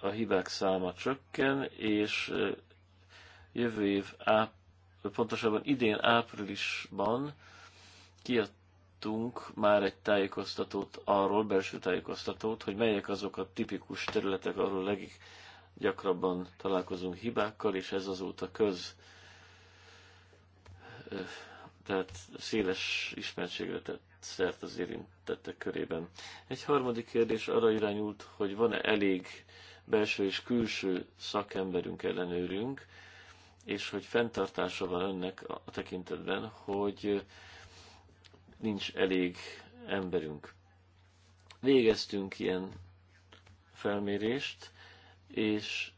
a hibák száma csökken, és jövő év, áp, pontosabban idén áprilisban kiadtunk már egy tájékoztatót arról, belső tájékoztatót, hogy melyek azok a tipikus területek, arról leggyakrabban találkozunk hibákkal, és ez azóta köz tehát széles ismertségre tett szert az érintettek körében. Egy harmadik kérdés arra irányult, hogy van-e elég belső és külső szakemberünk, ellenőrünk, és hogy fenntartása van önnek a tekintetben, hogy nincs elég emberünk. Végeztünk ilyen felmérést, és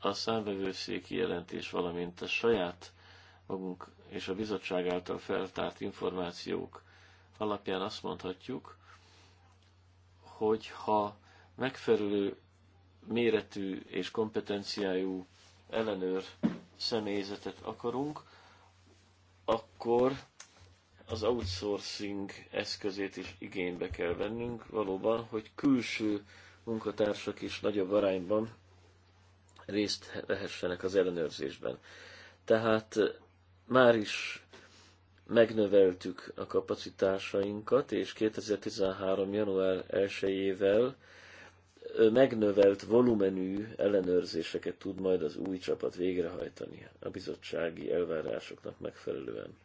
a számvevőszéki jelentés, valamint a saját magunk és a bizottság által feltárt információk alapján azt mondhatjuk, hogy ha megfelelő méretű és kompetenciájú ellenőr személyzetet akarunk, akkor az outsourcing eszközét is igénybe kell vennünk valóban, hogy külső munkatársak is nagyobb arányban részt vehessenek az ellenőrzésben. Tehát már is megnöveltük a kapacitásainkat, és 2013. január 1-ével megnövelt volumenű ellenőrzéseket tud majd az új csapat végrehajtani a bizottsági elvárásoknak megfelelően.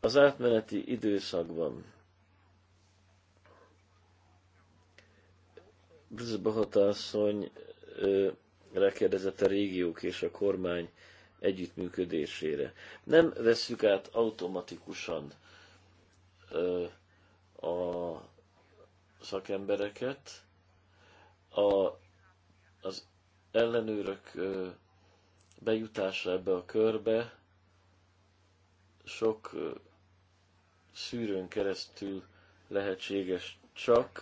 Az átmeneti időszakban Brzbahata asszony rekérdezett a régiók és a kormány együttműködésére. Nem vesszük át automatikusan ö, a szakembereket, a, az ellenőrök ö, bejutása ebbe a körbe sok ö, szűrőn keresztül lehetséges csak,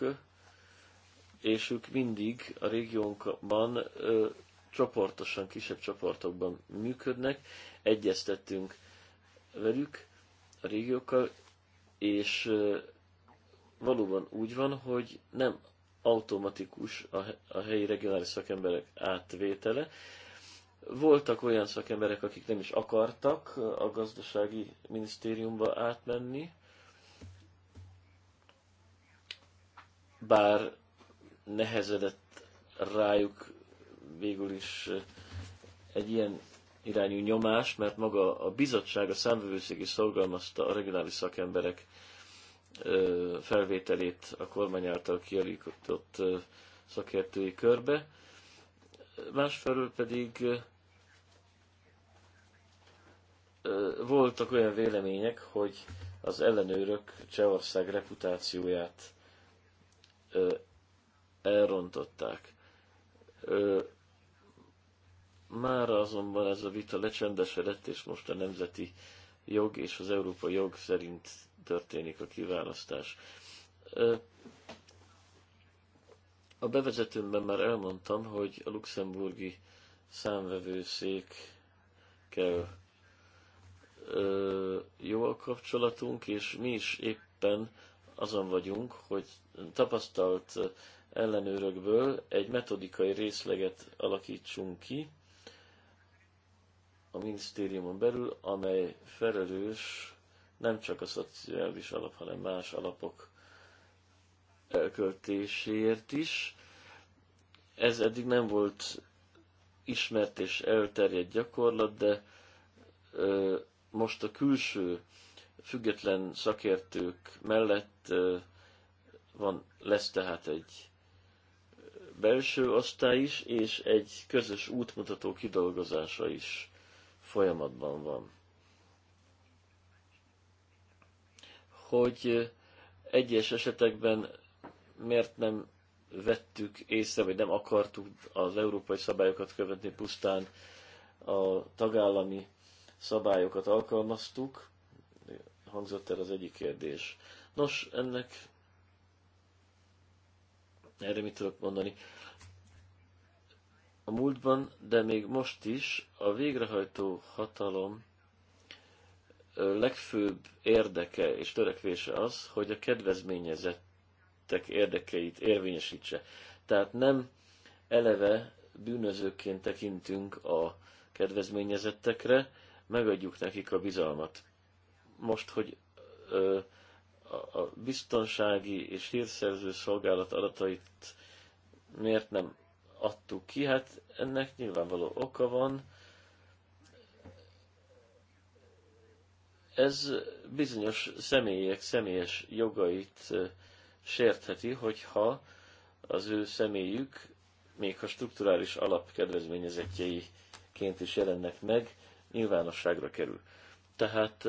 és ők mindig a régiónkban ö, csoportosan, kisebb csoportokban működnek, egyeztettünk velük, a régiókkal, és valóban úgy van, hogy nem automatikus a helyi regionális szakemberek átvétele. Voltak olyan szakemberek, akik nem is akartak a gazdasági minisztériumba átmenni, bár nehezedett rájuk végül is egy ilyen irányú nyomás, mert maga a bizottság, a számvevőszék is szorgalmazta a regionális szakemberek felvételét a kormány által kialakított szakértői körbe. Másfelől pedig voltak olyan vélemények, hogy az ellenőrök Csehország reputációját elrontották már azonban ez a vita lecsendesedett, és most a nemzeti jog és az európai jog szerint történik a kiválasztás. A bevezetőmben már elmondtam, hogy a luxemburgi számvevőszékkel jó a kapcsolatunk, és mi is éppen azon vagyunk, hogy tapasztalt ellenőrökből egy metodikai részleget alakítsunk ki, a minisztériumon belül, amely felelős nem csak a szociális alap, hanem más alapok elköltéséért is. Ez eddig nem volt ismert és elterjedt gyakorlat, de ö, most a külső független szakértők mellett ö, van, lesz tehát egy belső osztály is, és egy közös útmutató kidolgozása is folyamatban van. Hogy eh, egyes esetekben miért nem vettük észre, vagy nem akartuk az európai szabályokat követni, pusztán a tagállami szabályokat alkalmaztuk, hangzott el az egyik kérdés. Nos, ennek erre mit tudok mondani? a múltban, de még most is a végrehajtó hatalom legfőbb érdeke és törekvése az, hogy a kedvezményezettek érdekeit érvényesítse. Tehát nem eleve bűnözőként tekintünk a kedvezményezettekre, megadjuk nekik a bizalmat. Most, hogy ö, a biztonsági és hírszerző szolgálat adatait miért nem adtuk ki. Hát ennek nyilvánvaló oka van. Ez bizonyos személyek személyes jogait sértheti, hogyha az ő személyük, még ha strukturális alapkedvezményezetjeiként is jelennek meg, nyilvánosságra kerül. Tehát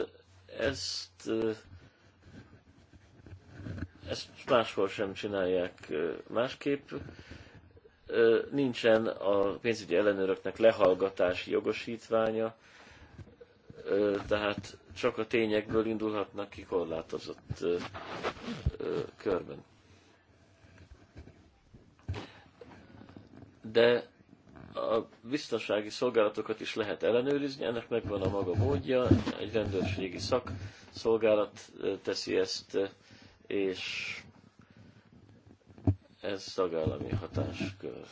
ezt, ezt máshol sem csinálják másképp nincsen a pénzügyi ellenőröknek lehallgatási jogosítványa, tehát csak a tényekből indulhatnak ki korlátozott körben. De a biztonsági szolgálatokat is lehet ellenőrizni, ennek megvan a maga módja, egy rendőrségi szakszolgálat teszi ezt, és ez tagállami hatáskör.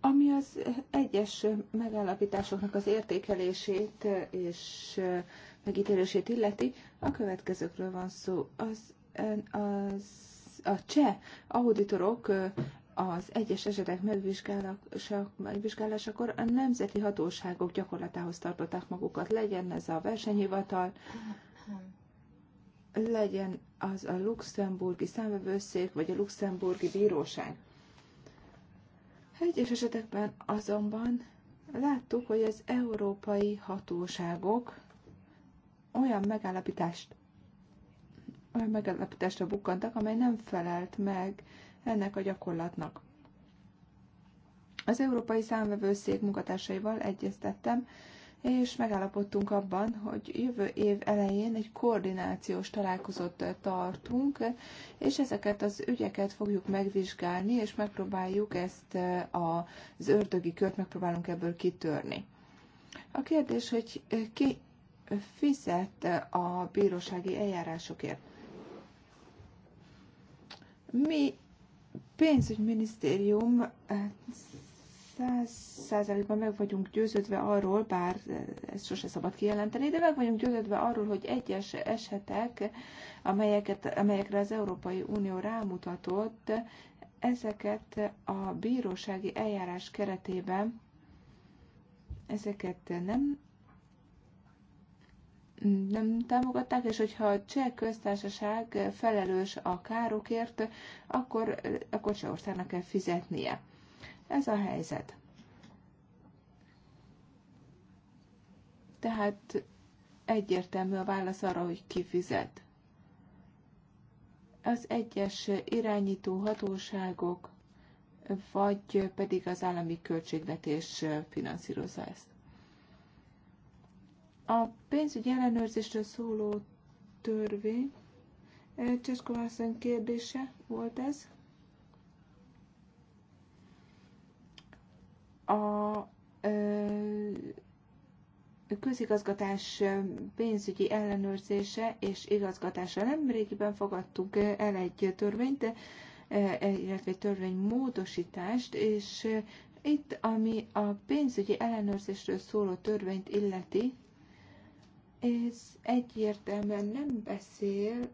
Ami az egyes megállapításoknak az értékelését és megítélését illeti, a következőkről van szó. Az, az, a cseh auditorok az egyes esetek megvizsgálásakor a nemzeti hatóságok gyakorlatához tartották magukat. Legyen ez a versenyhivatal, legyen az a luxemburgi számvevőszék, vagy a luxemburgi bíróság. Egyes esetekben azonban láttuk, hogy az európai hatóságok olyan megállapítást olyan megállapításra bukkantak, amely nem felelt meg ennek a gyakorlatnak. Az Európai Számvevőszék munkatársaival egyeztettem, és megállapodtunk abban, hogy jövő év elején egy koordinációs találkozót tartunk, és ezeket az ügyeket fogjuk megvizsgálni, és megpróbáljuk ezt eh, az ördögi kört, megpróbálunk ebből kitörni. A kérdés, hogy eh, ki fizet eh, a bírósági eljárásokért? Mi pénzügyminisztérium száz százalékban meg vagyunk győződve arról, bár eh, ezt sose szabad kijelenteni, de meg vagyunk győződve arról, hogy egyes esetek, amelyeket, amelyekre az Európai Unió rámutatott, ezeket a bírósági eljárás keretében ezeket nem nem támogatták, és hogyha a cseh köztársaság felelős a károkért, akkor, eh, akkor Csehországnak kell fizetnie. Ez a helyzet. Tehát egyértelmű a válasz arra, hogy ki fizet. Az egyes irányító hatóságok, vagy pedig az állami költségvetés finanszírozza ezt. A pénzügyi ellenőrzésről szóló törvény, Cseskova kérdése volt ez. a közigazgatás pénzügyi ellenőrzése és igazgatása. Nemrégiben fogadtunk el egy törvényt, illetve egy törvénymódosítást, és itt, ami a pénzügyi ellenőrzésről szóló törvényt illeti, ez egyértelműen nem beszél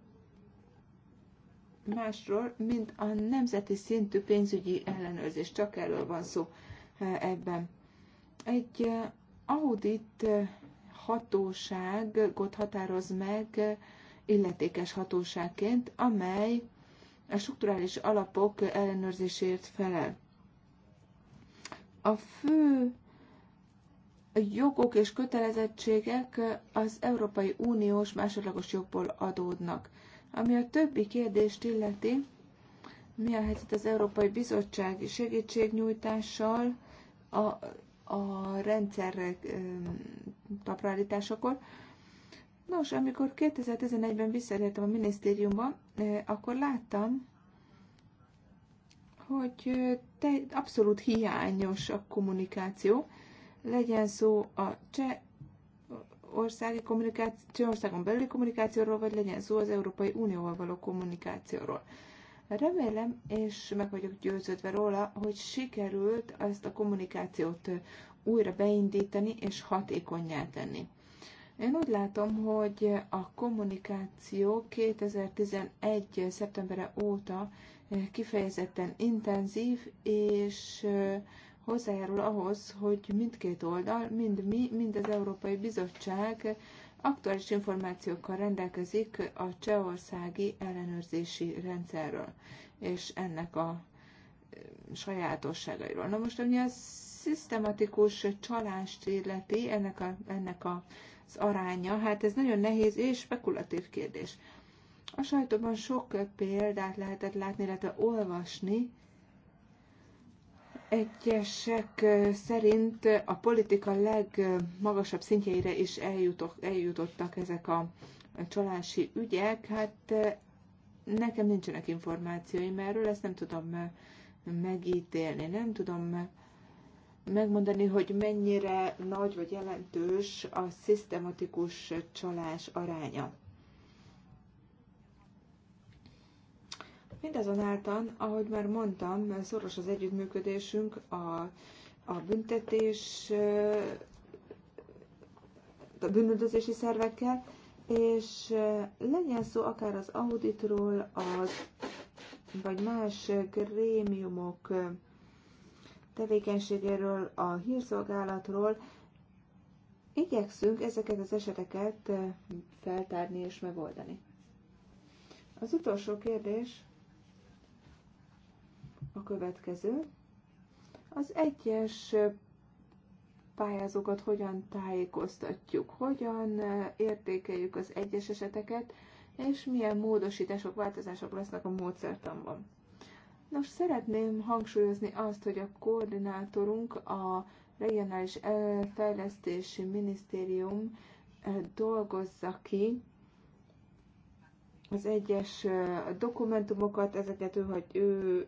másról, mint a nemzeti szintű pénzügyi ellenőrzés. Csak erről van szó ebben. Egy audit hatóságot határoz meg illetékes hatóságként, amely a strukturális alapok ellenőrzéséért felel. A fő jogok és kötelezettségek az Európai Uniós másodlagos jogból adódnak. Ami a többi kérdést illeti, mi a helyzet az Európai Bizottság segítségnyújtással, a, a rendszer taprálításakor. Nos, amikor 2011-ben visszatértem a minisztériumba, akkor láttam, hogy te, abszolút hiányos a kommunikáció. Legyen szó a cseh országi kommunikáció, Csehországon belüli kommunikációról, vagy legyen szó az Európai Unióval való kommunikációról. Remélem, és meg vagyok győződve róla, hogy sikerült ezt a kommunikációt újra beindítani és hatékonyá tenni. Én úgy látom, hogy a kommunikáció 2011. szeptembere óta kifejezetten intenzív, és hozzájárul ahhoz, hogy mindkét oldal, mind mi, mind az Európai Bizottság aktuális információkkal rendelkezik a csehországi ellenőrzési rendszerről, és ennek a sajátosságairól. Na most, ami a szisztematikus csalást illeti, ennek, a, ennek a, az aránya, hát ez nagyon nehéz és spekulatív kérdés. A sajtóban sok példát lehetett látni, illetve olvasni Egyesek szerint a politika legmagasabb szintjeire is eljutok, eljutottak ezek a csalási ügyek. Hát nekem nincsenek információim erről, ezt nem tudom megítélni, nem tudom megmondani, hogy mennyire nagy vagy jelentős a szisztematikus csalás aránya. Mindazonáltal, ahogy már mondtam, szoros az együttműködésünk a, a büntetés, a bűnöldözési szervekkel, és legyen szó akár az auditról, az, vagy más grémiumok tevékenységéről, a hírszolgálatról, igyekszünk ezeket az eseteket feltárni és megoldani. Az utolsó kérdés a következő. Az egyes pályázókat hogyan tájékoztatjuk, hogyan értékeljük az egyes eseteket, és milyen módosítások, változások lesznek a módszertanban. Nos, szeretném hangsúlyozni azt, hogy a koordinátorunk a Regionális Fejlesztési Minisztérium dolgozza ki az egyes dokumentumokat, ezeket ő, hogy ő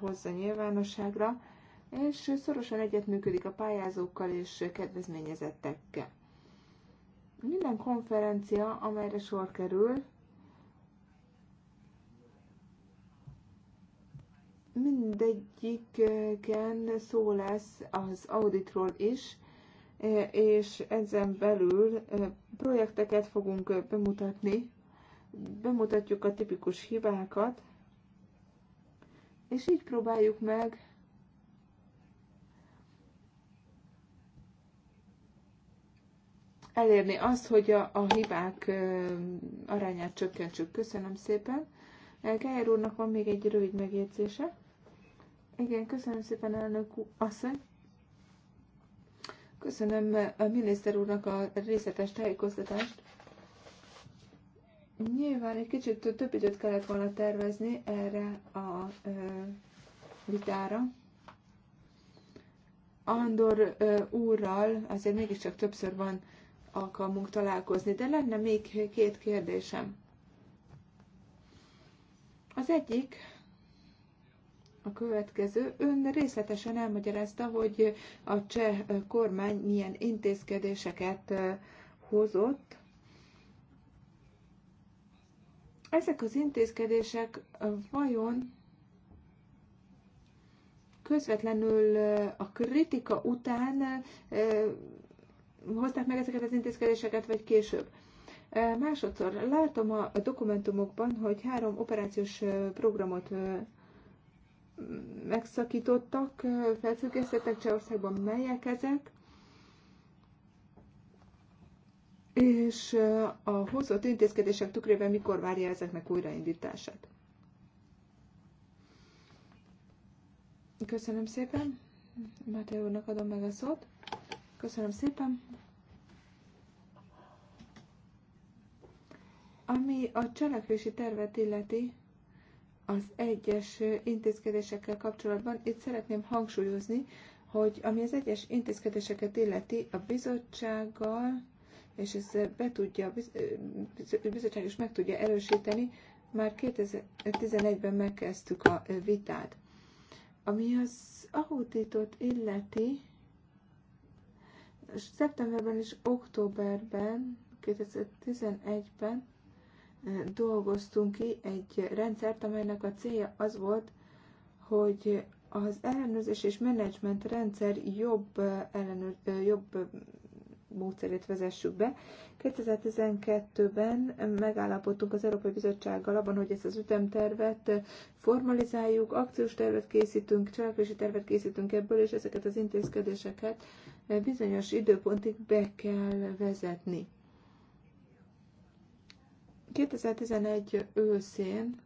hozza nyilvánosságra, és szorosan egyetműködik a pályázókkal és kedvezményezettekkel. Minden konferencia, amelyre sor kerül, mindegyiken szó lesz az auditról is, és ezen belül projekteket fogunk bemutatni, bemutatjuk a tipikus hibákat, és így próbáljuk meg elérni azt, hogy a, a hibák arányát csökkentsük. Köszönöm szépen. Gájer úrnak van még egy rövid megjegyzése. Igen, köszönöm szépen, elnök asszony. Köszönöm a miniszter úrnak a részletes tájékoztatást. Nyilván egy kicsit több időt kellett volna tervezni erre a ö, vitára. Andor ö, úrral azért mégiscsak többször van alkalmunk találkozni, de lenne még két kérdésem. Az egyik a következő. Ön részletesen elmagyarázta, hogy a cseh kormány milyen intézkedéseket hozott ezek az intézkedések vajon közvetlenül a kritika után hozták meg ezeket az intézkedéseket, vagy később? Másodszor látom a dokumentumokban, hogy három operációs programot megszakítottak, felfüggesztettek Csehországban. Melyek ezek? és a hozott intézkedések tükrében mikor várja ezeknek újraindítását. Köszönöm szépen. Máté úrnak adom meg a szót. Köszönöm szépen. Ami a cselekvési tervet illeti, az egyes intézkedésekkel kapcsolatban, itt szeretném hangsúlyozni, hogy ami az egyes intézkedéseket illeti, a bizottsággal és ez be tudja, bizottság is meg tudja erősíteni, már 2011-ben megkezdtük a vitát. Ami az ahódított illeti, szeptemberben és októberben, 2011-ben dolgoztunk ki egy rendszert, amelynek a célja az volt, hogy az ellenőrzés és menedzsment rendszer jobb, ellenőr, jobb módszerét vezessük be. 2012-ben megállapodtunk az Európai Bizottsággal abban, hogy ezt az ütemtervet formalizáljuk, akciós tervet készítünk, cselekvési tervet készítünk ebből, és ezeket az intézkedéseket bizonyos időpontig be kell vezetni. 2011 őszén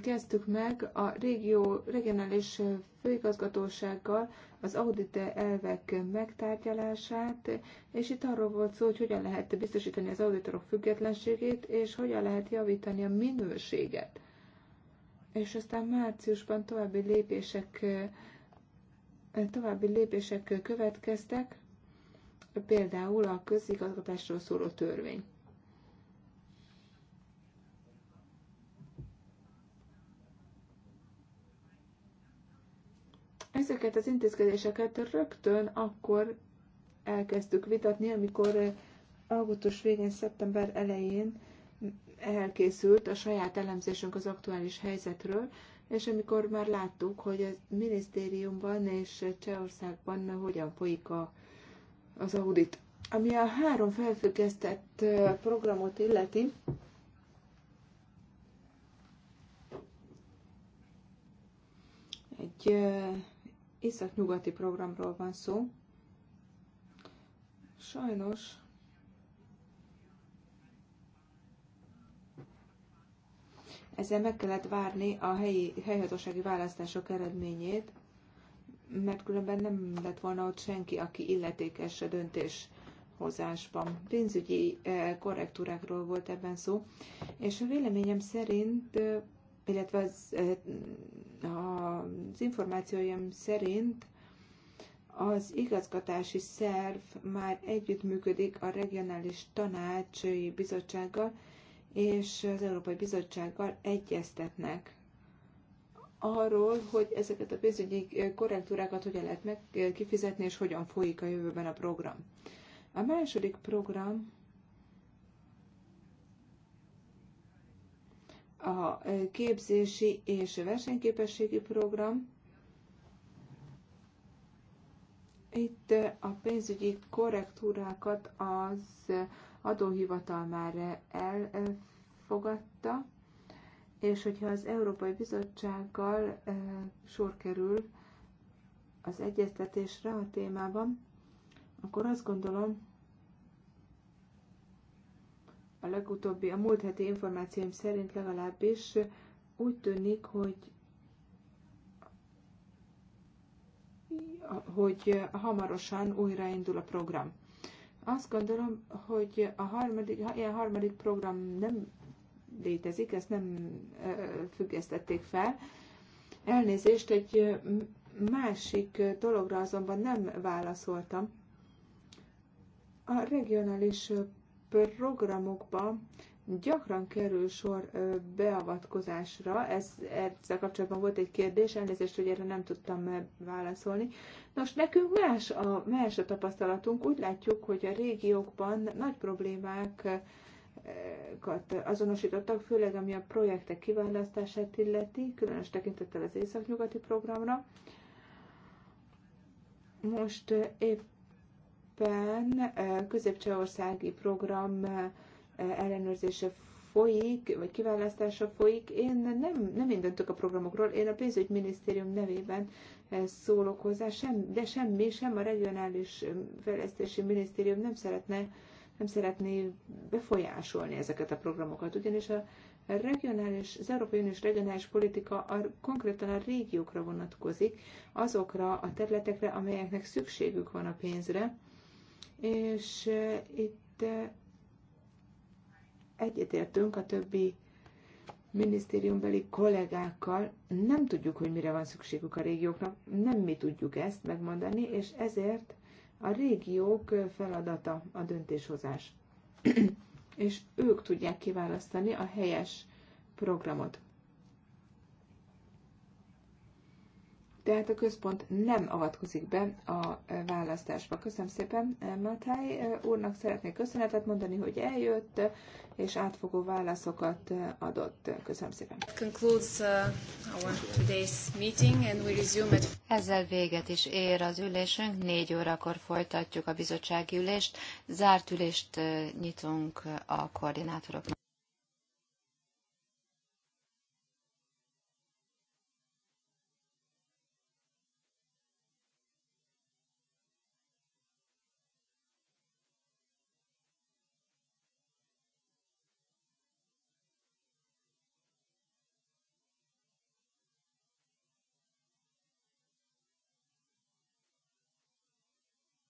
kezdtük meg a régió regionális főigazgatósággal az audit elvek megtárgyalását, és itt arról volt szó, hogy hogyan lehet biztosítani az auditorok függetlenségét, és hogyan lehet javítani a minőséget. És aztán márciusban további lépések, további lépések következtek, például a közigazgatásról szóló törvény. Ezeket az intézkedéseket rögtön akkor elkezdtük vitatni, amikor eh, augusztus végén, szeptember elején elkészült a saját elemzésünk az aktuális helyzetről, és amikor már láttuk, hogy a minisztériumban és Csehországban hogyan folyik a, az audit. Ami a három felfüggesztett eh, programot illeti, egy eh, észak-nyugati programról van szó. Sajnos ezzel meg kellett várni a helyi helyhatósági választások eredményét, mert különben nem lett volna ott senki, aki illetékes a döntéshozásban. Pénzügyi eh, korrektúrákról volt ebben szó, és a véleményem szerint eh, illetve az, az információim szerint az igazgatási szerv már együttműködik a regionális tanácsi bizottsággal és az Európai Bizottsággal egyeztetnek arról, hogy ezeket a pénzügyi korrektúrákat hogyan lehet meg kifizetni, és hogyan folyik a jövőben a program. A második program a képzési és versenyképességi program. Itt a pénzügyi korrektúrákat az adóhivatal már elfogadta, és hogyha az Európai Bizottsággal sor kerül az egyeztetésre a témában, akkor azt gondolom, a legutóbbi, a múlt heti információim szerint legalábbis úgy tűnik, hogy hogy hamarosan újraindul a program. Azt gondolom, hogy a harmadik, ilyen harmadik program nem létezik, ezt nem függesztették fel. Elnézést, egy másik dologra azonban nem válaszoltam. A regionális programokba gyakran kerül sor beavatkozásra. Ez, ezzel kapcsolatban volt egy kérdés, elnézést, hogy erre nem tudtam válaszolni. Nos, nekünk más a, más a tapasztalatunk. Úgy látjuk, hogy a régiókban nagy problémák azonosítottak, főleg ami a projektek kiválasztását illeti, különös tekintettel az északnyugati programra. Most épp éppen középcsehországi program ellenőrzése folyik, vagy kiválasztása folyik. Én nem, nem én döntök a programokról, én a pénzügyminisztérium nevében szólok hozzá, sem, de semmi, sem a regionális fejlesztési minisztérium nem szeretne nem szeretné befolyásolni ezeket a programokat, ugyanis a regionális, az Európai Uniós regionális politika a, konkrétan a régiókra vonatkozik, azokra a területekre, amelyeknek szükségük van a pénzre, és itt egyetértünk a többi minisztériumbeli kollégákkal, nem tudjuk, hogy mire van szükségük a régióknak, nem mi tudjuk ezt megmondani, és ezért a régiók feladata a döntéshozás. és ők tudják kiválasztani a helyes programot. tehát a központ nem avatkozik be a e, választásba. Köszönöm szépen e, Matály e, úrnak, szeretnék köszönetet mondani, hogy eljött, és átfogó válaszokat adott. Köszönöm szépen. Uh, Ezzel véget is ér az ülésünk, négy órakor folytatjuk a bizottsági ülést, zárt ülést nyitunk a koordinátoroknak.